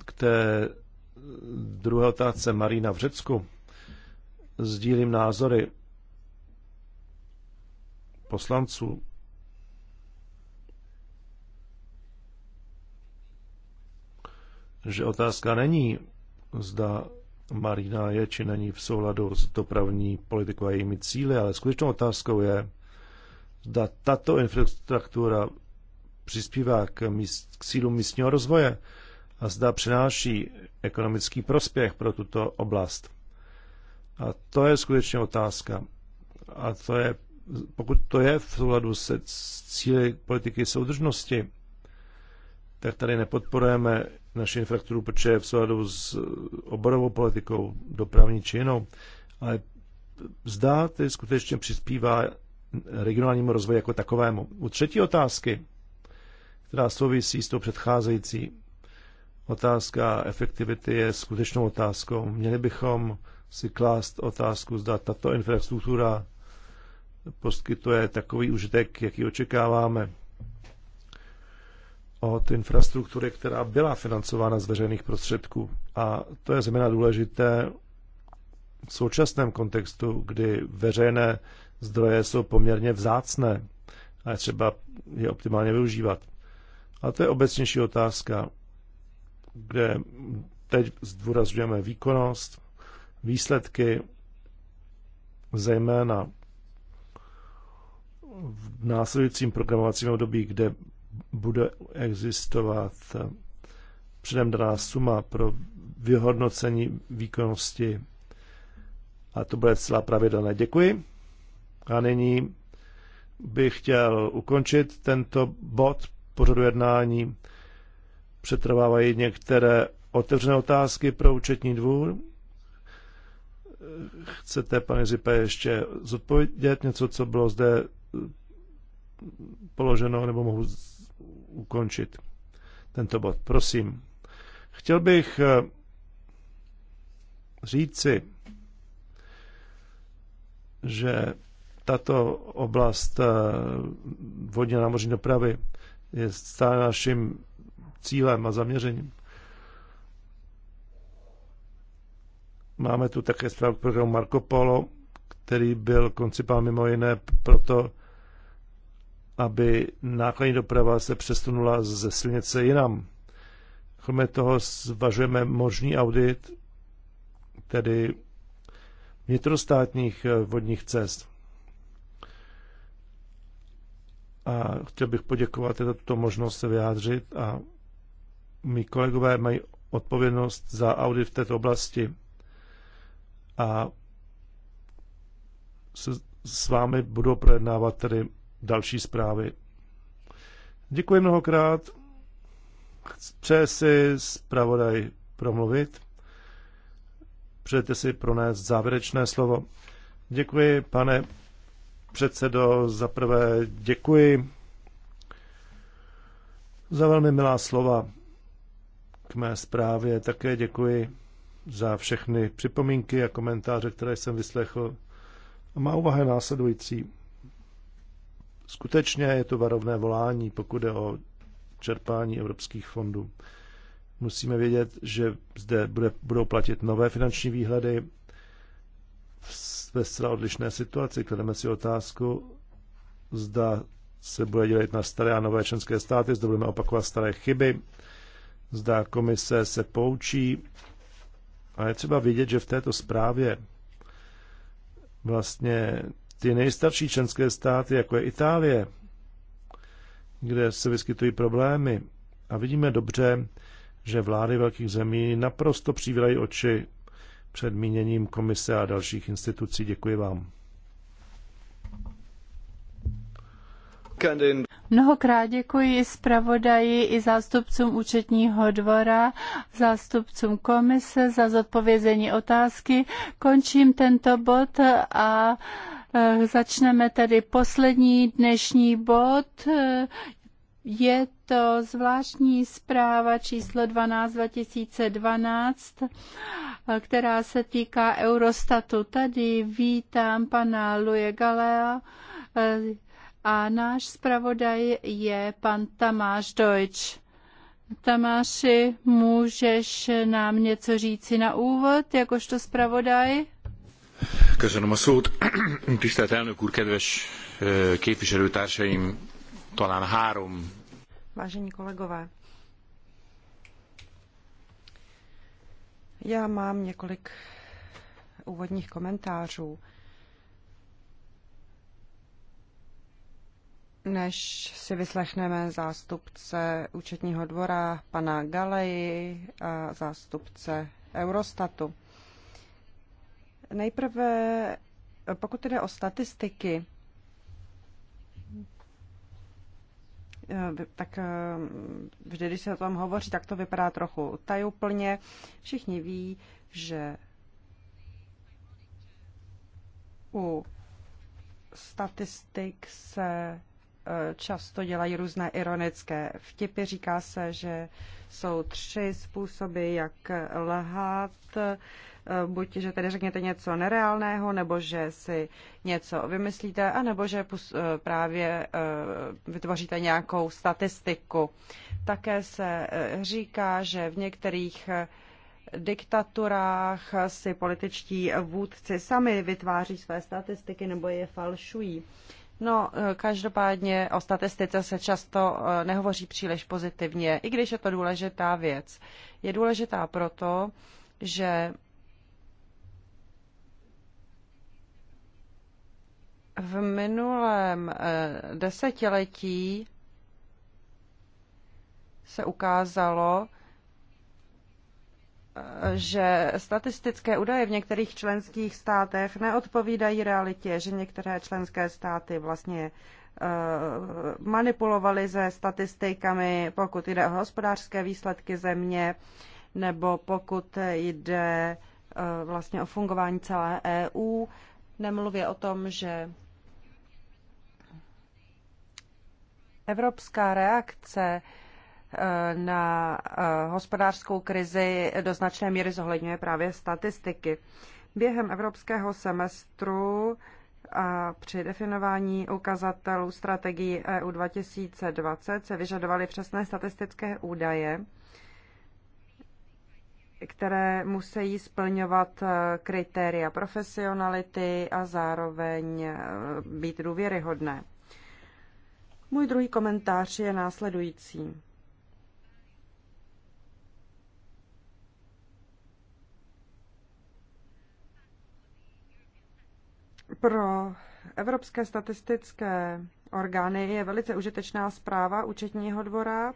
k té druhé otázce Marína v Řecku sdílím názory poslanců. Že otázka není, zda Marina je či není v souladu s dopravní politikou a jejími cíly, ale skutečnou otázkou je, zda tato infrastruktura přispívá k, míst, k sílu místního rozvoje a zda přináší ekonomický prospěch pro tuto oblast. A to je skutečně otázka. A to je, pokud to je v souladu se cíly politiky soudržnosti, tak tady nepodporujeme naši infrastrukturu, protože je v souladu s oborovou politikou, dopravní či jinou, ale zdá to skutečně přispívá regionálnímu rozvoji jako takovému. U třetí otázky, která souvisí s tou předcházející, otázka efektivity je skutečnou otázkou. Měli bychom si klást otázku, zda tato infrastruktura poskytuje takový užitek, jaký očekáváme od infrastruktury, která byla financována z veřejných prostředků. A to je zejména důležité v současném kontextu, kdy veřejné zdroje jsou poměrně vzácné a je třeba je optimálně využívat. A to je obecnější otázka, kde teď zdůrazňujeme výkonnost, výsledky, zejména v následujícím programovacím období, kde bude existovat eh, předem daná suma pro vyhodnocení výkonnosti a to bude celá pravidelné. Děkuji. A nyní bych chtěl ukončit tento bod pořadu jednání. Přetrvávají některé otevřené otázky pro účetní dvůr chcete, pane Zipe, ještě zodpovědět něco, co bylo zde eh, položeno, nebo mohu ukončit tento bod. Prosím. Chtěl bych eh, říci, že tato oblast eh, vodně námořní dopravy je stále naším cílem a zaměřením. Máme tu také zprávu k programu Marco Polo, který byl koncipován mimo jiné proto, aby nákladní doprava se přesunula ze silnice jinam. Kromě toho zvažujeme možný audit, tedy vnitrostátních eh, vodních cest. A chtěl bych poděkovat za tuto možnost se vyjádřit a mý kolegové mají odpovědnost za audit v této oblasti a se, s vámi budou projednávat tedy další zprávy. Děkuji mnohokrát. Přeje si zpravodaj promluvit. Přejete si pronést závěrečné slovo. Děkuji, pane předsedo. Za prvé děkuji za velmi milá slova k mé zprávě. Také děkuji za všechny připomínky a komentáře, které jsem vyslechl. A má úvaha následující. Skutečně je to varovné volání, pokud je o čerpání evropských fondů. Musíme vědět, že zde bude, budou platit nové finanční výhledy ve zcela odlišné situaci. Klademe si otázku, zda se bude dělat na staré a nové členské státy, zda budeme opakovat staré chyby, zda komise se poučí a je třeba vidět, že v této zprávě vlastně ty nejstarší členské státy, jako je Itálie, kde se vyskytují problémy. A vidíme dobře, že vlády velkých zemí naprosto přivírají oči před míněním komise a dalších institucí. Děkuji vám. Mnohokrát děkuji zpravodaji i zástupcům účetního dvora, zástupcům komise za zodpovězení otázky. Končím tento bod a eh, začneme tedy poslední dnešní bod. Je to zvláštní zpráva číslo 12 2012, eh, která se týká Eurostatu. Tady vítám pana Luje Galea, eh, a náš zpravodaj je pan Tamáš Deutsch. Tamáši, můžeš nám něco říci na úvod, jakožto zpravodaj? Köszönöm a szót. Tisztelt elnök úr, kedves képviselőtársaim, talán három. Vážení kolegové, já mám několik úvodních komentářů. Než si vyslechneme zástupce účetního dvora pana Galeji a zástupce Eurostatu. Nejprve, pokud jde o statistiky, eh, tak eh, vždy, když se o tom hovoří, tak to vypadá trochu tajuplně. Všichni ví, že u statistik se často dělají různé ironické vtipy. Říká se, že jsou tři způsoby, jak lhát. Buď, že tedy řekněte něco nereálného, nebo že si něco vymyslíte, anebo že eh, právě eh, vytvoříte nějakou statistiku. Také se eh, říká, že v některých diktaturách si političtí vůdci sami vytváří své statistiky nebo je falšují. No, eh, každopádně o statistice se často eh, nehovoří příliš pozitivně, i když je to důležitá věc. Je důležitá proto, že v minulém eh, desetiletí se ukázalo, že statistické údaje v některých členských státech neodpovídají realitě, že některé členské státy vlastně eh, manipulovali se statistikami, pokud jde o hospodářské výsledky země, nebo pokud jde eh, vlastně o fungování celé EU. Nemluvě o tom, že evropská reakce Eh, na eh, hospodářskou krizi do značné míry zohledňuje právě statistiky. Během evropského semestru a při definování ukazatelů strategii EU 2020 se vyžadovaly přesné statistické údaje, které musí splňovat eh, kritéria profesionality a zároveň být důvěryhodné. Můj druhý komentář je následující. Pro evropské statistické orgány je velice užitečná zpráva účetního dvora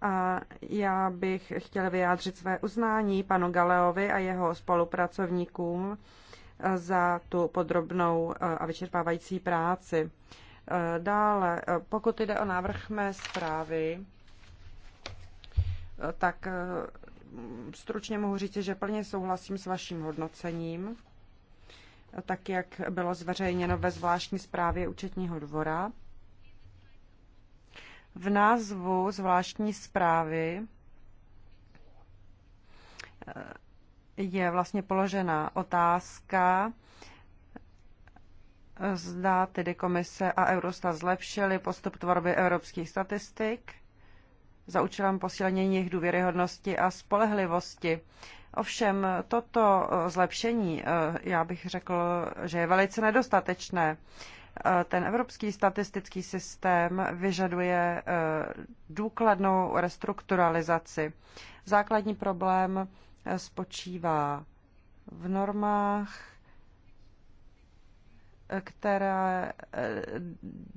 a já bych chtěla vyjádřit své uznání panu Galeovi a jeho spolupracovníkům za tu podrobnou eh, a vyčerpávající práci. Eh, dále, eh, pokud jde o návrh mé zprávy, tak stručně mohu říct, že plně souhlasím s vaším hodnocením tak jak bylo zveřejněno ve zvláštní zprávě účetního dvora. V názvu zvláštní zprávy eh, je vlastně položena otázka, zda tedy komise a Eurostat zlepšili postup tvorby evropských statistik za účelem posílení jejich důvěryhodnosti a spolehlivosti. Ovšem toto eh, zlepšení, eh, já bych řekl, že je velice nedostatečné. Eh, ten evropský statistický systém vyžaduje důkladnou restrukturalizaci. Základní problém spočívá v normách, které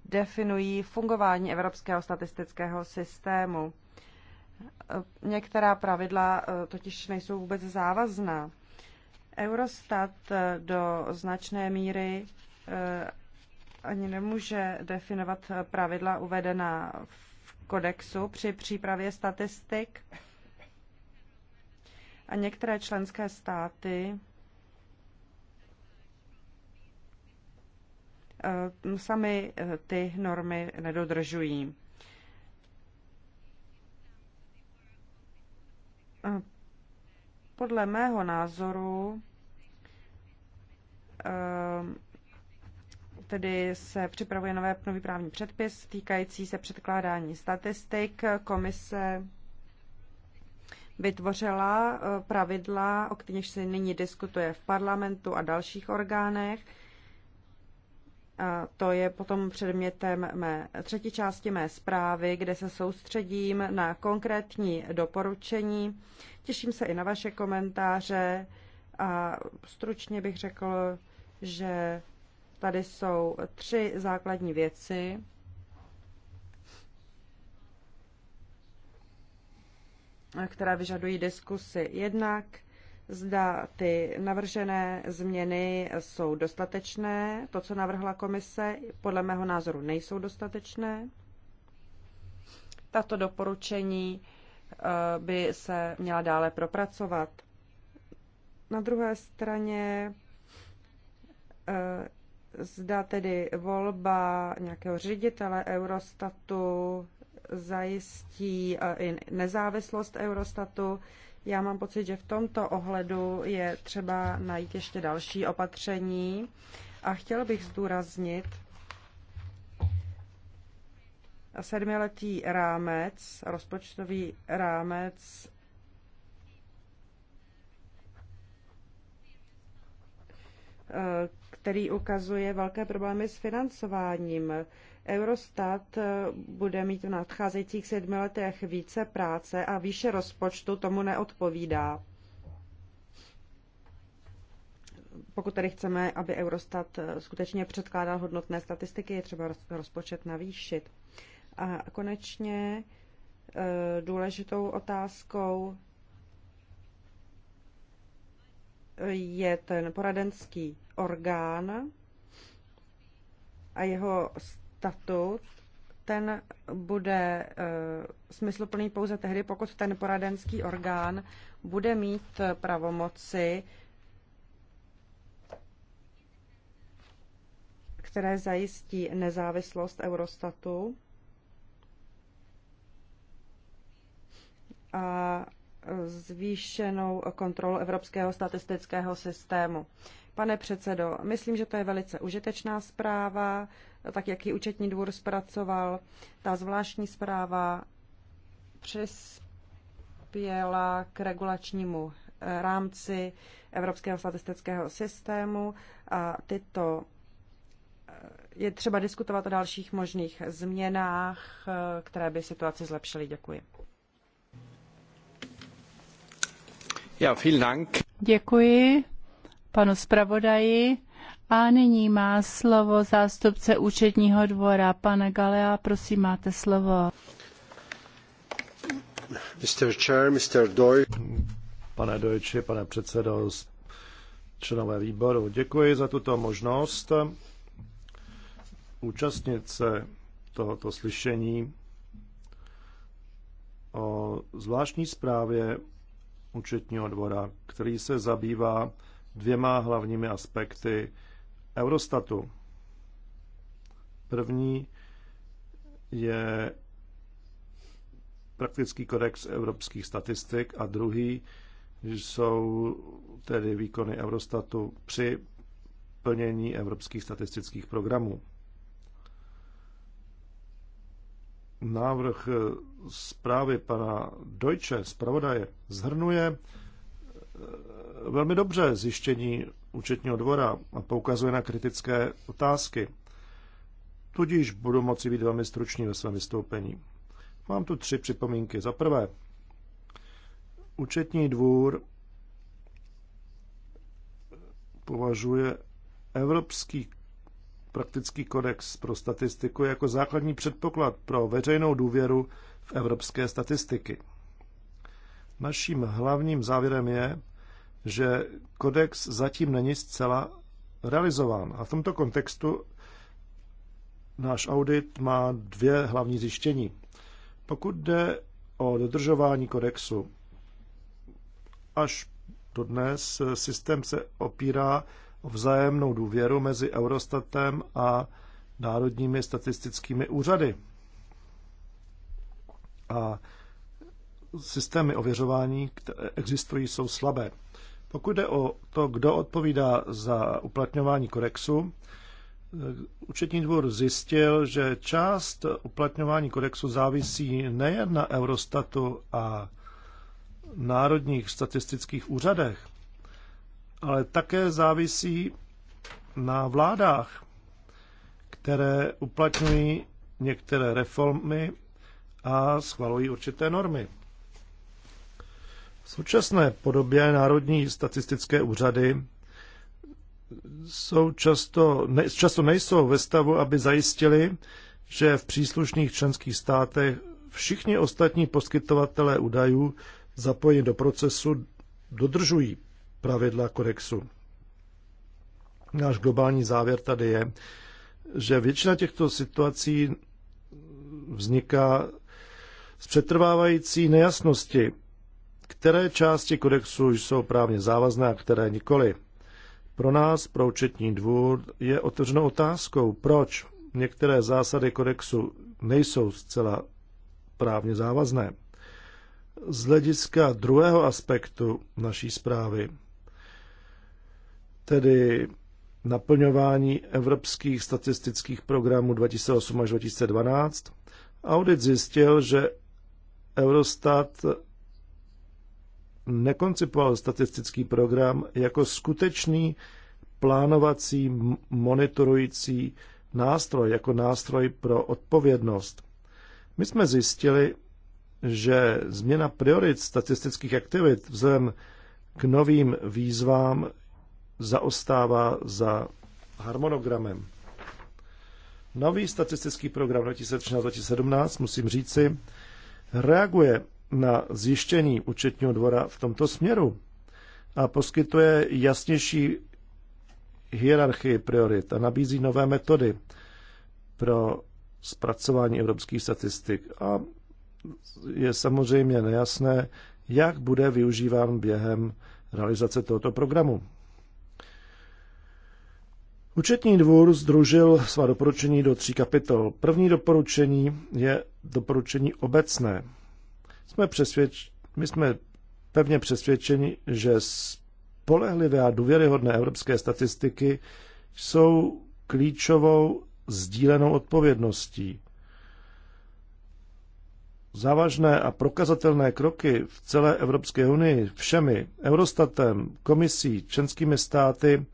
definují fungování evropského statistického systému. Některá pravidla eh, totiž nejsou vůbec závazná. Eurostat eh, do značné míry eh, ani nemůže definovat pravidla uvedená v kodexu při přípravě statistik. A některé členské státy sami ty normy nedodržují. Podle mého názoru eh, tedy se připravuje nové, nový právní předpis týkající se předkládání statistik. Komise vytvořila eh, pravidla, o kterých se nyní diskutuje v parlamentu a dalších orgánech to je potom předmětem mé třetí části mé zprávy, kde se soustředím na konkrétní doporučení. Těším se i na vaše komentáře a stručně bych řekl, že tady jsou tři základní věci. která vyžadují diskusy. Jednak zda ty navržené změny jsou dostatečné. To, co navrhla komise, podle mého názoru nejsou dostatečné. Tato doporučení eh, by se měla dále propracovat. Na druhé straně eh, zda tedy volba nějakého ředitele Eurostatu zajistí eh, i nezávislost Eurostatu, já mám pocit, že v tomto ohledu je třeba najít ještě další opatření a chtěl bych zdůraznit sedmiletý rámec, rozpočtový rámec eh, který ukazuje velké problémy s financováním. Eurostat eh, bude mít v nadcházejících sedmi letech více práce a výše rozpočtu tomu neodpovídá. Pokud tedy chceme, aby Eurostat eh, skutečně předkládal hodnotné statistiky, je třeba rozpočet navýšit. A konečně eh, důležitou otázkou je ten poradenský orgán a jeho statut, ten bude eh, smysluplný pouze tehdy, pokud ten poradenský orgán bude mít eh, pravomoci, které zajistí nezávislost Eurostatu a zvýšenou kontrolu Evropského statistického systému. Pane předsedo, myslím, že to je velice užitečná zpráva, tak jak ji účetní dvůr zpracoval. Ta zvláštní zpráva přispěla k regulačnímu eh, rámci Evropského statistického systému a tyto eh, je třeba diskutovat o dalších možných změnách, eh, které by situaci zlepšily. Děkuji. Ja, vielen Dank. Děkuji panu zpravodaji. A nyní má slovo zástupce účetního dvora. Pane Galea, prosím, máte slovo. Mr. Chair, Mr. Doj. Pane Dojči, pane předsedo, členové výboru, děkuji za tuto možnost účastnit se tohoto slyšení o zvláštní zprávě účetního dvora, který se zabývá dvěma hlavními aspekty Eurostatu. První je praktický kodex evropských statistik a druhý jsou tedy výkony Eurostatu při plnění evropských statistických programů. návrh eh, zprávy pana Deutsche, zpravodaje, zhrnuje eh, velmi dobře zjištění účetního dvora a poukazuje na kritické otázky. Tudíž budu moci být velmi stručný ve svém vystoupení. Mám tu tři připomínky. Za prvé, účetní dvůr považuje evropský praktický kodex pro statistiku jako základní předpoklad pro veřejnou důvěru v evropské statistiky. Naším hlavním závěrem je, že kodex zatím není zcela realizován. A v tomto kontextu náš audit má dvě hlavní zjištění. Pokud jde o dodržování kodexu, až do dnes systém se opírá o vzájemnou důvěru mezi Eurostatem a národními statistickými úřady. A systémy ověřování, které existují, jsou slabé. Pokud jde o to, kdo odpovídá za uplatňování kodexu, Účetní dvůr zjistil, že část uplatňování kodexu závisí nejen na Eurostatu a národních statistických úřadech, ale také závisí na vládách, které uplatňují některé reformy a schvalují určité normy. V současné podobě národní statistické úřady jsou často, ne, často nejsou ve stavu, aby zajistili, že v příslušných členských státech všichni ostatní poskytovatelé údajů zapojení do procesu dodržují pravidla kodexu. Náš globální závěr tady je, že většina těchto situací vzniká z přetrvávající nejasnosti, které části kodexu jsou právně závazné a které nikoli. Pro nás, pro účetní dvůr, je otevřenou otázkou, proč některé zásady kodexu nejsou zcela právně závazné. Z hlediska druhého aspektu naší zprávy tedy naplňování evropských statistických programů 2008 až 2012. Audit zjistil, že Eurostat nekoncipoval statistický program jako skutečný plánovací monitorující nástroj, jako nástroj pro odpovědnost. My jsme zjistili, že změna priorit statistických aktivit vzhledem k novým výzvám zaostává za harmonogramem. Nový statistický program 2013-2017, musím říci, reaguje na zjištění účetního dvora v tomto směru a poskytuje jasnější hierarchii priorit a nabízí nové metody pro zpracování evropských statistik. A je samozřejmě nejasné, jak bude využíván během realizace tohoto programu. Účetní dvůr združil svá doporučení do tří kapitol. První doporučení je doporučení obecné. Jsme přesvědč... My jsme pevně přesvědčeni, že spolehlivé a důvěryhodné evropské statistiky jsou klíčovou sdílenou odpovědností. Závažné a prokazatelné kroky v celé Evropské unii všemi Eurostatem, komisí, členskými státy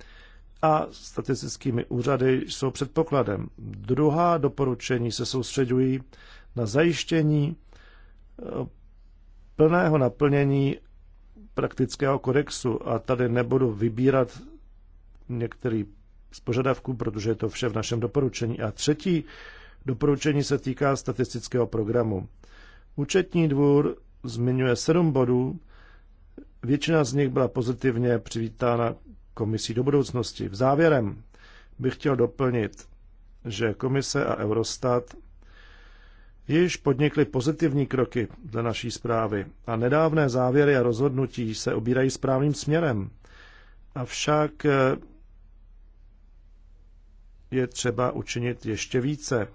a statistickými úřady jsou předpokladem. Druhá doporučení se soustředují na zajištění eh, plného naplnění praktického kodexu a tady nebudu vybírat některý z požadavků, protože je to vše v našem doporučení. A třetí doporučení se týká statistického programu. Účetní dvůr zmiňuje sedm bodů, většina z nich byla pozitivně přivítána komisí do budoucnosti. V závěrem bych chtěl doplnit, že komise a Eurostat již podnikly pozitivní kroky dle naší zprávy a nedávné závěry a rozhodnutí se obírají správným směrem. Avšak eh, je třeba učinit ještě více.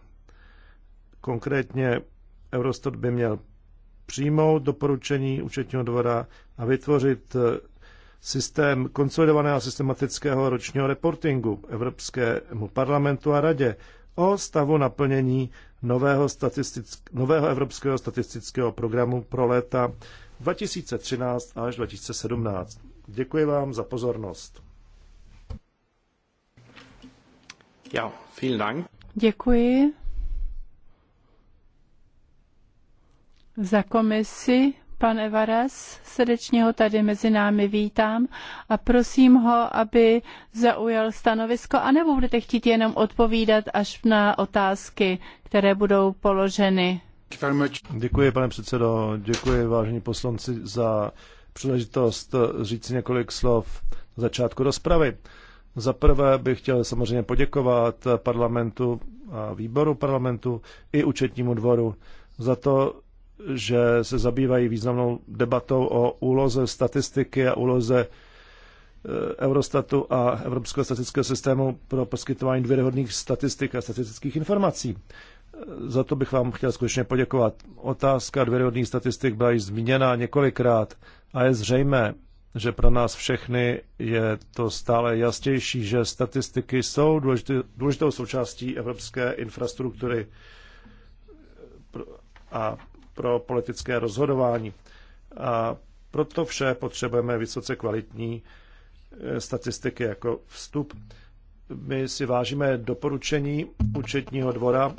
Konkrétně Eurostat by měl přijmout doporučení účetního dvora a vytvořit eh, systém konsolidovaného systematického ročního reportingu Evropskému parlamentu a radě o stavu naplnění nového, nového evropského statistického programu pro léta 2013 až 2017. Děkuji vám za pozornost. Ja, vielen Dank. Děkuji. Za komisi pan Evares. Srdečně ho tady mezi námi vítám a prosím ho, aby zaujal stanovisko, anebo budete chtít jenom odpovídat až na otázky, které budou položeny. Děkuji, pane předsedo, děkuji vážení poslanci za příležitost říct několik slov na začátku rozpravy. Za prvé bych chtěl samozřejmě poděkovat parlamentu a výboru parlamentu i účetnímu dvoru za to, že se zabývají významnou debatou o úloze statistiky a úloze e, Eurostatu a Evropského statistického systému pro poskytování důvěryhodných statistik a statistických informací. E, za to bych vám chtěl skutečně poděkovat. Otázka důvěryhodných statistik byla již zmíněna několikrát a je zřejmé, že pro nás všechny je to stále jasnější, že statistiky jsou důležitou součástí evropské infrastruktury a pro politické rozhodování. A proto vše potřebujeme vysoce kvalitní e, statistiky jako vstup. My si vážíme doporučení účetního dvora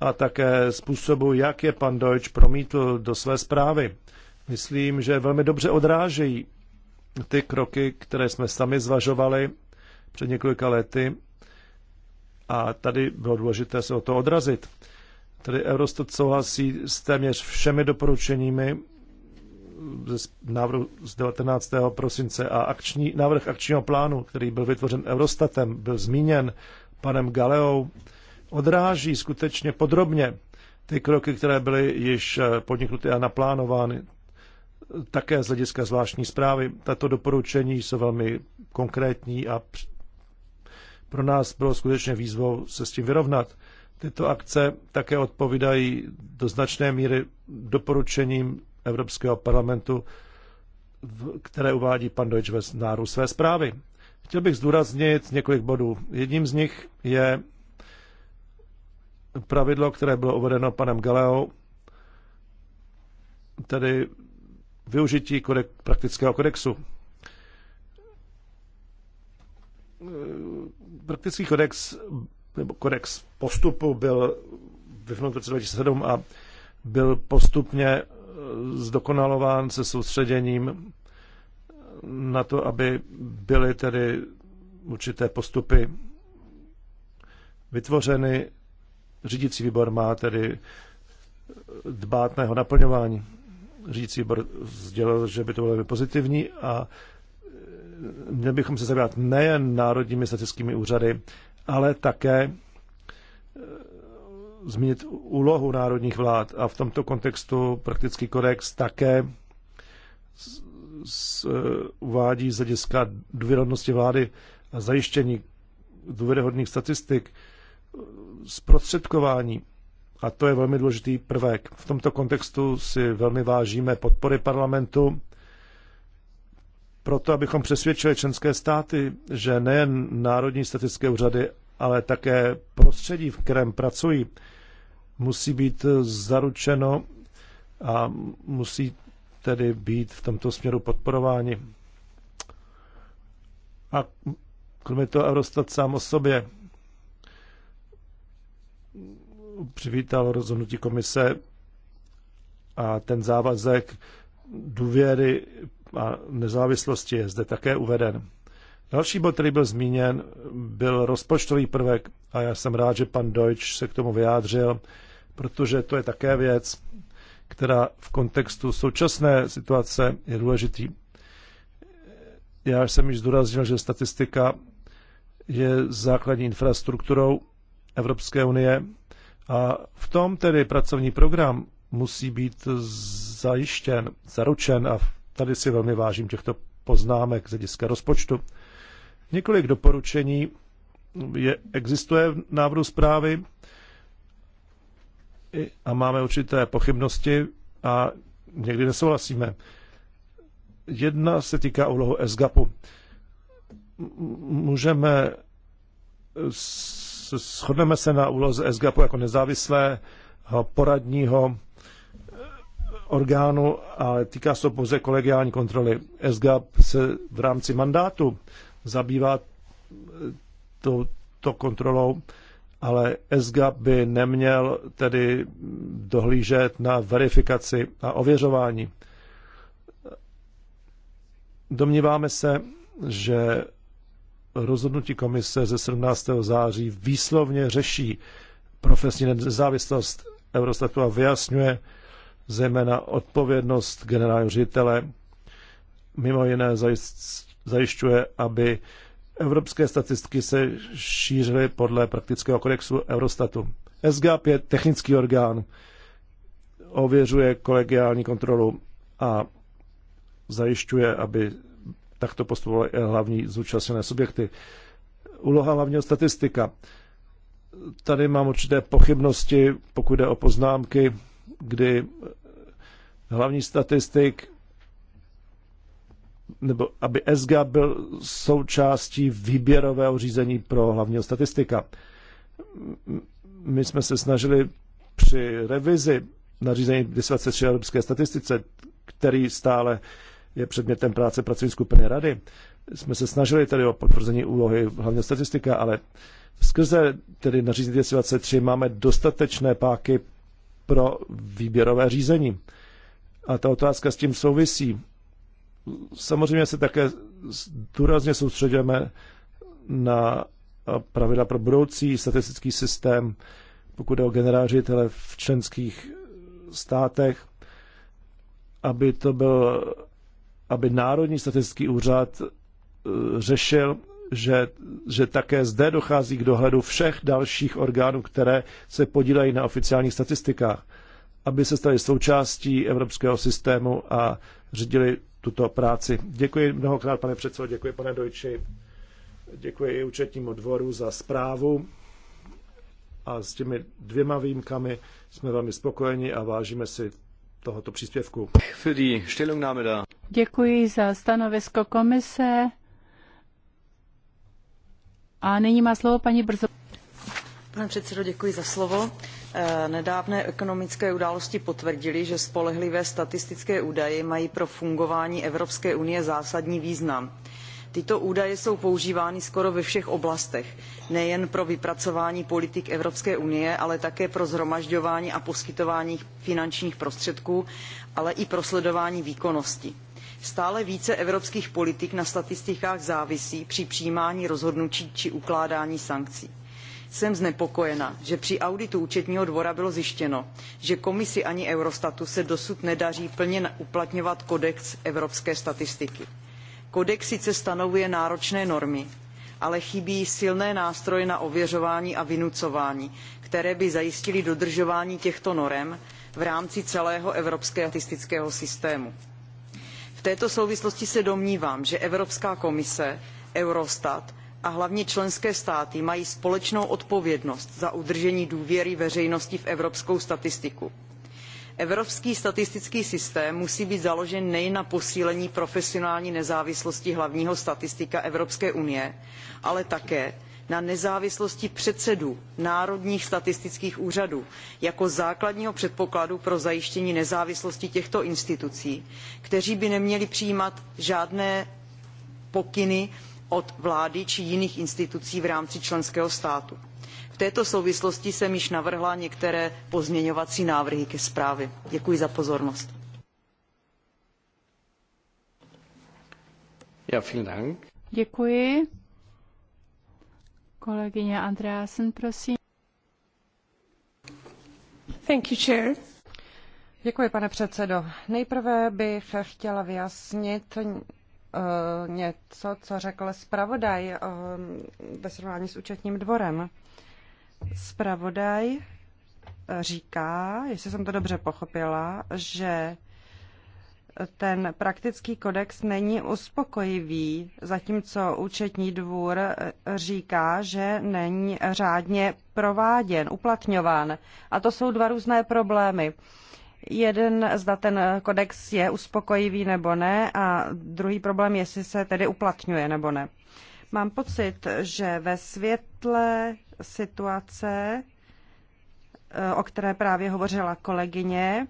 a také způsobu, jak je pan Deutsch promítl do své zprávy. Myslím, že velmi dobře odrážejí ty kroky, které jsme sami zvažovali před několika lety a tady bylo důležité se o to odrazit. Tedy Eurostat souhlasí s téměř všemi doporučeními z návrhu z 19. prosince a akční, návrh akčního plánu, který byl vytvořen Eurostatem, byl zmíněn panem Galeou, odráží skutečně podrobně ty kroky, které byly již eh, podniknuty a naplánovány také z hlediska zvláštní zprávy. Tato doporučení jsou velmi konkrétní a pro nás bylo skutečně výzvou se s tím vyrovnat. Tyto akce také odpovídají do značné míry doporučením Evropského parlamentu, které uvádí pan Deutsch ve náru své zprávy. Chtěl bych zdůraznit několik bodů. Jedním z nich je pravidlo, které bylo uvedeno panem Galeo, tedy využití kodek, praktického kodexu. Praktický kodex nebo kodex postupu byl vyvnut v roce 2007 a byl postupně eh, zdokonalován se soustředěním eh, na to, aby byly tedy určité postupy vytvořeny. Řídící výbor má tedy eh, dbát na jeho naplňování. Řídící výbor sdělil, že by to bylo pozitivní a měli bychom se zabývat nejen národními statistickými úřady, ale také eh, změnit úlohu národních vlád a v tomto kontextu praktický kodex také z, z, eh, uvádí z hlediska důvěrodnosti vlády a zajištění důvěryhodných statistik eh, zprostředkování. A to je velmi důležitý prvek. V tomto kontextu si velmi vážíme podpory parlamentu proto, abychom přesvědčili členské státy, že nejen národní statistické úřady, ale také prostředí, v kterém pracují, musí být zaručeno a musí tedy být v tomto směru podporováni. A kromě toho Eurostat sám o sobě přivítal rozhodnutí komise a ten závazek důvěry a nezávislosti je zde také uveden. Další bod, který byl zmíněn, byl rozpočtový prvek a já jsem rád, že pan Deutsch se k tomu vyjádřil, protože to je také věc, která v kontextu současné situace je důležitý. Já jsem již zdůraznil, že statistika je základní infrastrukturou Evropské unie a v tom tedy pracovní program musí být zajištěn, zaručen a v tady si velmi vážím těchto poznámek z hlediska rozpočtu. Několik doporučení je, existuje v návrhu zprávy a máme určité pochybnosti a někdy nesouhlasíme. Jedna se týká úlohu SGAPu. Můžeme shodneme se na úloze SGAPu jako nezávislého poradního orgánu, ale týká se to pouze kolegiální kontroly. SGAP se v rámci mandátu zabývá eh, to, to kontrolou, ale SGAP by neměl tedy dohlížet na verifikaci a ověřování. Domníváme se, že rozhodnutí komise ze 17. září výslovně řeší profesní nezávislost Eurostatu a vyjasňuje, zejména odpovědnost generálního ředitele. Mimo jiné zajišťuje, aby evropské statistiky se šířily podle praktického kodexu Eurostatu. SGAP je technický orgán, ověřuje kolegiální kontrolu a zajišťuje, aby takto postupovaly hlavní zúčastněné subjekty. Úloha hlavního statistika. Tady mám určité pochybnosti, pokud jde o poznámky kdy eh, hlavní statistik nebo aby SG byl součástí výběrového řízení pro hlavního statistika. My jsme se snažili při revizi nařízení 23 evropské statistice, který stále je předmětem práce pracovní skupiny rady, jsme se snažili tedy o potvrzení úlohy hlavního statistika, ale skrze tedy nařízení 223 máme dostatečné páky pro výběrové řízení. A ta otázka s tím souvisí. Samozřejmě se také důrazně soustředujeme na pravidla pro budoucí statistický systém, pokud je o generážitele v členských státech, aby to byl, aby Národní statistický úřad eh, řešil že, že také zde dochází k dohledu všech dalších orgánů, které se podílejí na oficiálních statistikách, aby se staly součástí evropského systému a řídili tuto práci. Děkuji mnohokrát, pane předsedo, děkuji, pane Dojči, děkuji i účetnímu dvoru za zprávu a s těmi dvěma výjimkami jsme velmi spokojeni a vážíme si tohoto příspěvku. Děkuji za stanovisko komise. A nyní má slovo paní Brzo. Pane předsedo, děkuji za slovo. Eh, nedávné ekonomické události potvrdily, že spolehlivé statistické údaje mají pro fungování Evropské unie zásadní význam. Tyto údaje jsou používány skoro ve všech oblastech, nejen pro vypracování politik Evropské unie, ale také pro zhromažďování a poskytování finančních prostředků, ale i pro sledování výkonnosti Stále více evropských politik na statistikách závisí při přijímání rozhodnutí či ukládání sankcí. Jsem znepokojena, že při auditu účetního dvora bylo zjištěno, že komisi ani Eurostatu se dosud nedaří plně uplatňovat kodex evropské statistiky. Kodex sice stanovuje náročné normy, ale chybí silné nástroje na ověřování a vynucování, které by zajistily dodržování těchto norem v rámci celého evropského statistického systému této souvislosti se domnívám, že Evropská komise, Eurostat a hlavně členské státy mají společnou odpovědnost za udržení důvěry veřejnosti v evropskou statistiku. Evropský statistický systém musí být založen nejen na posílení profesionální nezávislosti hlavního statistika Evropské unie, ale také na nezávislosti předsedů národních statistických úřadů jako základního předpokladu pro zajištění nezávislosti těchto institucí kteří by neměli přijímat žádné pokyny od vlády či jiných institucí v rámci členského státu. v této souvislosti jsem již navrhla některé pozměňovací návrhy ke zprávě. děkuji za pozornost. Ja, Děkuji. Kolegyně Andreasen, prosím. Thank you, chair. Děkuji, pane předsedo. Nejprve bych chtěla vyjasnit eh, něco, co řekl zpravodaj eh, ve srovnání s účetním dvorem. Zpravodaj říká, jestli jsem to dobře pochopila, že ten praktický kodex není uspokojivý, zatímco účetní dvůr říká, že není řádně prováděn, uplatňován. A to jsou dva různé problémy. Jeden, zda ten kodex je uspokojivý nebo ne, a druhý problém, jestli se tedy uplatňuje nebo ne. Mám pocit, že ve světle situace, o které právě hovořila kolegyně,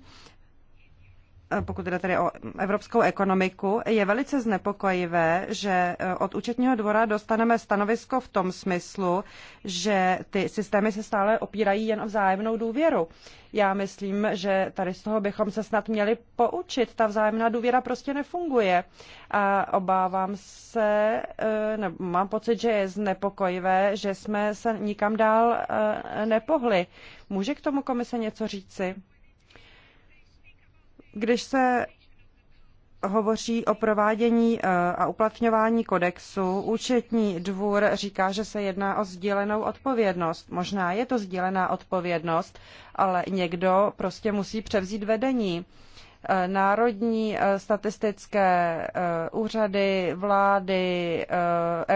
Eh, pokud jde tedy o evropskou ekonomiku, je velice znepokojivé, že eh, od účetního dvora dostaneme stanovisko v tom smyslu, že ty systémy se stále opírají jen o vzájemnou důvěru. Já myslím, že tady z toho bychom se snad měli poučit. Ta vzájemná důvěra prostě nefunguje. A obávám se, eh, nebo mám pocit, že je znepokojivé, že jsme se nikam dál nepohli. Může k tomu komise něco říci? Když se hovoří o provádění eh, a uplatňování kodexu, účetní dvůr říká, že se jedná o sdílenou odpovědnost. Možná je to sdílená odpovědnost, ale někdo prostě musí převzít vedení národní eh, statistické eh, úřady, vlády, eh,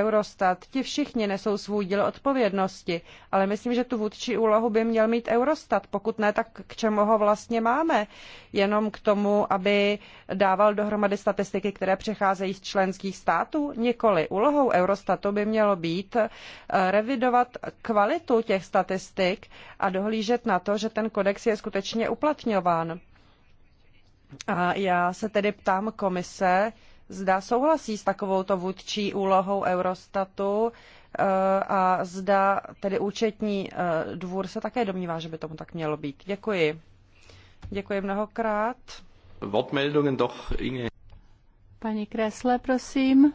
Eurostat, ti všichni nesou svůj díl odpovědnosti, ale myslím, že tu vůdčí úlohu by měl mít Eurostat. Pokud ne, tak k čemu ho vlastně máme? Jenom k tomu, aby dával dohromady statistiky, které přecházejí z členských států? Nikoli. Úlohou Eurostatu by mělo být revidovat kvalitu těch statistik a dohlížet na to, že ten kodex je skutečně uplatňován. A já se tedy ptám komise, zda souhlasí s takovouto vůdčí úlohou Eurostatu eh, a zda tedy účetní eh, dvůr se také domnívá, že by tomu tak mělo být. Děkuji. Děkuji mnohokrát. Wortmeldungen doch, Inge. Paní Kresle, prosím.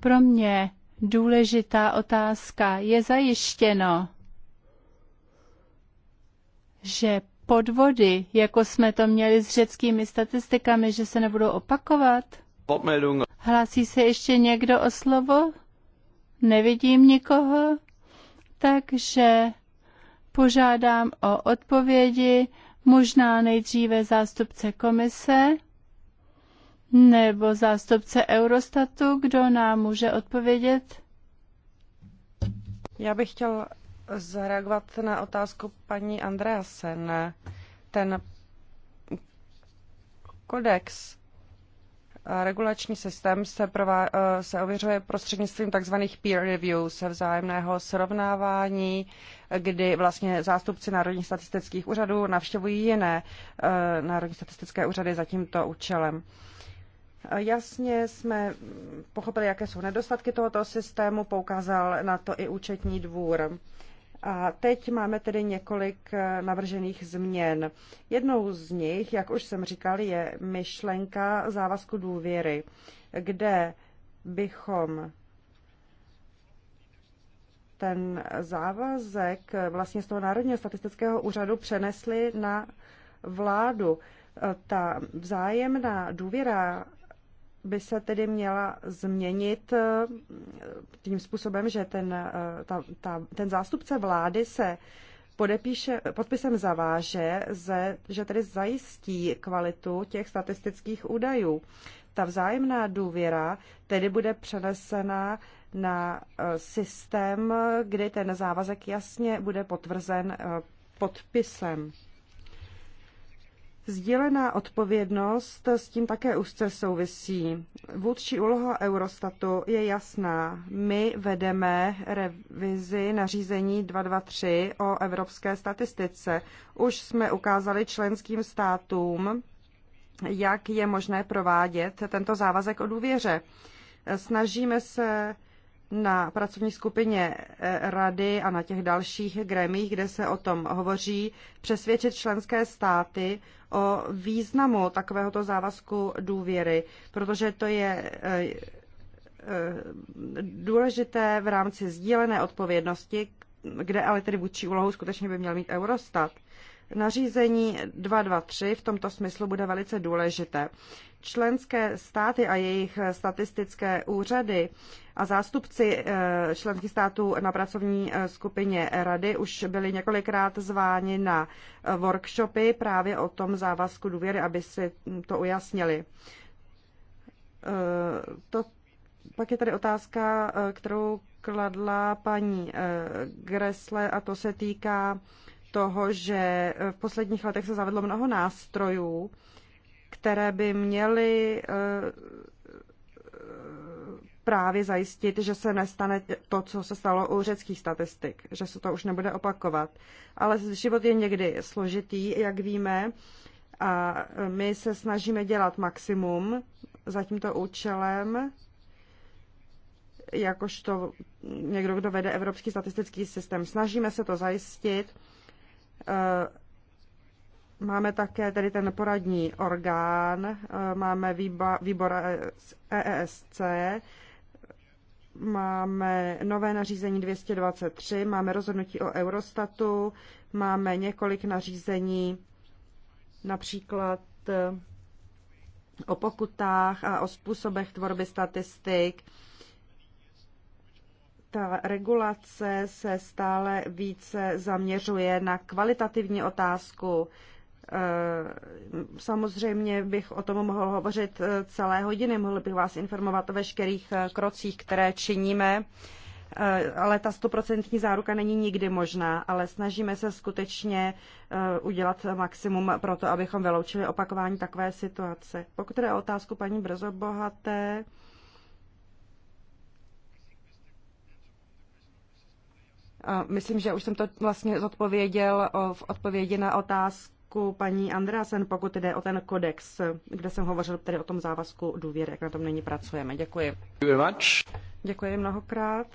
Pro mě důležitá otázka. Je zajištěno, že podvody, jako jsme to měli s řeckými statistikami, že se nebudou opakovat? Hlásí se ještě někdo o slovo? Nevidím nikoho, takže požádám o odpovědi možná nejdříve zástupce komise nebo zástupce Eurostatu, kdo nám může odpovědět? Já bych chtěl zareagovat na otázku paní Andreasen. Ten kodex eh, regulační systém se, prová- eh, se ověřuje prostřednictvím tzv. peer review, se vzájemného srovnávání, kdy vlastně zástupci národních statistických úřadů navštěvují jiné eh, národní statistické úřady za tímto účelem. Jasně jsme pochopili, jaké jsou nedostatky tohoto systému, poukázal na to i účetní dvůr. A teď máme tedy několik eh, navržených změn. Jednou z nich, jak už jsem říkal, je myšlenka závazku důvěry, kde bychom ten závazek eh, vlastně z toho Národního statistického úřadu přenesli na vládu. Eh, Ta vzájemná důvěra by se tedy měla změnit eh, tím způsobem, že ten, eh, ta, ta, ten zástupce vlády se podepíše, podpisem zaváže, ze, že tedy zajistí kvalitu těch statistických údajů. Ta vzájemná důvěra tedy bude přenesena na eh, systém, kdy ten závazek jasně bude potvrzen podpisem. Sdílená odpovědnost s tím také úzce souvisí. Vůdčí úloha Eurostatu je jasná. My vedeme revizi nařízení 223 o evropské statistice. Už jsme ukázali členským státům, jak je možné provádět tento závazek o důvěře. Snažíme se na pracovní skupině eh, rady a na těch dalších gremích, kde se o tom hovoří, přesvědčit členské státy o významu takovéhoto závazku důvěry, protože to je eh, eh, důležité v rámci sdílené odpovědnosti, kde ale tedy vůči úlohou skutečně by měl mít Eurostat. Nařízení 223 v tomto smyslu bude velice důležité. Členské státy a jejich statistické úřady a zástupci eh, členských států na pracovní eh, skupině Rady už byli několikrát zváni na eh, workshopy právě o tom závazku důvěry, aby si to ujasnili. To, pak je tady otázka, kterou kladla paní Gresle a to se týká toho, že v posledních letech se zavedlo mnoho nástrojů, které by měly eh, eh, právě zajistit, že se nestane to, co se stalo u řeckých statistik, že se to už nebude opakovat. Ale život je někdy složitý, jak víme, a my se snažíme dělat maximum za tímto účelem, jakožto někdo, kdo vede evropský statistický systém. Snažíme se to zajistit Eh, máme také tedy ten poradní orgán, eh, máme výbor EESC, máme nové nařízení 223, máme rozhodnutí o Eurostatu, máme několik nařízení, například eh, o pokutách a o způsobech tvorby statistik ta regulace se stále více zaměřuje na kvalitativní otázku. Eh, samozřejmě bych o tom mohl hovořit eh, celé hodiny, mohl bych vás informovat o veškerých eh, krocích, které činíme, ale ta stoprocentní záruka není nikdy možná, ale snažíme se skutečně udělat maximum pro to, abychom vyloučili opakování takové situace. Pokud je o otázku paní Brzobohaté, bohaté, Myslím, že už jsem to vlastně zodpověděl v odpovědi na otázku paní Andrásen, pokud jde o ten kodex, kde jsem hovořil tedy o tom závazku důvěry, jak na tom nyní pracujeme. Děkuji. Děkuji mnohokrát.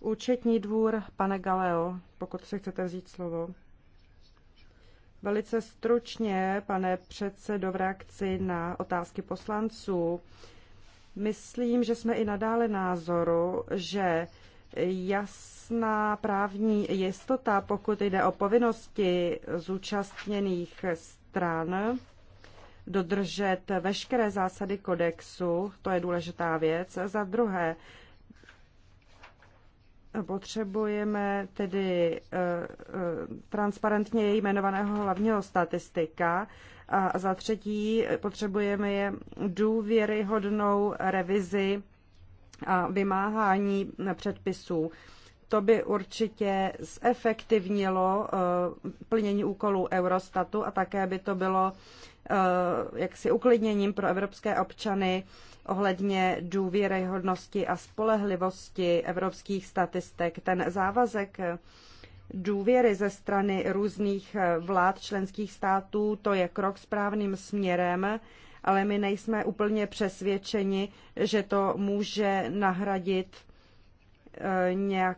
Účetní dvůr, pane Galeo, pokud se chcete vzít slovo. Velice stručně, pane předsedo, v reakci na otázky poslanců. Myslím, že jsme i nadále názoru, že jasná právní jistota, pokud jde o povinnosti zúčastněných stran dodržet veškeré zásady kodexu, to je důležitá věc. Za druhé, potřebujeme tedy eh, eh, transparentně jmenovaného hlavního statistika a za třetí potřebujeme je důvěryhodnou revizi a vymáhání předpisů. To by určitě zefektivnilo eh, plnění úkolů Eurostatu a také by to bylo eh, jaksi uklidněním pro evropské občany ohledně důvěryhodnosti a spolehlivosti evropských statistik. Ten závazek důvěry ze strany různých eh, vlád členských států, to je krok správným směrem ale my nejsme úplně přesvědčeni, že to může nahradit eh, nějaké,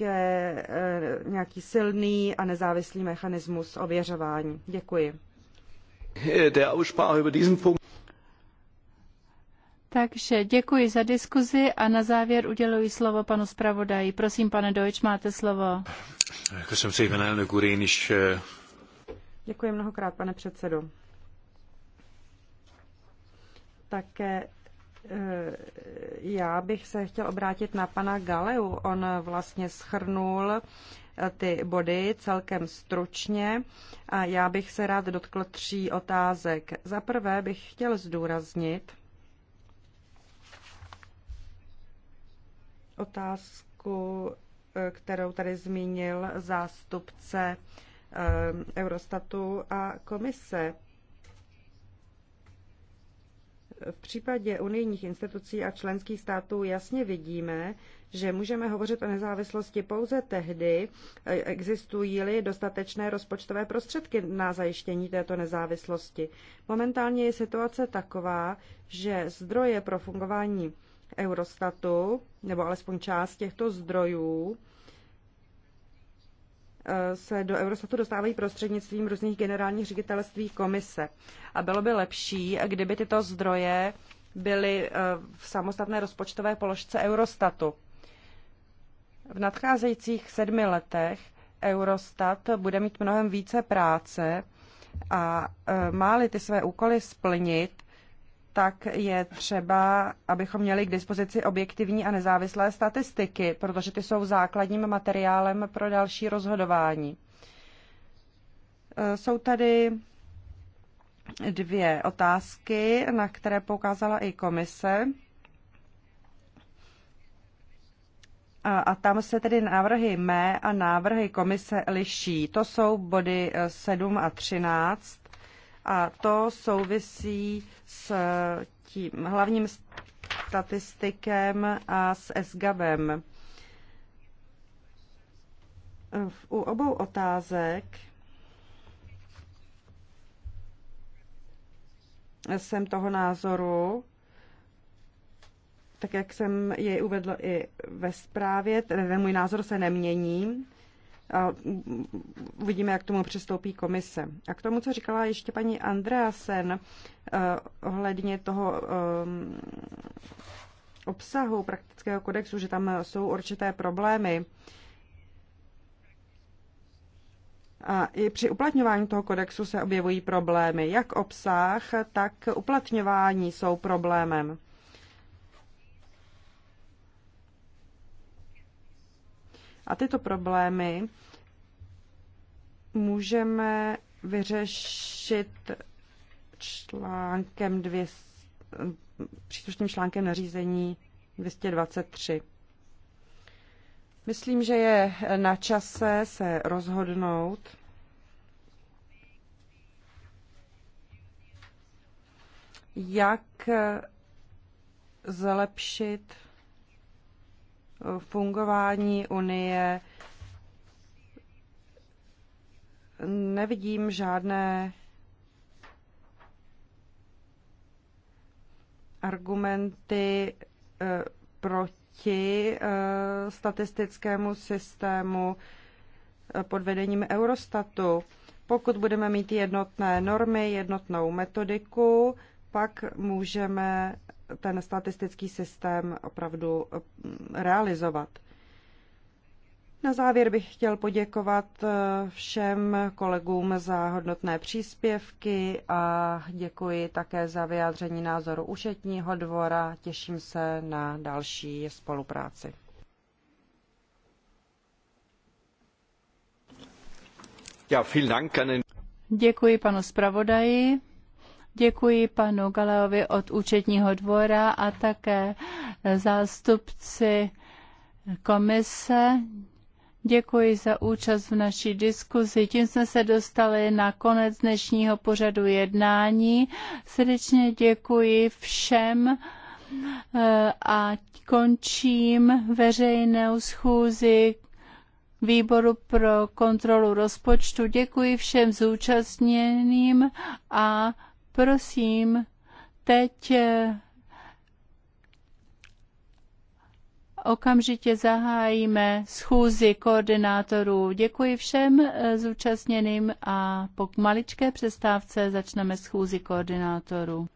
eh, nějaký silný a nezávislý mechanismus ověřování. Děkuji. Takže děkuji za diskuzi a na závěr uděluji slovo panu zpravodaji. Prosím, pane Dojč, máte slovo. Děkuji mnohokrát, pane předsedo. Také e, já bych se chtěl obrátit na pana Galeu. On vlastně schrnul e, ty body celkem stručně a já bych se rád dotkl tří otázek. Za prvé bych chtěl zdůraznit otázku, e, kterou tady zmínil zástupce Eurostatu a komise v případě unijních institucí a členských států jasně vidíme, že můžeme hovořit o nezávislosti pouze tehdy, eh, existují-li dostatečné rozpočtové prostředky na zajištění této nezávislosti. Momentálně je situace taková, že zdroje pro fungování Eurostatu, nebo alespoň část těchto zdrojů, se do Eurostatu dostávají prostřednictvím různých generálních ředitelství komise. A bylo by lepší, kdyby tyto zdroje byly eh, v samostatné rozpočtové položce Eurostatu. V nadcházejících sedmi letech Eurostat bude mít mnohem více práce a eh, má-li ty své úkoly splnit, tak je třeba, abychom měli k dispozici objektivní a nezávislé statistiky, protože ty jsou základním materiálem pro další rozhodování. E, jsou tady dvě otázky, na které poukázala i komise. A tam se tedy návrhy mé a návrhy komise liší. To jsou body 7 e, a 13. A to souvisí s tím hlavním statistikem a s SGABem. U obou otázek jsem toho názoru, tak jak jsem jej uvedl i ve zprávě, ten můj názor se nemění. A uvidíme, jak tomu přistoupí komise. A k tomu, co říkala ještě paní Andreasen eh, ohledně toho eh, obsahu praktického kodexu, že tam jsou určité problémy. A i při uplatňování toho kodexu se objevují problémy. Jak obsah, tak uplatňování jsou problémem. A tyto problémy můžeme vyřešit článkem dvě, příslušným článkem nařízení 223. Myslím, že je na čase se rozhodnout, jak zlepšit fungování Unie nevidím žádné argumenty eh, proti eh, statistickému systému eh, pod vedením Eurostatu. Pokud budeme mít jednotné normy, jednotnou metodiku, pak můžeme ten statistický systém opravdu mm, realizovat. Na závěr bych chtěl poděkovat eh, všem kolegům za hodnotné příspěvky a děkuji také za vyjádření názoru ušetního dvora. Těším se na další spolupráci. Děkuji panu zpravodaji. Děkuji panu Galeovi od účetního dvora a také zástupci komise. Děkuji za účast v naší diskuzi. Tím jsme se dostali na konec dnešního pořadu jednání. Srdečně děkuji všem eh, a končím veřejnou schůzi výboru pro kontrolu rozpočtu. Děkuji všem zúčastněným a Prosím, teď eh, okamžitě zahájíme schůzi koordinátorů. Děkuji všem eh, zúčastněným a po maličké přestávce začneme schůzi koordinátorů.